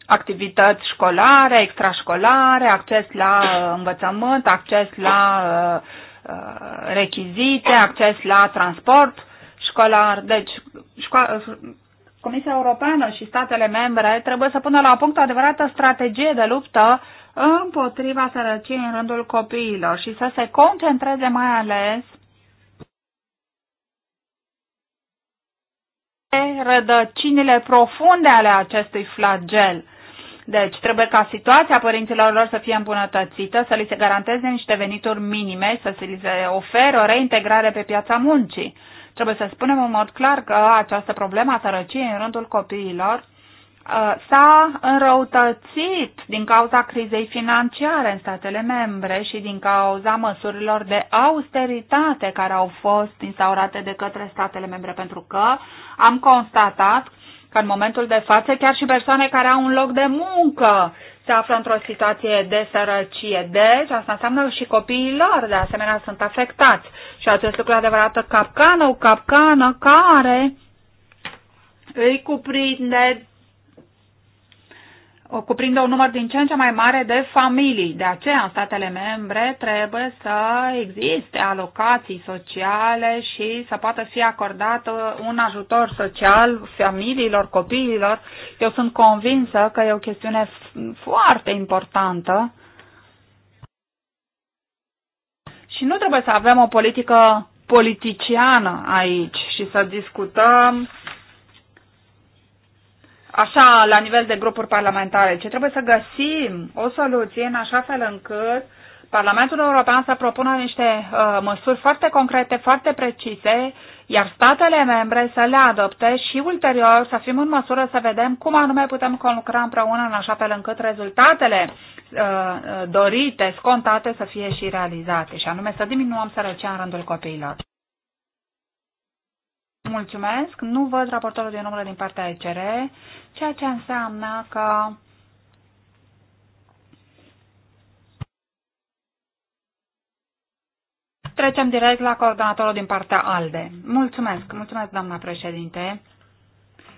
[SPEAKER 5] Activități școlare, extrașcolare, acces la uh, învățământ, acces la uh, uh, rechizite, acces la transport școlar. Deci, șco- Comisia Europeană și statele membre trebuie să pună la punct o adevărată strategie de luptă împotriva sărăciei în rândul copiilor și să se concentreze mai ales rădăcinile profunde ale acestui flagel. Deci trebuie ca situația părinților lor să fie îmbunătățită, să li se garanteze niște venituri minime, să li se oferă o reintegrare pe piața muncii. Trebuie să spunem în mod clar că această problemă a sărăciei în rândul copiilor Uh, s-a înrăutățit din cauza crizei financiare în statele membre și din cauza măsurilor de austeritate care au fost instaurate de către statele membre, pentru că am constatat că în momentul de față chiar și persoane care au un loc de muncă se află într-o situație de sărăcie. Deci, asta înseamnă și copiii lor, de asemenea, sunt afectați. Și acest lucru adevărată capcană, o capcană care îi cuprinde cuprinde un număr din ce în ce mai mare de familii. De aceea, în statele membre trebuie să existe alocații sociale și să poată fi acordat uh, un ajutor social familiilor, copiilor. Eu sunt convinsă că e o chestiune foarte importantă și nu trebuie să avem o politică politiciană aici și să discutăm așa la nivel de grupuri parlamentare, ci trebuie să găsim o soluție în așa fel încât Parlamentul European să propună niște uh, măsuri foarte concrete, foarte precise, iar statele membre să le adopte și ulterior să fim în măsură să vedem cum anume putem conlucra împreună în așa fel încât rezultatele uh, dorite, scontate să fie și realizate, și anume să diminuăm sărăcia în rândul copiilor. Mulțumesc. Nu văd raportorul de număr din partea ECR, ceea ce înseamnă că trecem direct la coordonatorul din partea ALDE. Mulțumesc, mulțumesc, doamna președinte.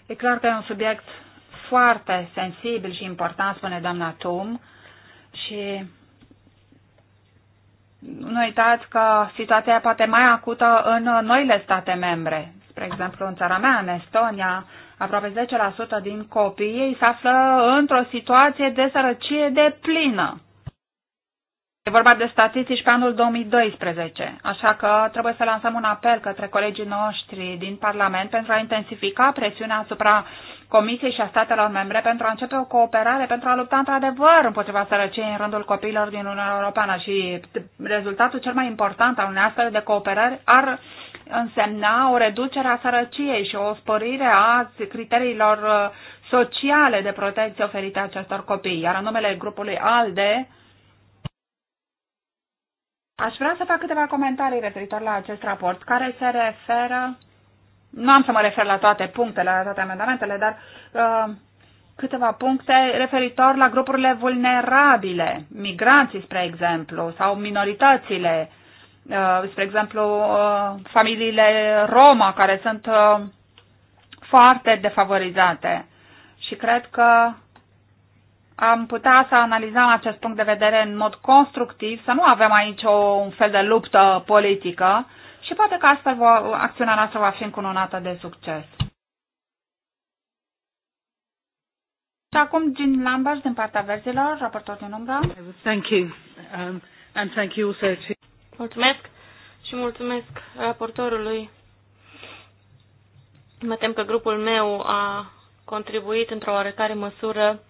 [SPEAKER 5] E clar că e un subiect foarte sensibil și important, spune doamna Tum, și nu uitați că situația poate mai acută în noile state membre. Spre exemplu, în țara mea, în Estonia, aproape 10% din copii se află într-o situație de sărăcie de plină. E vorba de statistici pe anul 2012, așa că trebuie să lansăm un apel către colegii noștri din Parlament pentru a intensifica presiunea asupra Comisiei și a statelor membre pentru a începe o cooperare pentru a lupta într-adevăr împotriva sărăciei în rândul copiilor din Uniunea Europeană și rezultatul cel mai important al unei astfel de cooperări ar însemna o reducere a sărăciei și o sporire a criteriilor uh, sociale de protecție oferite acestor copii. Iar în numele grupului ALDE, aș vrea să fac câteva comentarii referitor la acest raport, care se referă, nu am să mă refer la toate punctele, la toate amendamentele, dar uh, câteva puncte referitor la grupurile vulnerabile, migranții, spre exemplu, sau minoritățile, Uh, spre exemplu, uh, familiile Roma, care sunt uh, foarte defavorizate. Și cred că am putea să analizăm acest punct de vedere în mod constructiv, să nu avem aici o, un fel de luptă politică și poate că astfel va, acțiunea noastră va fi încununată de succes. Și acum Jean Lambert din partea verzilor,
[SPEAKER 3] raportor din umbră.
[SPEAKER 5] Thank you. Um, and thank you also to...
[SPEAKER 3] Mulțumesc și mulțumesc raportorului. Mă tem că grupul meu a contribuit într-o oarecare măsură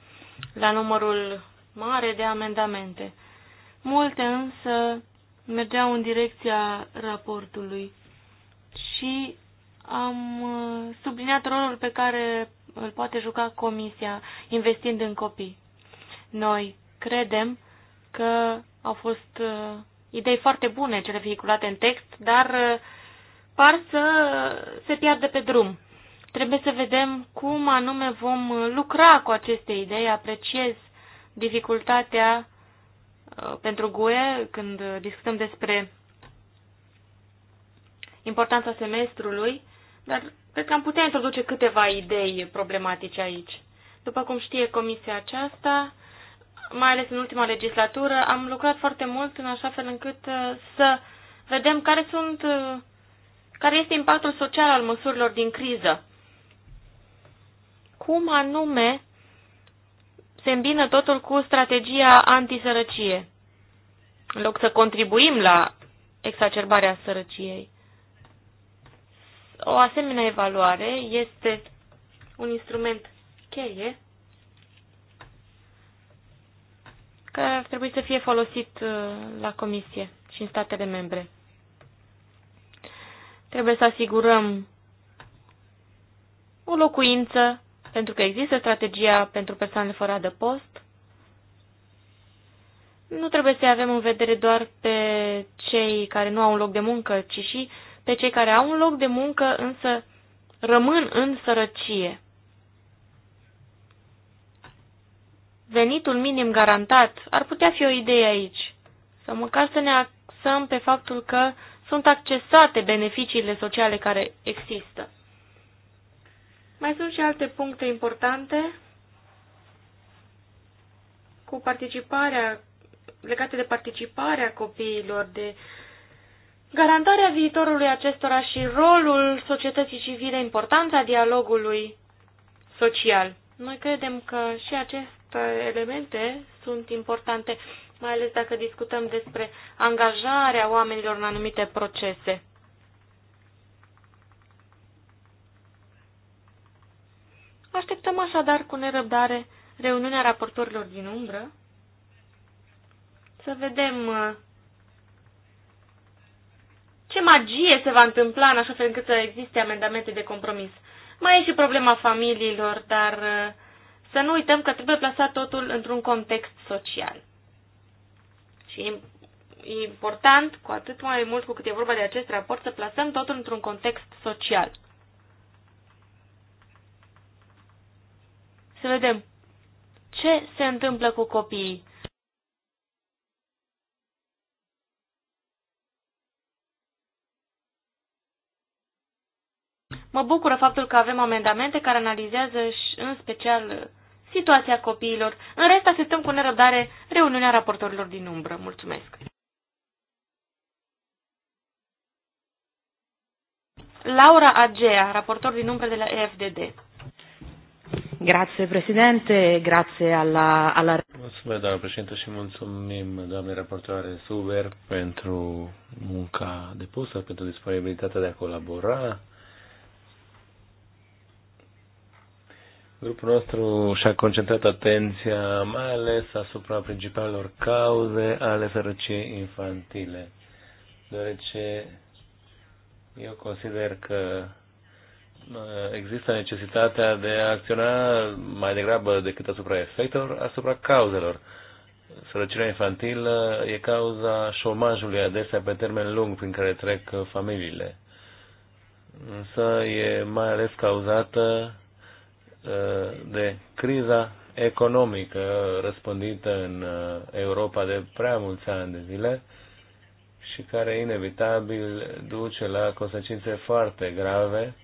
[SPEAKER 3] la numărul mare de amendamente. Multe însă mergeau în direcția raportului și am uh, subliniat rolul pe care îl poate juca comisia investind în copii. Noi credem că au fost uh, idei foarte bune cele vehiculate în text, dar uh, par să se piardă pe drum. Trebuie să vedem cum anume vom lucra cu aceste idei. Apreciez dificultatea uh, pentru GUE când discutăm despre importanța semestrului, dar cred că am putea introduce câteva idei problematice aici. După cum știe comisia aceasta, mai ales în ultima legislatură, am lucrat foarte mult în așa fel încât uh, să vedem care sunt uh, care este impactul social al măsurilor din criză. Cum anume se îmbină totul cu strategia antisărăcie, în loc să contribuim la exacerbarea sărăciei. O asemenea evaluare este un instrument cheie care ar trebui să fie folosit uh, la Comisie și în statele membre. Trebuie să asigurăm o locuință, pentru că există strategia pentru persoanele fără adăpost. Nu trebuie să avem în vedere doar pe cei care nu au un loc de muncă, ci și pe cei care au un loc de muncă, însă rămân în sărăcie. venitul minim garantat ar putea fi o idee aici. Sau măcar să ne axăm pe faptul că sunt accesate beneficiile sociale care există. Mai sunt și alte puncte importante cu participarea, legate de participarea copiilor, de garantarea viitorului acestora și rolul societății civile, importanța dialogului social. Noi credem că și acest aceste elemente sunt importante, mai ales dacă discutăm despre angajarea oamenilor în anumite procese. Așteptăm așadar cu nerăbdare reuniunea raportorilor din umbră să vedem uh, ce magie se va întâmpla în așa fel încât să existe amendamente de compromis. Mai e și problema familiilor, dar uh, să nu uităm că trebuie plasat totul într-un context social. Și e important, cu atât mai mult cu cât e vorba de acest raport, să plasăm totul într-un context social. Să vedem ce se întâmplă cu copiii. Mă bucură faptul că avem amendamente care analizează și, în special situația copiilor. În rest, așteptăm cu nerăbdare reuniunea raportorilor din umbră. Mulțumesc! Laura Agea, raportor din umbră de la EFDD. Grazie Presidente, grazie alla... alla... Mulțumesc, doamnă
[SPEAKER 2] președinte, și mulțumim, doamne raportoare Suber, pentru munca depusă, pentru disponibilitatea de a colabora Grupul nostru și-a concentrat atenția mai ales asupra principalelor cauze ale sărăciei infantile, deoarece eu consider că uh, există necesitatea de a acționa mai degrabă decât asupra efectelor, asupra cauzelor. Sărăcirea infantilă e cauza șomajului adesea pe termen lung prin care trec familiile. Însă e mai ales cauzată de criza economică răspândită în uh, Europa de prea mulți ani de zile și care inevitabil duce la consecințe foarte grave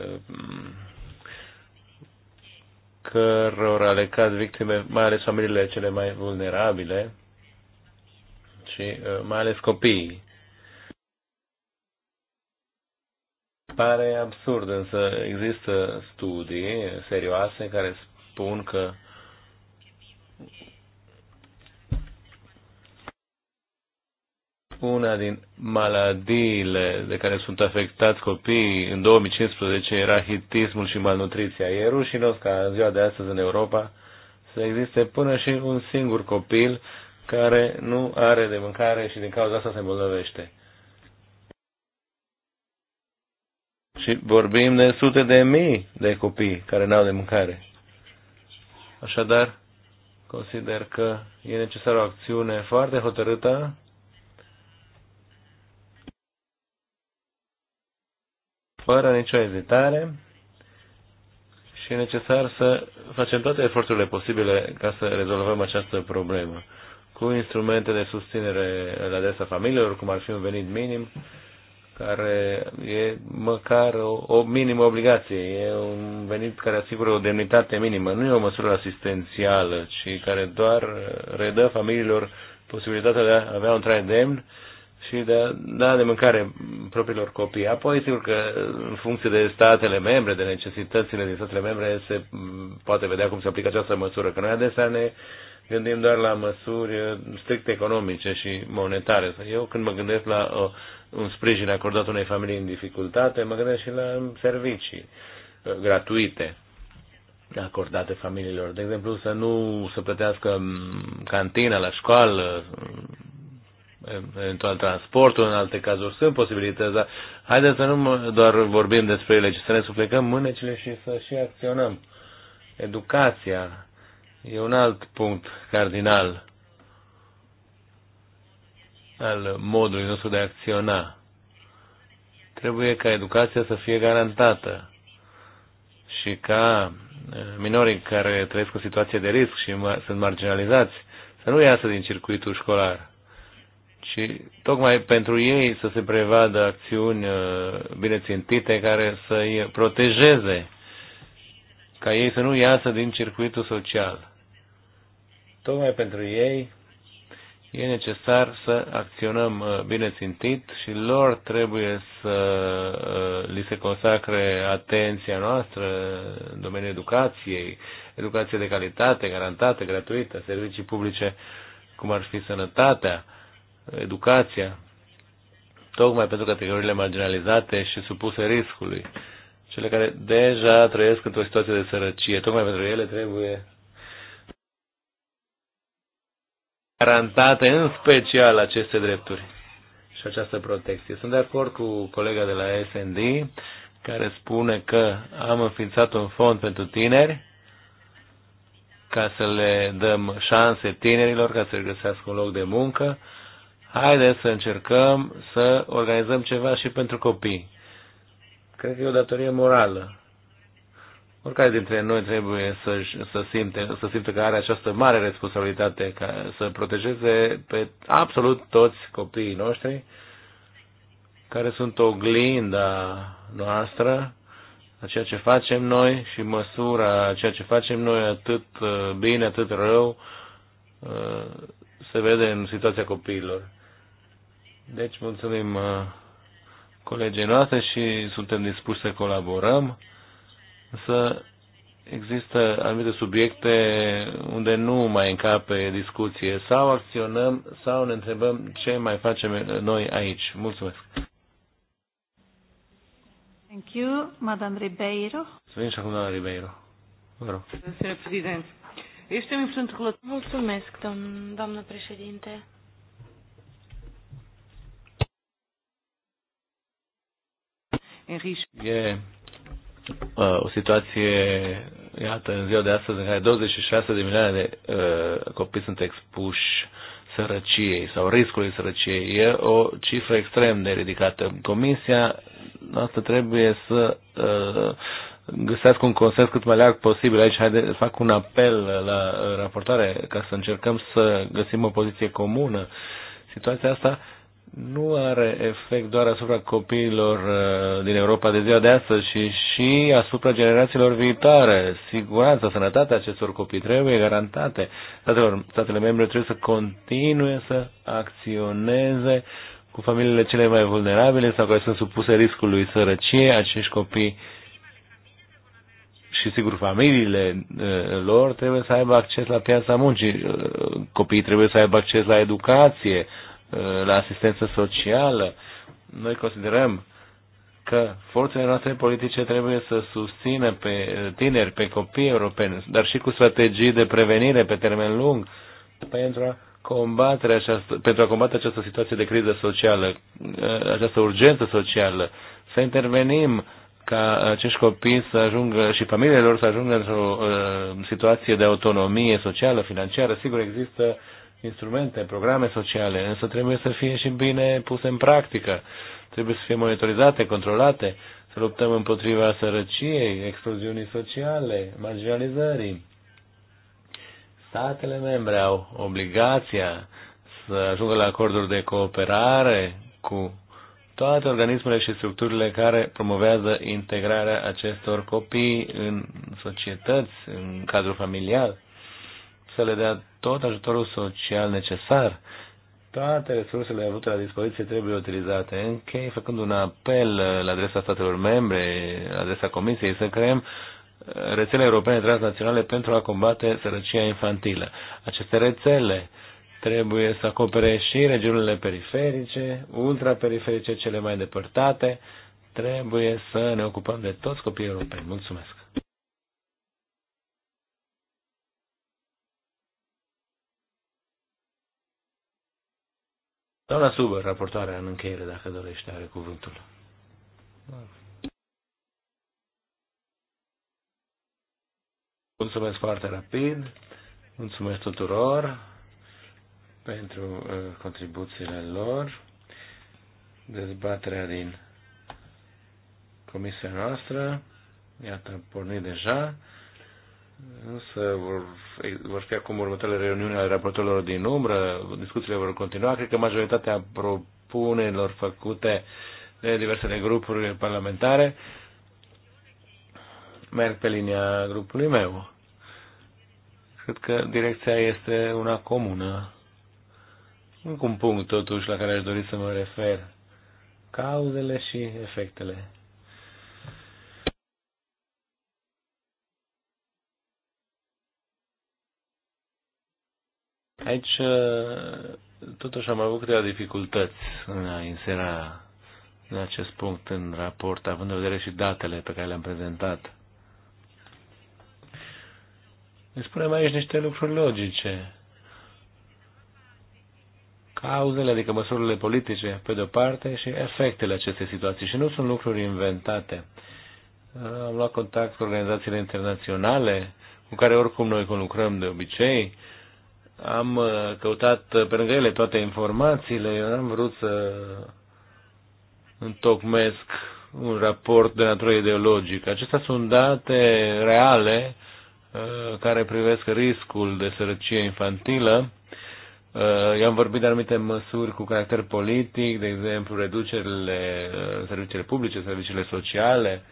[SPEAKER 2] uh, cărora le cad victime, mai ales familiile cele mai vulnerabile și uh, mai ales copiii. Pare absurd, însă există studii serioase care spun că una din maladiile de care sunt afectați copiii în 2015 era hitismul și malnutriția. E rușinos ca în ziua de astăzi în Europa să existe până și un singur copil care nu are de mâncare și din cauza asta se îmbolnăvește. Și vorbim de sute de mii de copii care n-au de mâncare. Așadar, consider că e necesară o acțiune foarte hotărâtă fără nicio ezitare și e necesar să facem toate eforturile posibile ca să rezolvăm această problemă cu instrumente de susținere la adresa familiilor, cum ar fi un venit minim care e măcar o, o minimă obligație, e un venit care asigură o demnitate minimă, nu e o măsură asistențială, ci care doar redă familiilor posibilitatea de a avea un trai demn și de a da de mâncare propriilor copii. Apoi, sigur că în funcție de statele membre, de necesitățile din statele membre, se poate vedea cum se aplică această măsură, că noi adesea ne gândim doar la măsuri strict economice și monetare. Eu când mă gândesc la o un sprijin acordat unei familii în dificultate, mă gândesc și la servicii uh, gratuite acordate familiilor. De exemplu, să nu se plătească mm, cantina la școală, mm, eventual transportul, în alte cazuri sunt posibilități, dar haideți să nu doar vorbim despre ele, ci să ne suflecăm mânecile și să și acționăm. Educația e un alt punct cardinal al modului nostru de a acționa. Trebuie ca educația să fie garantată și ca eh, minorii care trăiesc o situație de risc și sunt marginalizați să nu iasă din circuitul școlar, ci tocmai pentru ei să se prevadă acțiuni eh, bine țintite care să-i protejeze, ca ei să nu iasă din circuitul social. Tocmai pentru ei e necesar să acționăm uh, bine țintit și lor trebuie să uh, li se consacre atenția noastră în domeniul educației, educație de calitate, garantată, gratuită, servicii publice, cum ar fi sănătatea, educația, tocmai pentru categoriile marginalizate și supuse riscului, cele care deja trăiesc într-o situație de sărăcie, tocmai pentru ele trebuie garantate în special aceste drepturi și această protecție. Sunt de acord cu colega de la SND care spune că am înființat un fond pentru tineri ca să le dăm șanse tinerilor ca să găsească un loc de muncă. Haideți să încercăm să organizăm ceva și pentru copii. Cred că e o datorie morală oricare dintre noi trebuie să, să, simte, să simte că are această mare responsabilitate ca să protejeze pe absolut toți copiii noștri care sunt oglinda noastră a ceea ce facem noi și măsura a ceea ce facem noi atât uh, bine, atât rău, uh, se vede în situația copiilor. Deci mulțumim uh, colegii noastre și suntem dispuși să colaborăm Însă există anumite subiecte unde nu mai încape discuție. Sau acționăm, sau ne întrebăm ce mai facem noi aici. Mulțumesc!
[SPEAKER 1] Thank you, Madame Ribeiro.
[SPEAKER 2] Să venim și acum, doamna Ribeiro. Vă rog.
[SPEAKER 3] președinte, este un sunt Mulțumesc, doamnă președinte.
[SPEAKER 4] Enrique.
[SPEAKER 2] Yeah. Uh, o situație, iată, în ziua de astăzi, în care 26 de milioane de uh, copii sunt expuși sărăciei sau riscului sărăciei. E o cifră extrem de ridicată. Comisia noastră trebuie să uh, găsească un consens cât mai larg posibil. Aici haide, fac un apel la raportare ca să încercăm să găsim o poziție comună. Situația asta nu are efect doar asupra copiilor uh, din Europa de ziua de astăzi, ci și asupra generațiilor viitoare. Siguranța, sănătatea acestor copii trebuie garantate. Statelor, statele membre trebuie să continue să acționeze cu familiile cele mai vulnerabile sau care sunt supuse riscului sărăcie, acești copii și sigur familiile uh, lor trebuie să aibă acces la piața muncii, uh, copiii trebuie să aibă acces la educație, Uh, la asistență socială. Noi considerăm că forțele noastre politice trebuie să susțină pe tineri, pe copii europeni, dar și cu strategii de prevenire pe termen lung pentru a combate această, pentru a combate această situație de criză socială, uh, această urgență socială, să intervenim ca acești copii să ajungă și familiile lor să ajungă într-o uh, situație de autonomie socială, financiară. Sigur, există instrumente, programe sociale, însă trebuie să fie și bine puse în practică, trebuie să fie monitorizate, controlate, să luptăm împotriva sărăciei, exploziunii sociale, marginalizării. Statele membre au obligația să ajungă la acorduri de cooperare cu toate organismele și structurile care promovează integrarea acestor copii în societăți, în cadrul familial, să le dea tot ajutorul social necesar. Toate resursele avute la dispoziție trebuie utilizate. Închei făcând un apel la adresa statelor membre, la adresa Comisiei, să creăm uh, rețele europene transnaționale pentru a combate sărăcia infantilă. Aceste rețele trebuie să acopere și regiunile periferice, ultraperiferice, cele mai depărtate. Trebuie să ne ocupăm de toți copiii europeni. Mulțumesc! Doamna Subă, raportoarea în încheiere, dacă dorește, are cuvântul. Mulțumesc foarte rapid, mulțumesc tuturor pentru uh, contribuțiile lor. Dezbaterea din comisia noastră, iată, pornit deja. Însă vor, vor fi acum următoarele reuniuni ale raportorilor din umbră, discuțiile vor continua. Cred că majoritatea propunerilor făcute de diversele grupuri parlamentare merg pe linia grupului meu. Cred că direcția este una comună. Încă un punct, totuși, la care aș dori să mă refer. Cauzele și efectele. Aici, uh, totuși, am avut câteva dificultăți în a insera în acest punct în raport, având în vedere și datele pe care le-am prezentat. Ne spunem aici niște lucruri logice. Cauzele, adică măsurile politice, pe de-o parte, și efectele acestei situații. Și nu sunt lucruri inventate. Am luat contact cu organizațiile internaționale, cu care oricum noi conlucrăm de obicei, am uh, căutat uh, pe lângă ele toate informațiile, eu am vrut să întocmesc un raport de natură ideologică. Acestea sunt date reale uh, care privesc riscul de sărăcie infantilă. Eu am vorbit de anumite măsuri cu caracter politic, de exemplu reducerile serviciile publice, serviciile sociale,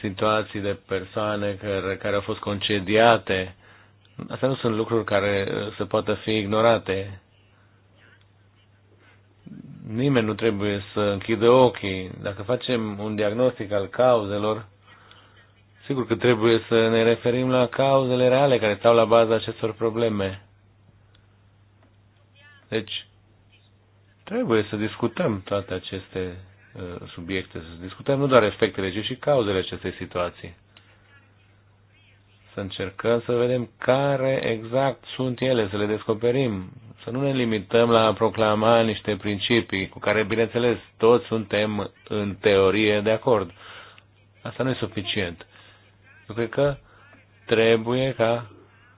[SPEAKER 2] situații de persoane care, care au fost concediate Astea nu sunt lucruri care uh, se poată fi ignorate. Nimeni nu trebuie să închidă ochii. Dacă facem un diagnostic al cauzelor, sigur că trebuie să ne referim la cauzele reale care stau la baza acestor probleme. Deci, trebuie să discutăm toate aceste uh, subiecte, să discutăm nu doar efectele, ci și cauzele acestei situații să încercăm să vedem care exact sunt ele, să le descoperim, să nu ne limităm la a proclama niște principii cu care, bineînțeles, toți suntem în teorie de acord. Asta nu e suficient. Eu cred că trebuie ca,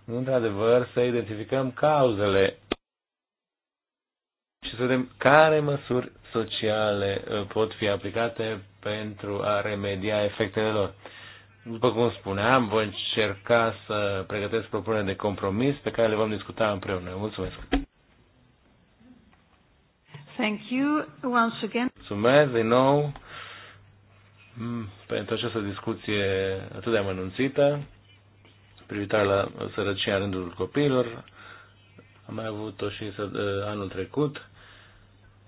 [SPEAKER 2] într-adevăr, să identificăm cauzele și să vedem care măsuri sociale uh, pot fi aplicate pentru a remedia efectele lor. După cum spuneam, voi încerca să pregătesc propuneri de compromis pe care le vom discuta împreună. Mulțumesc!
[SPEAKER 1] Thank you once again.
[SPEAKER 2] Mulțumesc din nou mm, pentru această discuție atât de amănunțită privitoare la sărăcia rândul copiilor. Am mai avut-o și ă, anul trecut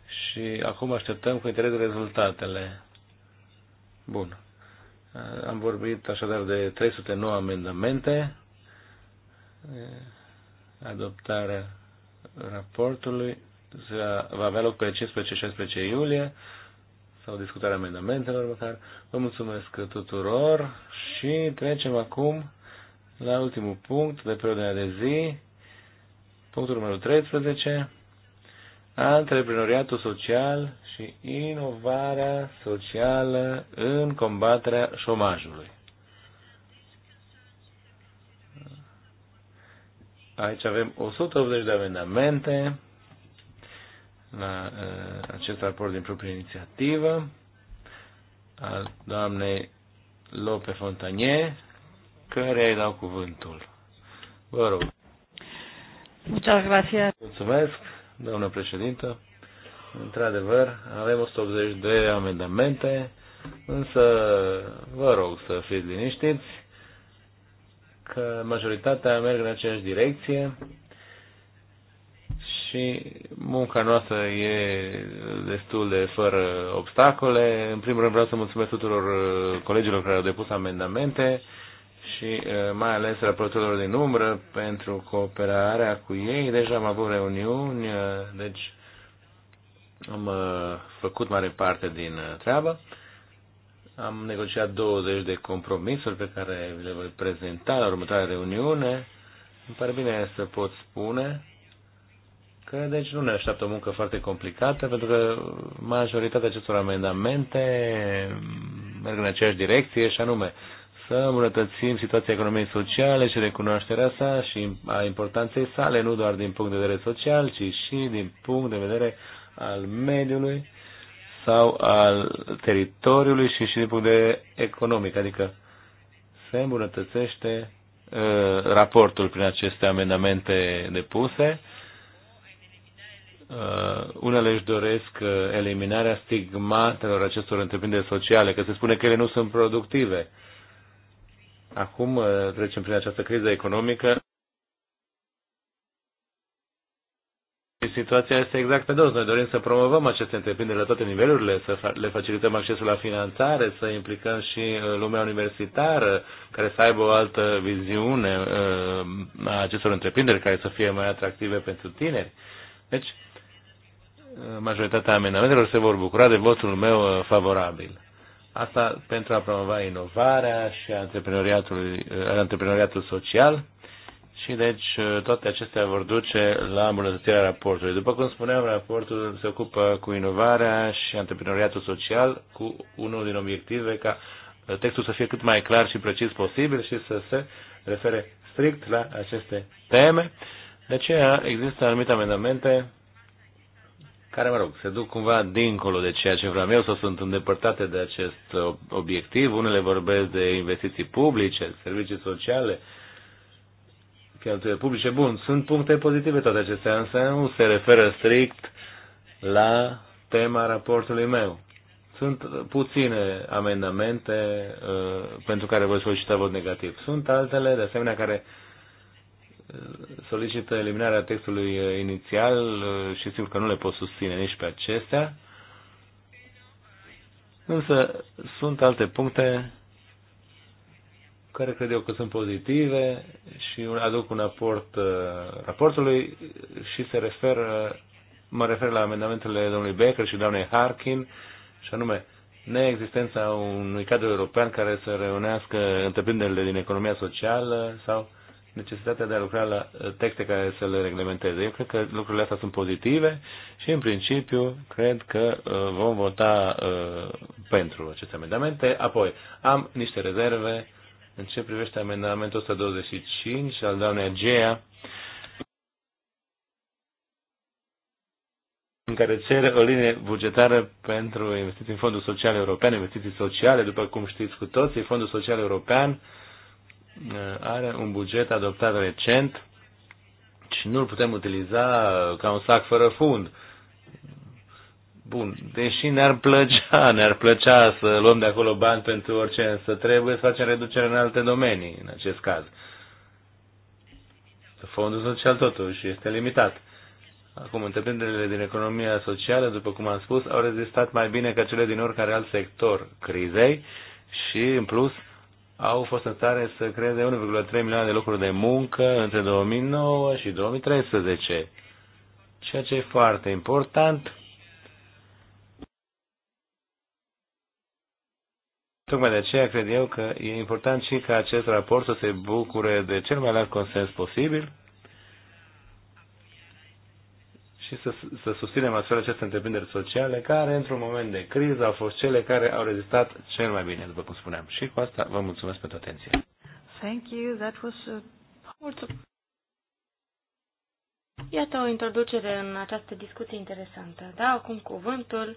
[SPEAKER 2] și acum așteptăm cu interes rezultatele. Bun. Eh, am vorbit așadar de 309 amendamente, eh, adoptarea raportului va avea loc pe 15-16 iulie sau discutarea amendamentelor măcar. Vă mulțumesc tuturor și trecem acum la ultimul punct de pe ordinea de zi, punctul numărul 13, antreprenoriatul social și inovarea socială în combaterea șomajului. Aici avem 180 de amendamente la uh, acest raport din proprie inițiativă al doamnei Lope Fontanie, care îi dau cuvântul. Vă rog.
[SPEAKER 1] Muchas gracias.
[SPEAKER 2] Mulțumesc domnule președinte. Într-adevăr, avem 180 de amendamente, însă vă rog să fiți liniștiți că majoritatea merg în aceeași direcție și munca noastră e destul de fără obstacole. În primul rând vreau să mulțumesc tuturor colegilor care au depus amendamente și uh, mai ales raportorilor din umbră pentru cooperarea cu ei. Deja am avut reuniuni, uh, deci am uh, făcut mare parte din treabă. Am negociat 20 de compromisuri pe care le voi prezenta la următoarea reuniune. Îmi pare bine să pot spune că deci nu ne așteaptă o muncă foarte complicată, pentru că majoritatea acestor amendamente merg în aceeași direcție și anume să îmbunătățim situația economiei sociale și recunoașterea sa și a importanței sale, nu doar din punct de vedere social, ci și din punct de vedere al mediului sau al teritoriului și și din punct de vedere economic, adică se îmbunătățește uh, raportul prin aceste amendamente depuse. Uh, unele își doresc uh, eliminarea stigmatelor acestor întreprinderi sociale, că se spune că ele nu sunt productive. Uh, Acum uh, trecem prin această criză economică. situația este exact pe dos. Noi dorim să promovăm aceste întreprinderi la toate nivelurile, să le facilităm accesul la finanțare, să implicăm și uh, lumea universitară care să aibă o altă viziune uh, a acestor întreprinderi care să fie mai atractive pentru tineri. Deci, majoritatea amenamentelor se vor bucura de votul meu favorabil. Asta pentru a promova inovarea și antreprenoriatul, antreprenoriatul social. Și deci toate acestea vor duce la îmbunătățirea raportului. După cum spuneam, raportul se ocupă cu inovarea și antreprenoriatul social cu unul din obiective ca textul să fie cât mai clar și precis posibil și să se refere strict la aceste teme. De aceea există anumite amendamente care, mă rog, se duc cumva dincolo de ceea ce vreau eu sau sunt îndepărtate de acest obiectiv. Unele vorbesc de investiții publice, servicii sociale, cheltuieli publice. Bun, sunt puncte pozitive toate acestea, însă nu se referă strict la tema raportului meu. Sunt puține amendamente uh, pentru care voi solicita vot negativ. Sunt altele, de asemenea, care uh, solicită eliminarea textului uh, inițial uh, și sigur că nu le pot susține nici pe acestea. Însă sunt alte puncte care cred eu că sunt pozitive și aduc un aport uh, raportului și se refer, mă refer la amendamentele domnului Becker și doamnei Harkin și anume neexistența unui cadru european care să reunească întreprinderile din economia socială sau uh, necesitatea de a lucra la uh, texte care să le reglementeze. Eu cred că lucrurile astea sunt pozitive și, în principiu, cred că uh, vom vota uh, pentru aceste amendamente. Apoi, am niște rezerve în ce privește amendamentul 125 al doamnei Agea, în care cere o linie bugetară pentru investiții în Fondul Social European, investiții sociale, după cum știți cu toții, Fondul Social European uh, Uh, are un buget adoptat recent și nu-l putem utiliza ca un sac fără fund. Bun, deși ne-ar plăcea, ne-ar plăcea să luăm de acolo bani pentru orice, însă trebuie să facem reducere în alte domenii, în acest caz. Fondul social totuși este limitat. Acum, întreprinderile din economia socială, după cum am spus, au rezistat mai bine ca cele din oricare alt sector crizei și, în plus, au fost în stare să creeze 1,3 milioane de locuri de muncă între 2009 și 2013, ceea ce e foarte important. Tocmai de aceea cred eu că e important și ca acest raport să se bucure de cel mai larg consens posibil și să, să susținem astfel aceste întreprinderi sociale care, într-un moment de criză, au fost cele care au rezistat cel mai bine, după cum spuneam. Și cu asta vă
[SPEAKER 1] mulțumesc
[SPEAKER 3] pentru atenție. Thank you. That was a... Uh, Iată o introducere în această discuție interesantă. Da, acum cuvântul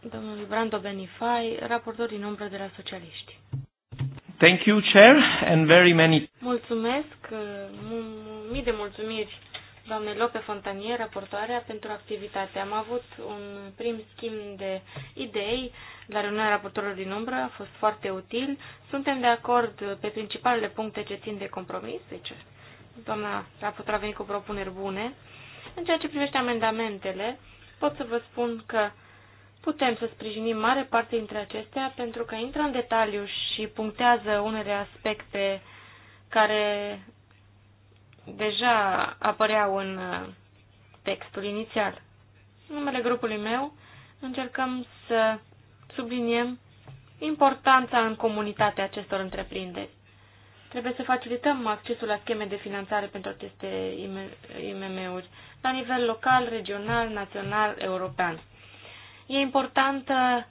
[SPEAKER 3] domnului Brando Benifai, raportor din umbră de la socialiști.
[SPEAKER 2] Thank you, Chair, and very many...
[SPEAKER 3] Mulțumesc, uh, mii de mulțumiri doamnei Lope Fontanie, raportoarea, pentru activitate. Am avut un prim schimb de idei la reuniunea raportorilor din umbră, a fost foarte util. Suntem de acord pe principalele puncte ce țin de compromis, deci doamna raportor a venit cu propuneri bune. În ceea ce privește amendamentele, pot să vă spun că putem să sprijinim mare parte dintre acestea pentru că intră în detaliu și punctează unele aspecte care deja apăreau în uh, textul inițial. În numele grupului meu încercăm să subliniem importanța în comunitatea acestor întreprinderi. Trebuie să facilităm accesul la scheme de finanțare pentru aceste IMM-uri, la nivel local, regional, național, european. E importantă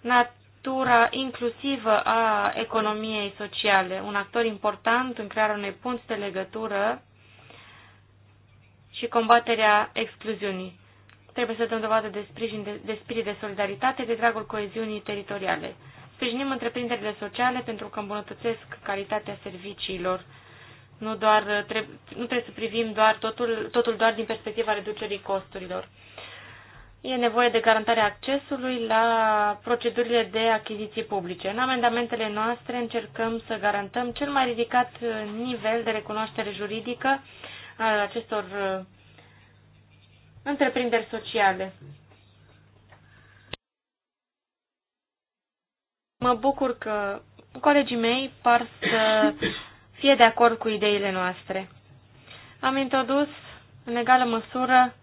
[SPEAKER 3] natura inclusivă a economiei sociale, un actor important în crearea unei punți de legătură și combaterea excluziunii. Trebuie să dăm dovadă de, sprijin, de, de spirit de solidaritate de dragul coeziunii teritoriale. Sprijinim întreprinderile sociale pentru că îmbunătățesc calitatea serviciilor. Nu, doar, uh, trebuie, nu trebuie să privim doar totul, totul doar din perspectiva reducerii costurilor. E nevoie de garantarea accesului la procedurile de achiziții publice. În amendamentele noastre încercăm să garantăm cel mai ridicat uh, nivel de recunoaștere juridică al acestor uh, întreprinderi sociale. Mă bucur că colegii mei par să fie de acord cu ideile noastre. Am introdus în egală măsură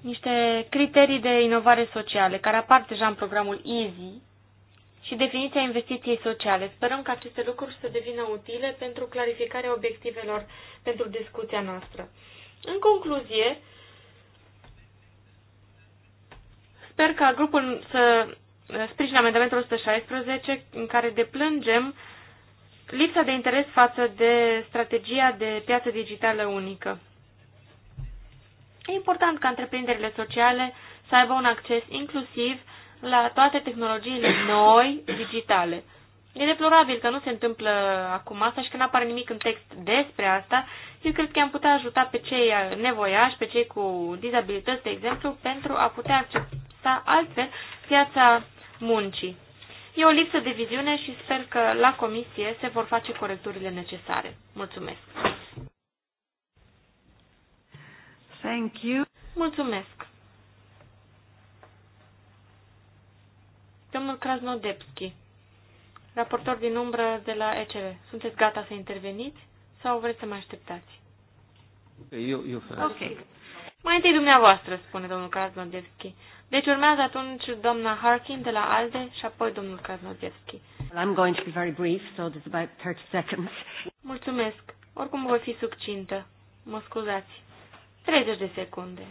[SPEAKER 3] niște criterii de inovare sociale care apar deja în programul EASY și definiția investiției sociale. Sperăm că aceste lucruri să devină utile pentru clarificarea obiectivelor pentru discuția noastră. În concluzie, sper ca grupul să sprijine amendamentul 116 în care deplângem lipsa de interes față de strategia de piață digitală unică. E important ca întreprinderile sociale să aibă un acces inclusiv la toate tehnologiile noi, digitale. E deplorabil că nu se întâmplă acum asta și că nu apare nimic în text despre asta. Eu cred că am putea ajuta pe cei nevoiași, pe cei cu dizabilități, de exemplu, pentru a putea accepta altfel piața muncii. E o lipsă de viziune și sper că la comisie se vor face corecturile necesare. Mulțumesc! Thank you. Mulțumesc! Domnul Krasnodebski, raportor din umbră de la ECR, sunteți gata să interveniți sau vreți să mai așteptați?
[SPEAKER 4] Eu, eu frate. Ok.
[SPEAKER 3] Mai întâi dumneavoastră, spune domnul Krasnodebski. Deci urmează atunci doamna Harkin de la ALDE și apoi domnul Krasnodebski.
[SPEAKER 1] Well, I'm going to be very brief, so there's about 30 seconds.
[SPEAKER 3] Mulțumesc. Oricum voi fi succintă. Mă scuzați. 30 de secunde.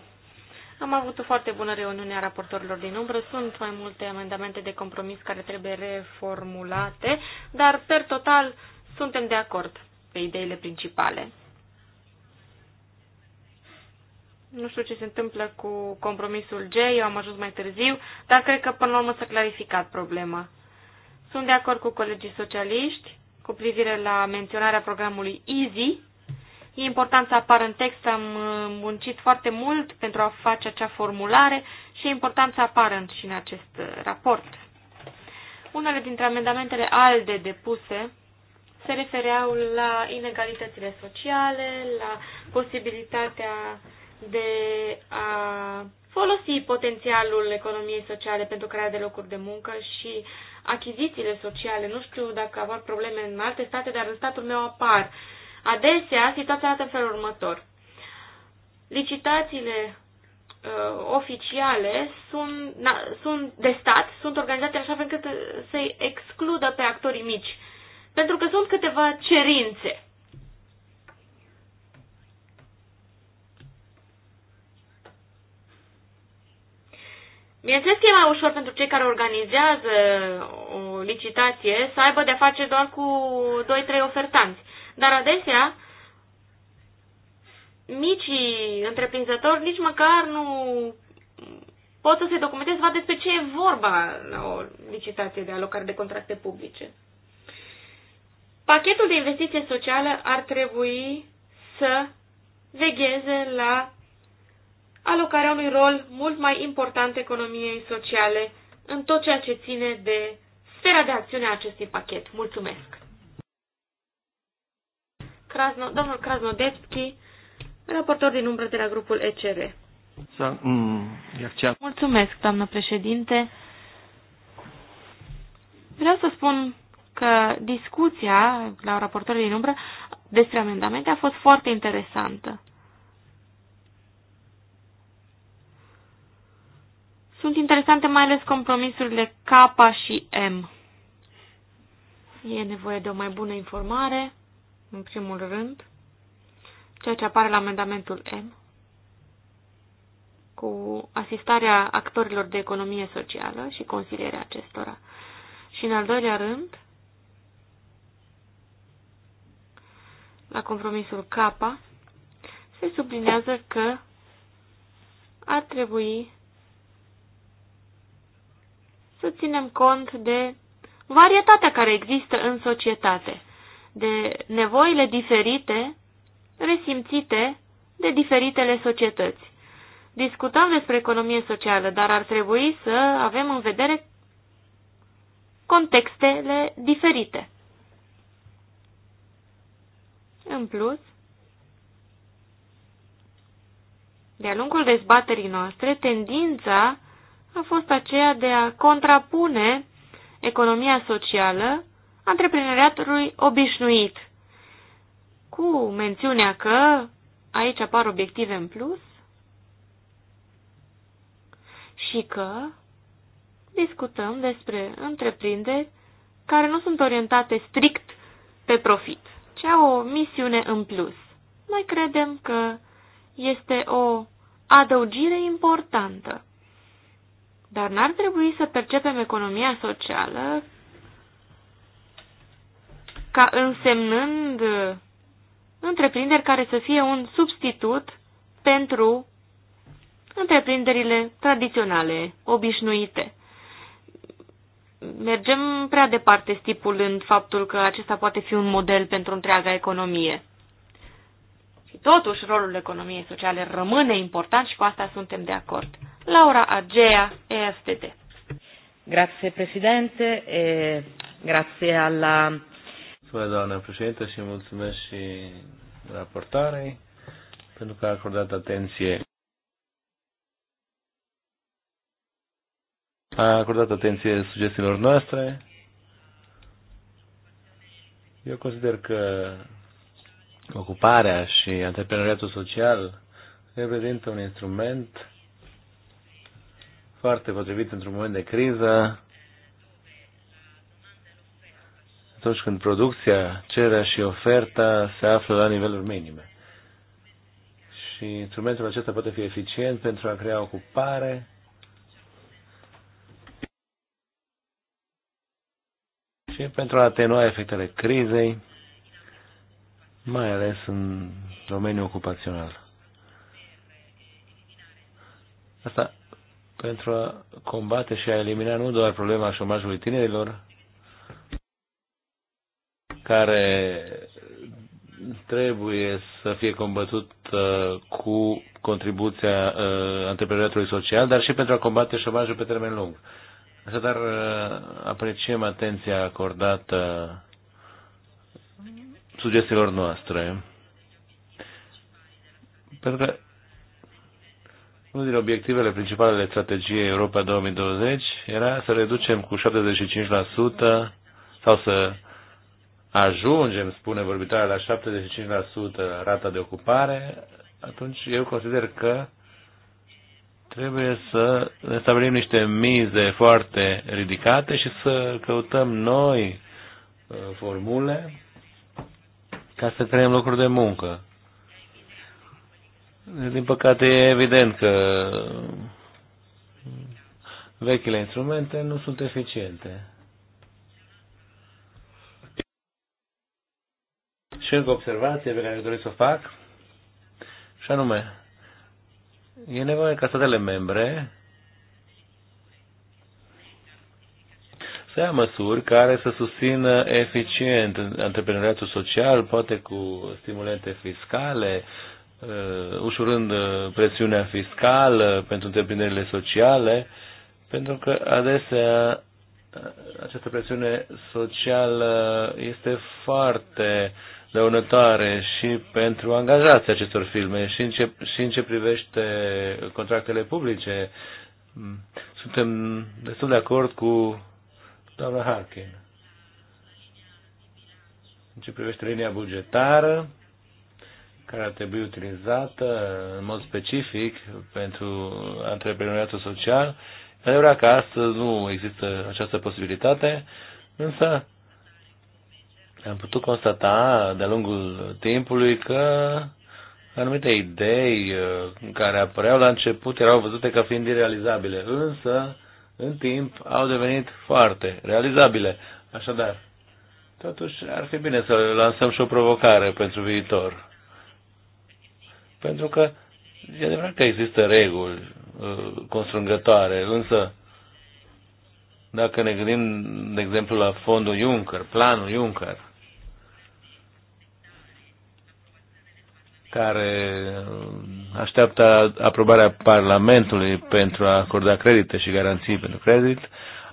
[SPEAKER 3] Am avut o foarte bună reuniune a raportorilor din umbră. Sunt mai multe amendamente de compromis care trebuie reformulate, dar, per total, suntem de acord pe ideile principale. Nu știu ce se întâmplă cu compromisul G, eu am ajuns mai târziu, dar cred că până la urmă s-a clarificat problema. Sunt de acord cu colegii socialiști cu privire la menționarea programului EASY, E important să apară în text, am muncit foarte mult pentru a face acea formulare și e important să apară și în acest uh, raport. Unele dintre amendamentele ALDE depuse se refereau la inegalitățile sociale, la posibilitatea de a folosi potențialul economiei sociale pentru crearea de locuri de muncă și achizițiile sociale. Nu știu dacă apar probleme în alte state, dar în statul meu apar. Uh, Adesea, situația arată în felul următor. Licitațiile uh, oficiale sunt, na, sunt de stat, sunt organizate așa fel încât să-i excludă pe actorii mici. Pentru că sunt câteva cerințe. Bineînțeles că e mai ușor pentru cei care organizează o licitație să aibă de-a face doar cu 2-3 ofertanți. Dar adesea, micii întreprinzători nici măcar nu pot să se documenteze, să vadă despre ce e vorba la o licitație de alocare de contracte publice. Pachetul de investiție socială ar trebui să vegheze la alocarea unui rol mult mai important economiei sociale în tot ceea ce ține de sfera de acțiune a acestui pachet. Mulțumesc! Krasno, domnul Krasnodebski, raportor din umbră de la grupul ECR.
[SPEAKER 4] Să, mm,
[SPEAKER 3] Mulțumesc, doamnă președinte. Vreau să spun că discuția la raportorul din umbră despre amendamente a fost foarte interesantă. Sunt interesante mai ales compromisurile K și M. E nevoie de o mai bună informare în primul rând, ceea ce apare la amendamentul M, cu asistarea actorilor de economie socială și consilierea acestora. Și în al doilea rând, la compromisul K, se sublinează că ar trebui să ținem cont de varietatea care există în societate de nevoile diferite resimțite de diferitele societăți. Discutăm despre economie socială, dar ar trebui să avem în vedere contextele diferite. În plus, de-a lungul dezbaterii noastre, tendința a fost aceea de a contrapune economia socială antreprenoriatului obișnuit, cu mențiunea că aici apar obiective în plus și că discutăm despre întreprinderi care nu sunt orientate strict pe profit, ci au o misiune în plus. Noi credem că este o adăugire importantă. Dar n-ar trebui să percepem economia socială ca însemnând uh, întreprinderi care să fie un substitut pentru întreprinderile tradiționale, obișnuite. Mergem prea departe stipulând faptul că acesta poate fi un model pentru întreaga economie. Și totuși rolul economiei sociale rămâne important și cu asta suntem de acord. Laura Agea, EFTD. Grazie Presidente e grazie alla
[SPEAKER 2] Mulțumesc, doamnă președinte, și mulțumesc și raportarei pentru că a acordat atenție. A acordat atenție sugestiilor noastre. Eu consider că ocuparea și antreprenoriatul social reprezintă un instrument foarte potrivit într-un moment de criză atunci când producția, cererea și oferta se află la niveluri minime. Și instrumentul acesta poate fi eficient pentru a crea ocupare, și pentru a atenua efectele crizei, mai ales în domeniul ocupațional. Asta pentru a combate și a elimina nu doar problema șomajului tinerilor, care trebuie să fie combătut uh, cu contribuția uh, antreprenoriatului social, dar și pentru a combate șomajul pe termen lung. Așadar, uh, apreciem atenția acordată sugestiilor noastre. Pentru că unul din obiectivele principale ale strategiei Europa 2020 era să reducem cu 75% sau să ajungem, spune vorbitoarea, la 75% rata de ocupare, atunci eu consider că trebuie să ne stabilim niște mize foarte ridicate și să căutăm noi uh, formule ca să creăm locuri de muncă. Din păcate e evident că vechile instrumente nu sunt eficiente. și încă o observație pe care doresc să o fac, și anume, e nevoie ca statele membre să ia măsuri care să susțină eficient antreprenoriatul social, poate cu stimulente fiscale, uh, ușurând uh, presiunea fiscală pentru întreprinderile sociale, pentru că adesea uh, această presiune socială este foarte dăunătoare și pentru angajații acestor filme și în ce, și în ce privește contractele publice. Suntem destul de acord cu doamna Harkin. În ce privește linia bugetară, care ar trebui utilizată în mod specific pentru antreprenoriatul social. E adevărat că astăzi nu există această posibilitate, însă am putut constata de-a lungul timpului că anumite idei uh, care apăreau la început erau văzute ca fiind irealizabile, însă în timp au devenit foarte realizabile. Așadar, totuși ar fi bine să lansăm și o provocare pentru viitor. Pentru că e adevărat că există reguli uh, constrângătoare, însă dacă ne gândim, de exemplu, la fondul Juncker, planul Juncker, care așteaptă aprobarea Parlamentului pentru a acorda credite și garanții pentru credit,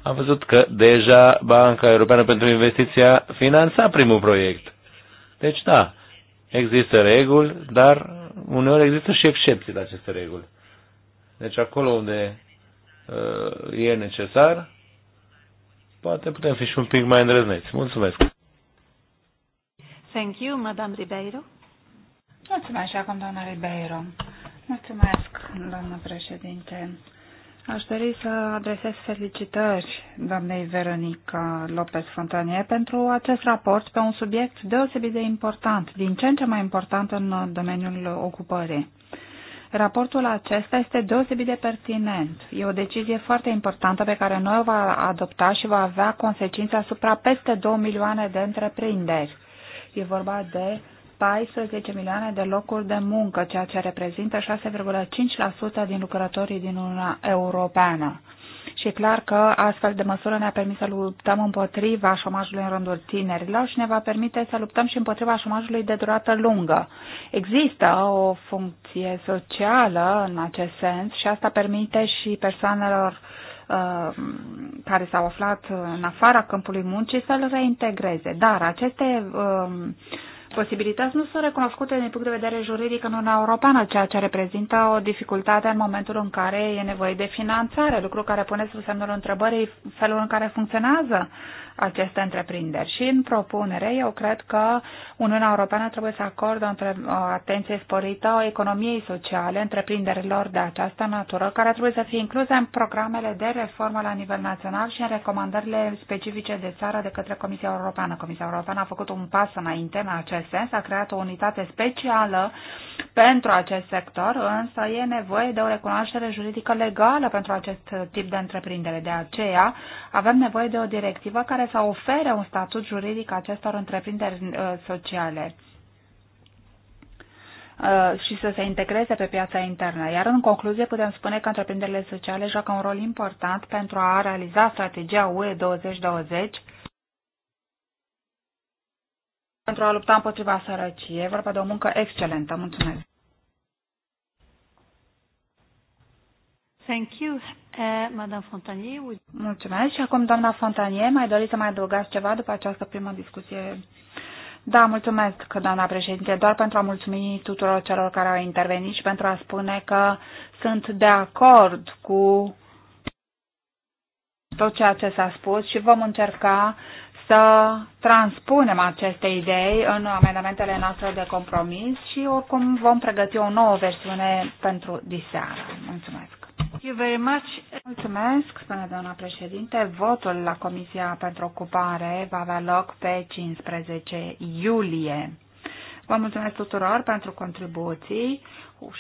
[SPEAKER 2] am văzut că deja Banca Europeană pentru Investiția finanța primul proiect. Deci da, există reguli, dar uneori există și excepții la aceste reguli. Deci acolo unde uh, e necesar, poate putem fi și un pic mai îndrăzneți. Mulțumesc!
[SPEAKER 5] Thank you, Madame Ribeiro. Mulțumesc și acum, doamna Ribeiro. Mulțumesc, doamna președinte. Aș dori să adresez felicitări doamnei Veronica Lopez Fontanie pentru acest raport pe un subiect deosebit de important, din ce în ce mai important în domeniul ocupării. Raportul acesta este deosebit de pertinent. E o decizie foarte importantă pe care noi o va adopta și va avea consecințe asupra peste 2 milioane de întreprinderi. E vorba de 14 milioane de locuri de muncă, ceea ce reprezintă 6,5% din lucrătorii din Uniunea Europeană. Și e clar că astfel de măsură ne-a permis să luptăm împotriva șomajului în rândul tinerilor și ne va permite să luptăm și împotriva șomajului de durată lungă. Există o funcție socială în acest sens și asta permite și persoanelor uh, care s-au aflat în afara câmpului muncii să-l reintegreze. Dar aceste uh, posibilități nu sunt recunoscute din punct de vedere juridic în Uniunea Europeană, ceea ce reprezintă o dificultate în momentul în care e nevoie de finanțare, lucru care pune sub semnul întrebării felul în care funcționează aceste întreprinderi. Și în propunere, eu cred că Uniunea Europeană trebuie să acordă o atenție sporită economiei sociale, întreprinderilor de această natură, care trebuie să fie incluse în programele de reformă la nivel național și în recomandările specifice de țară de către Comisia Europeană. Comisia Europeană a făcut un pas înainte în acest sens, a creat o unitate specială pentru acest sector, însă e nevoie de o recunoaștere juridică legală pentru acest tip de întreprindere. De aceea avem nevoie de o directivă care să ofere un statut juridic acestor întreprinderi uh, sociale uh, și să se integreze pe piața internă. Iar în concluzie putem spune că întreprinderile sociale joacă un rol important pentru a realiza strategia UE 2020 pentru a lupta împotriva sărăciei. E vorba de o muncă excelentă. Mulțumesc! Thank you.
[SPEAKER 1] Madame Fontanier.
[SPEAKER 5] Mulțumesc. Și acum, doamna Fontanier, mai doriți să mai adăugați ceva după această primă discuție? Da, mulțumesc, doamna președinte, doar pentru a mulțumi tuturor celor care au intervenit și pentru a spune că sunt de acord cu tot ceea ce s-a spus și vom încerca să transpunem aceste idei în amendamentele noastre de compromis și oricum vom pregăti o nouă versiune pentru diseară. Mulțumesc! Thank you very much. Mulțumesc, spune doamna președinte. Votul la Comisia pentru Ocupare va avea loc pe 15 iulie. Vă mulțumesc tuturor pentru contribuții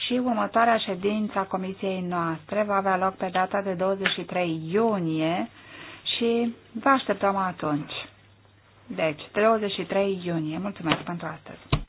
[SPEAKER 5] și următoarea ședință a comisiei noastre va avea loc pe data de 23 iunie și vă așteptăm atunci. Deci, 23 iunie. Mulțumesc pentru astăzi.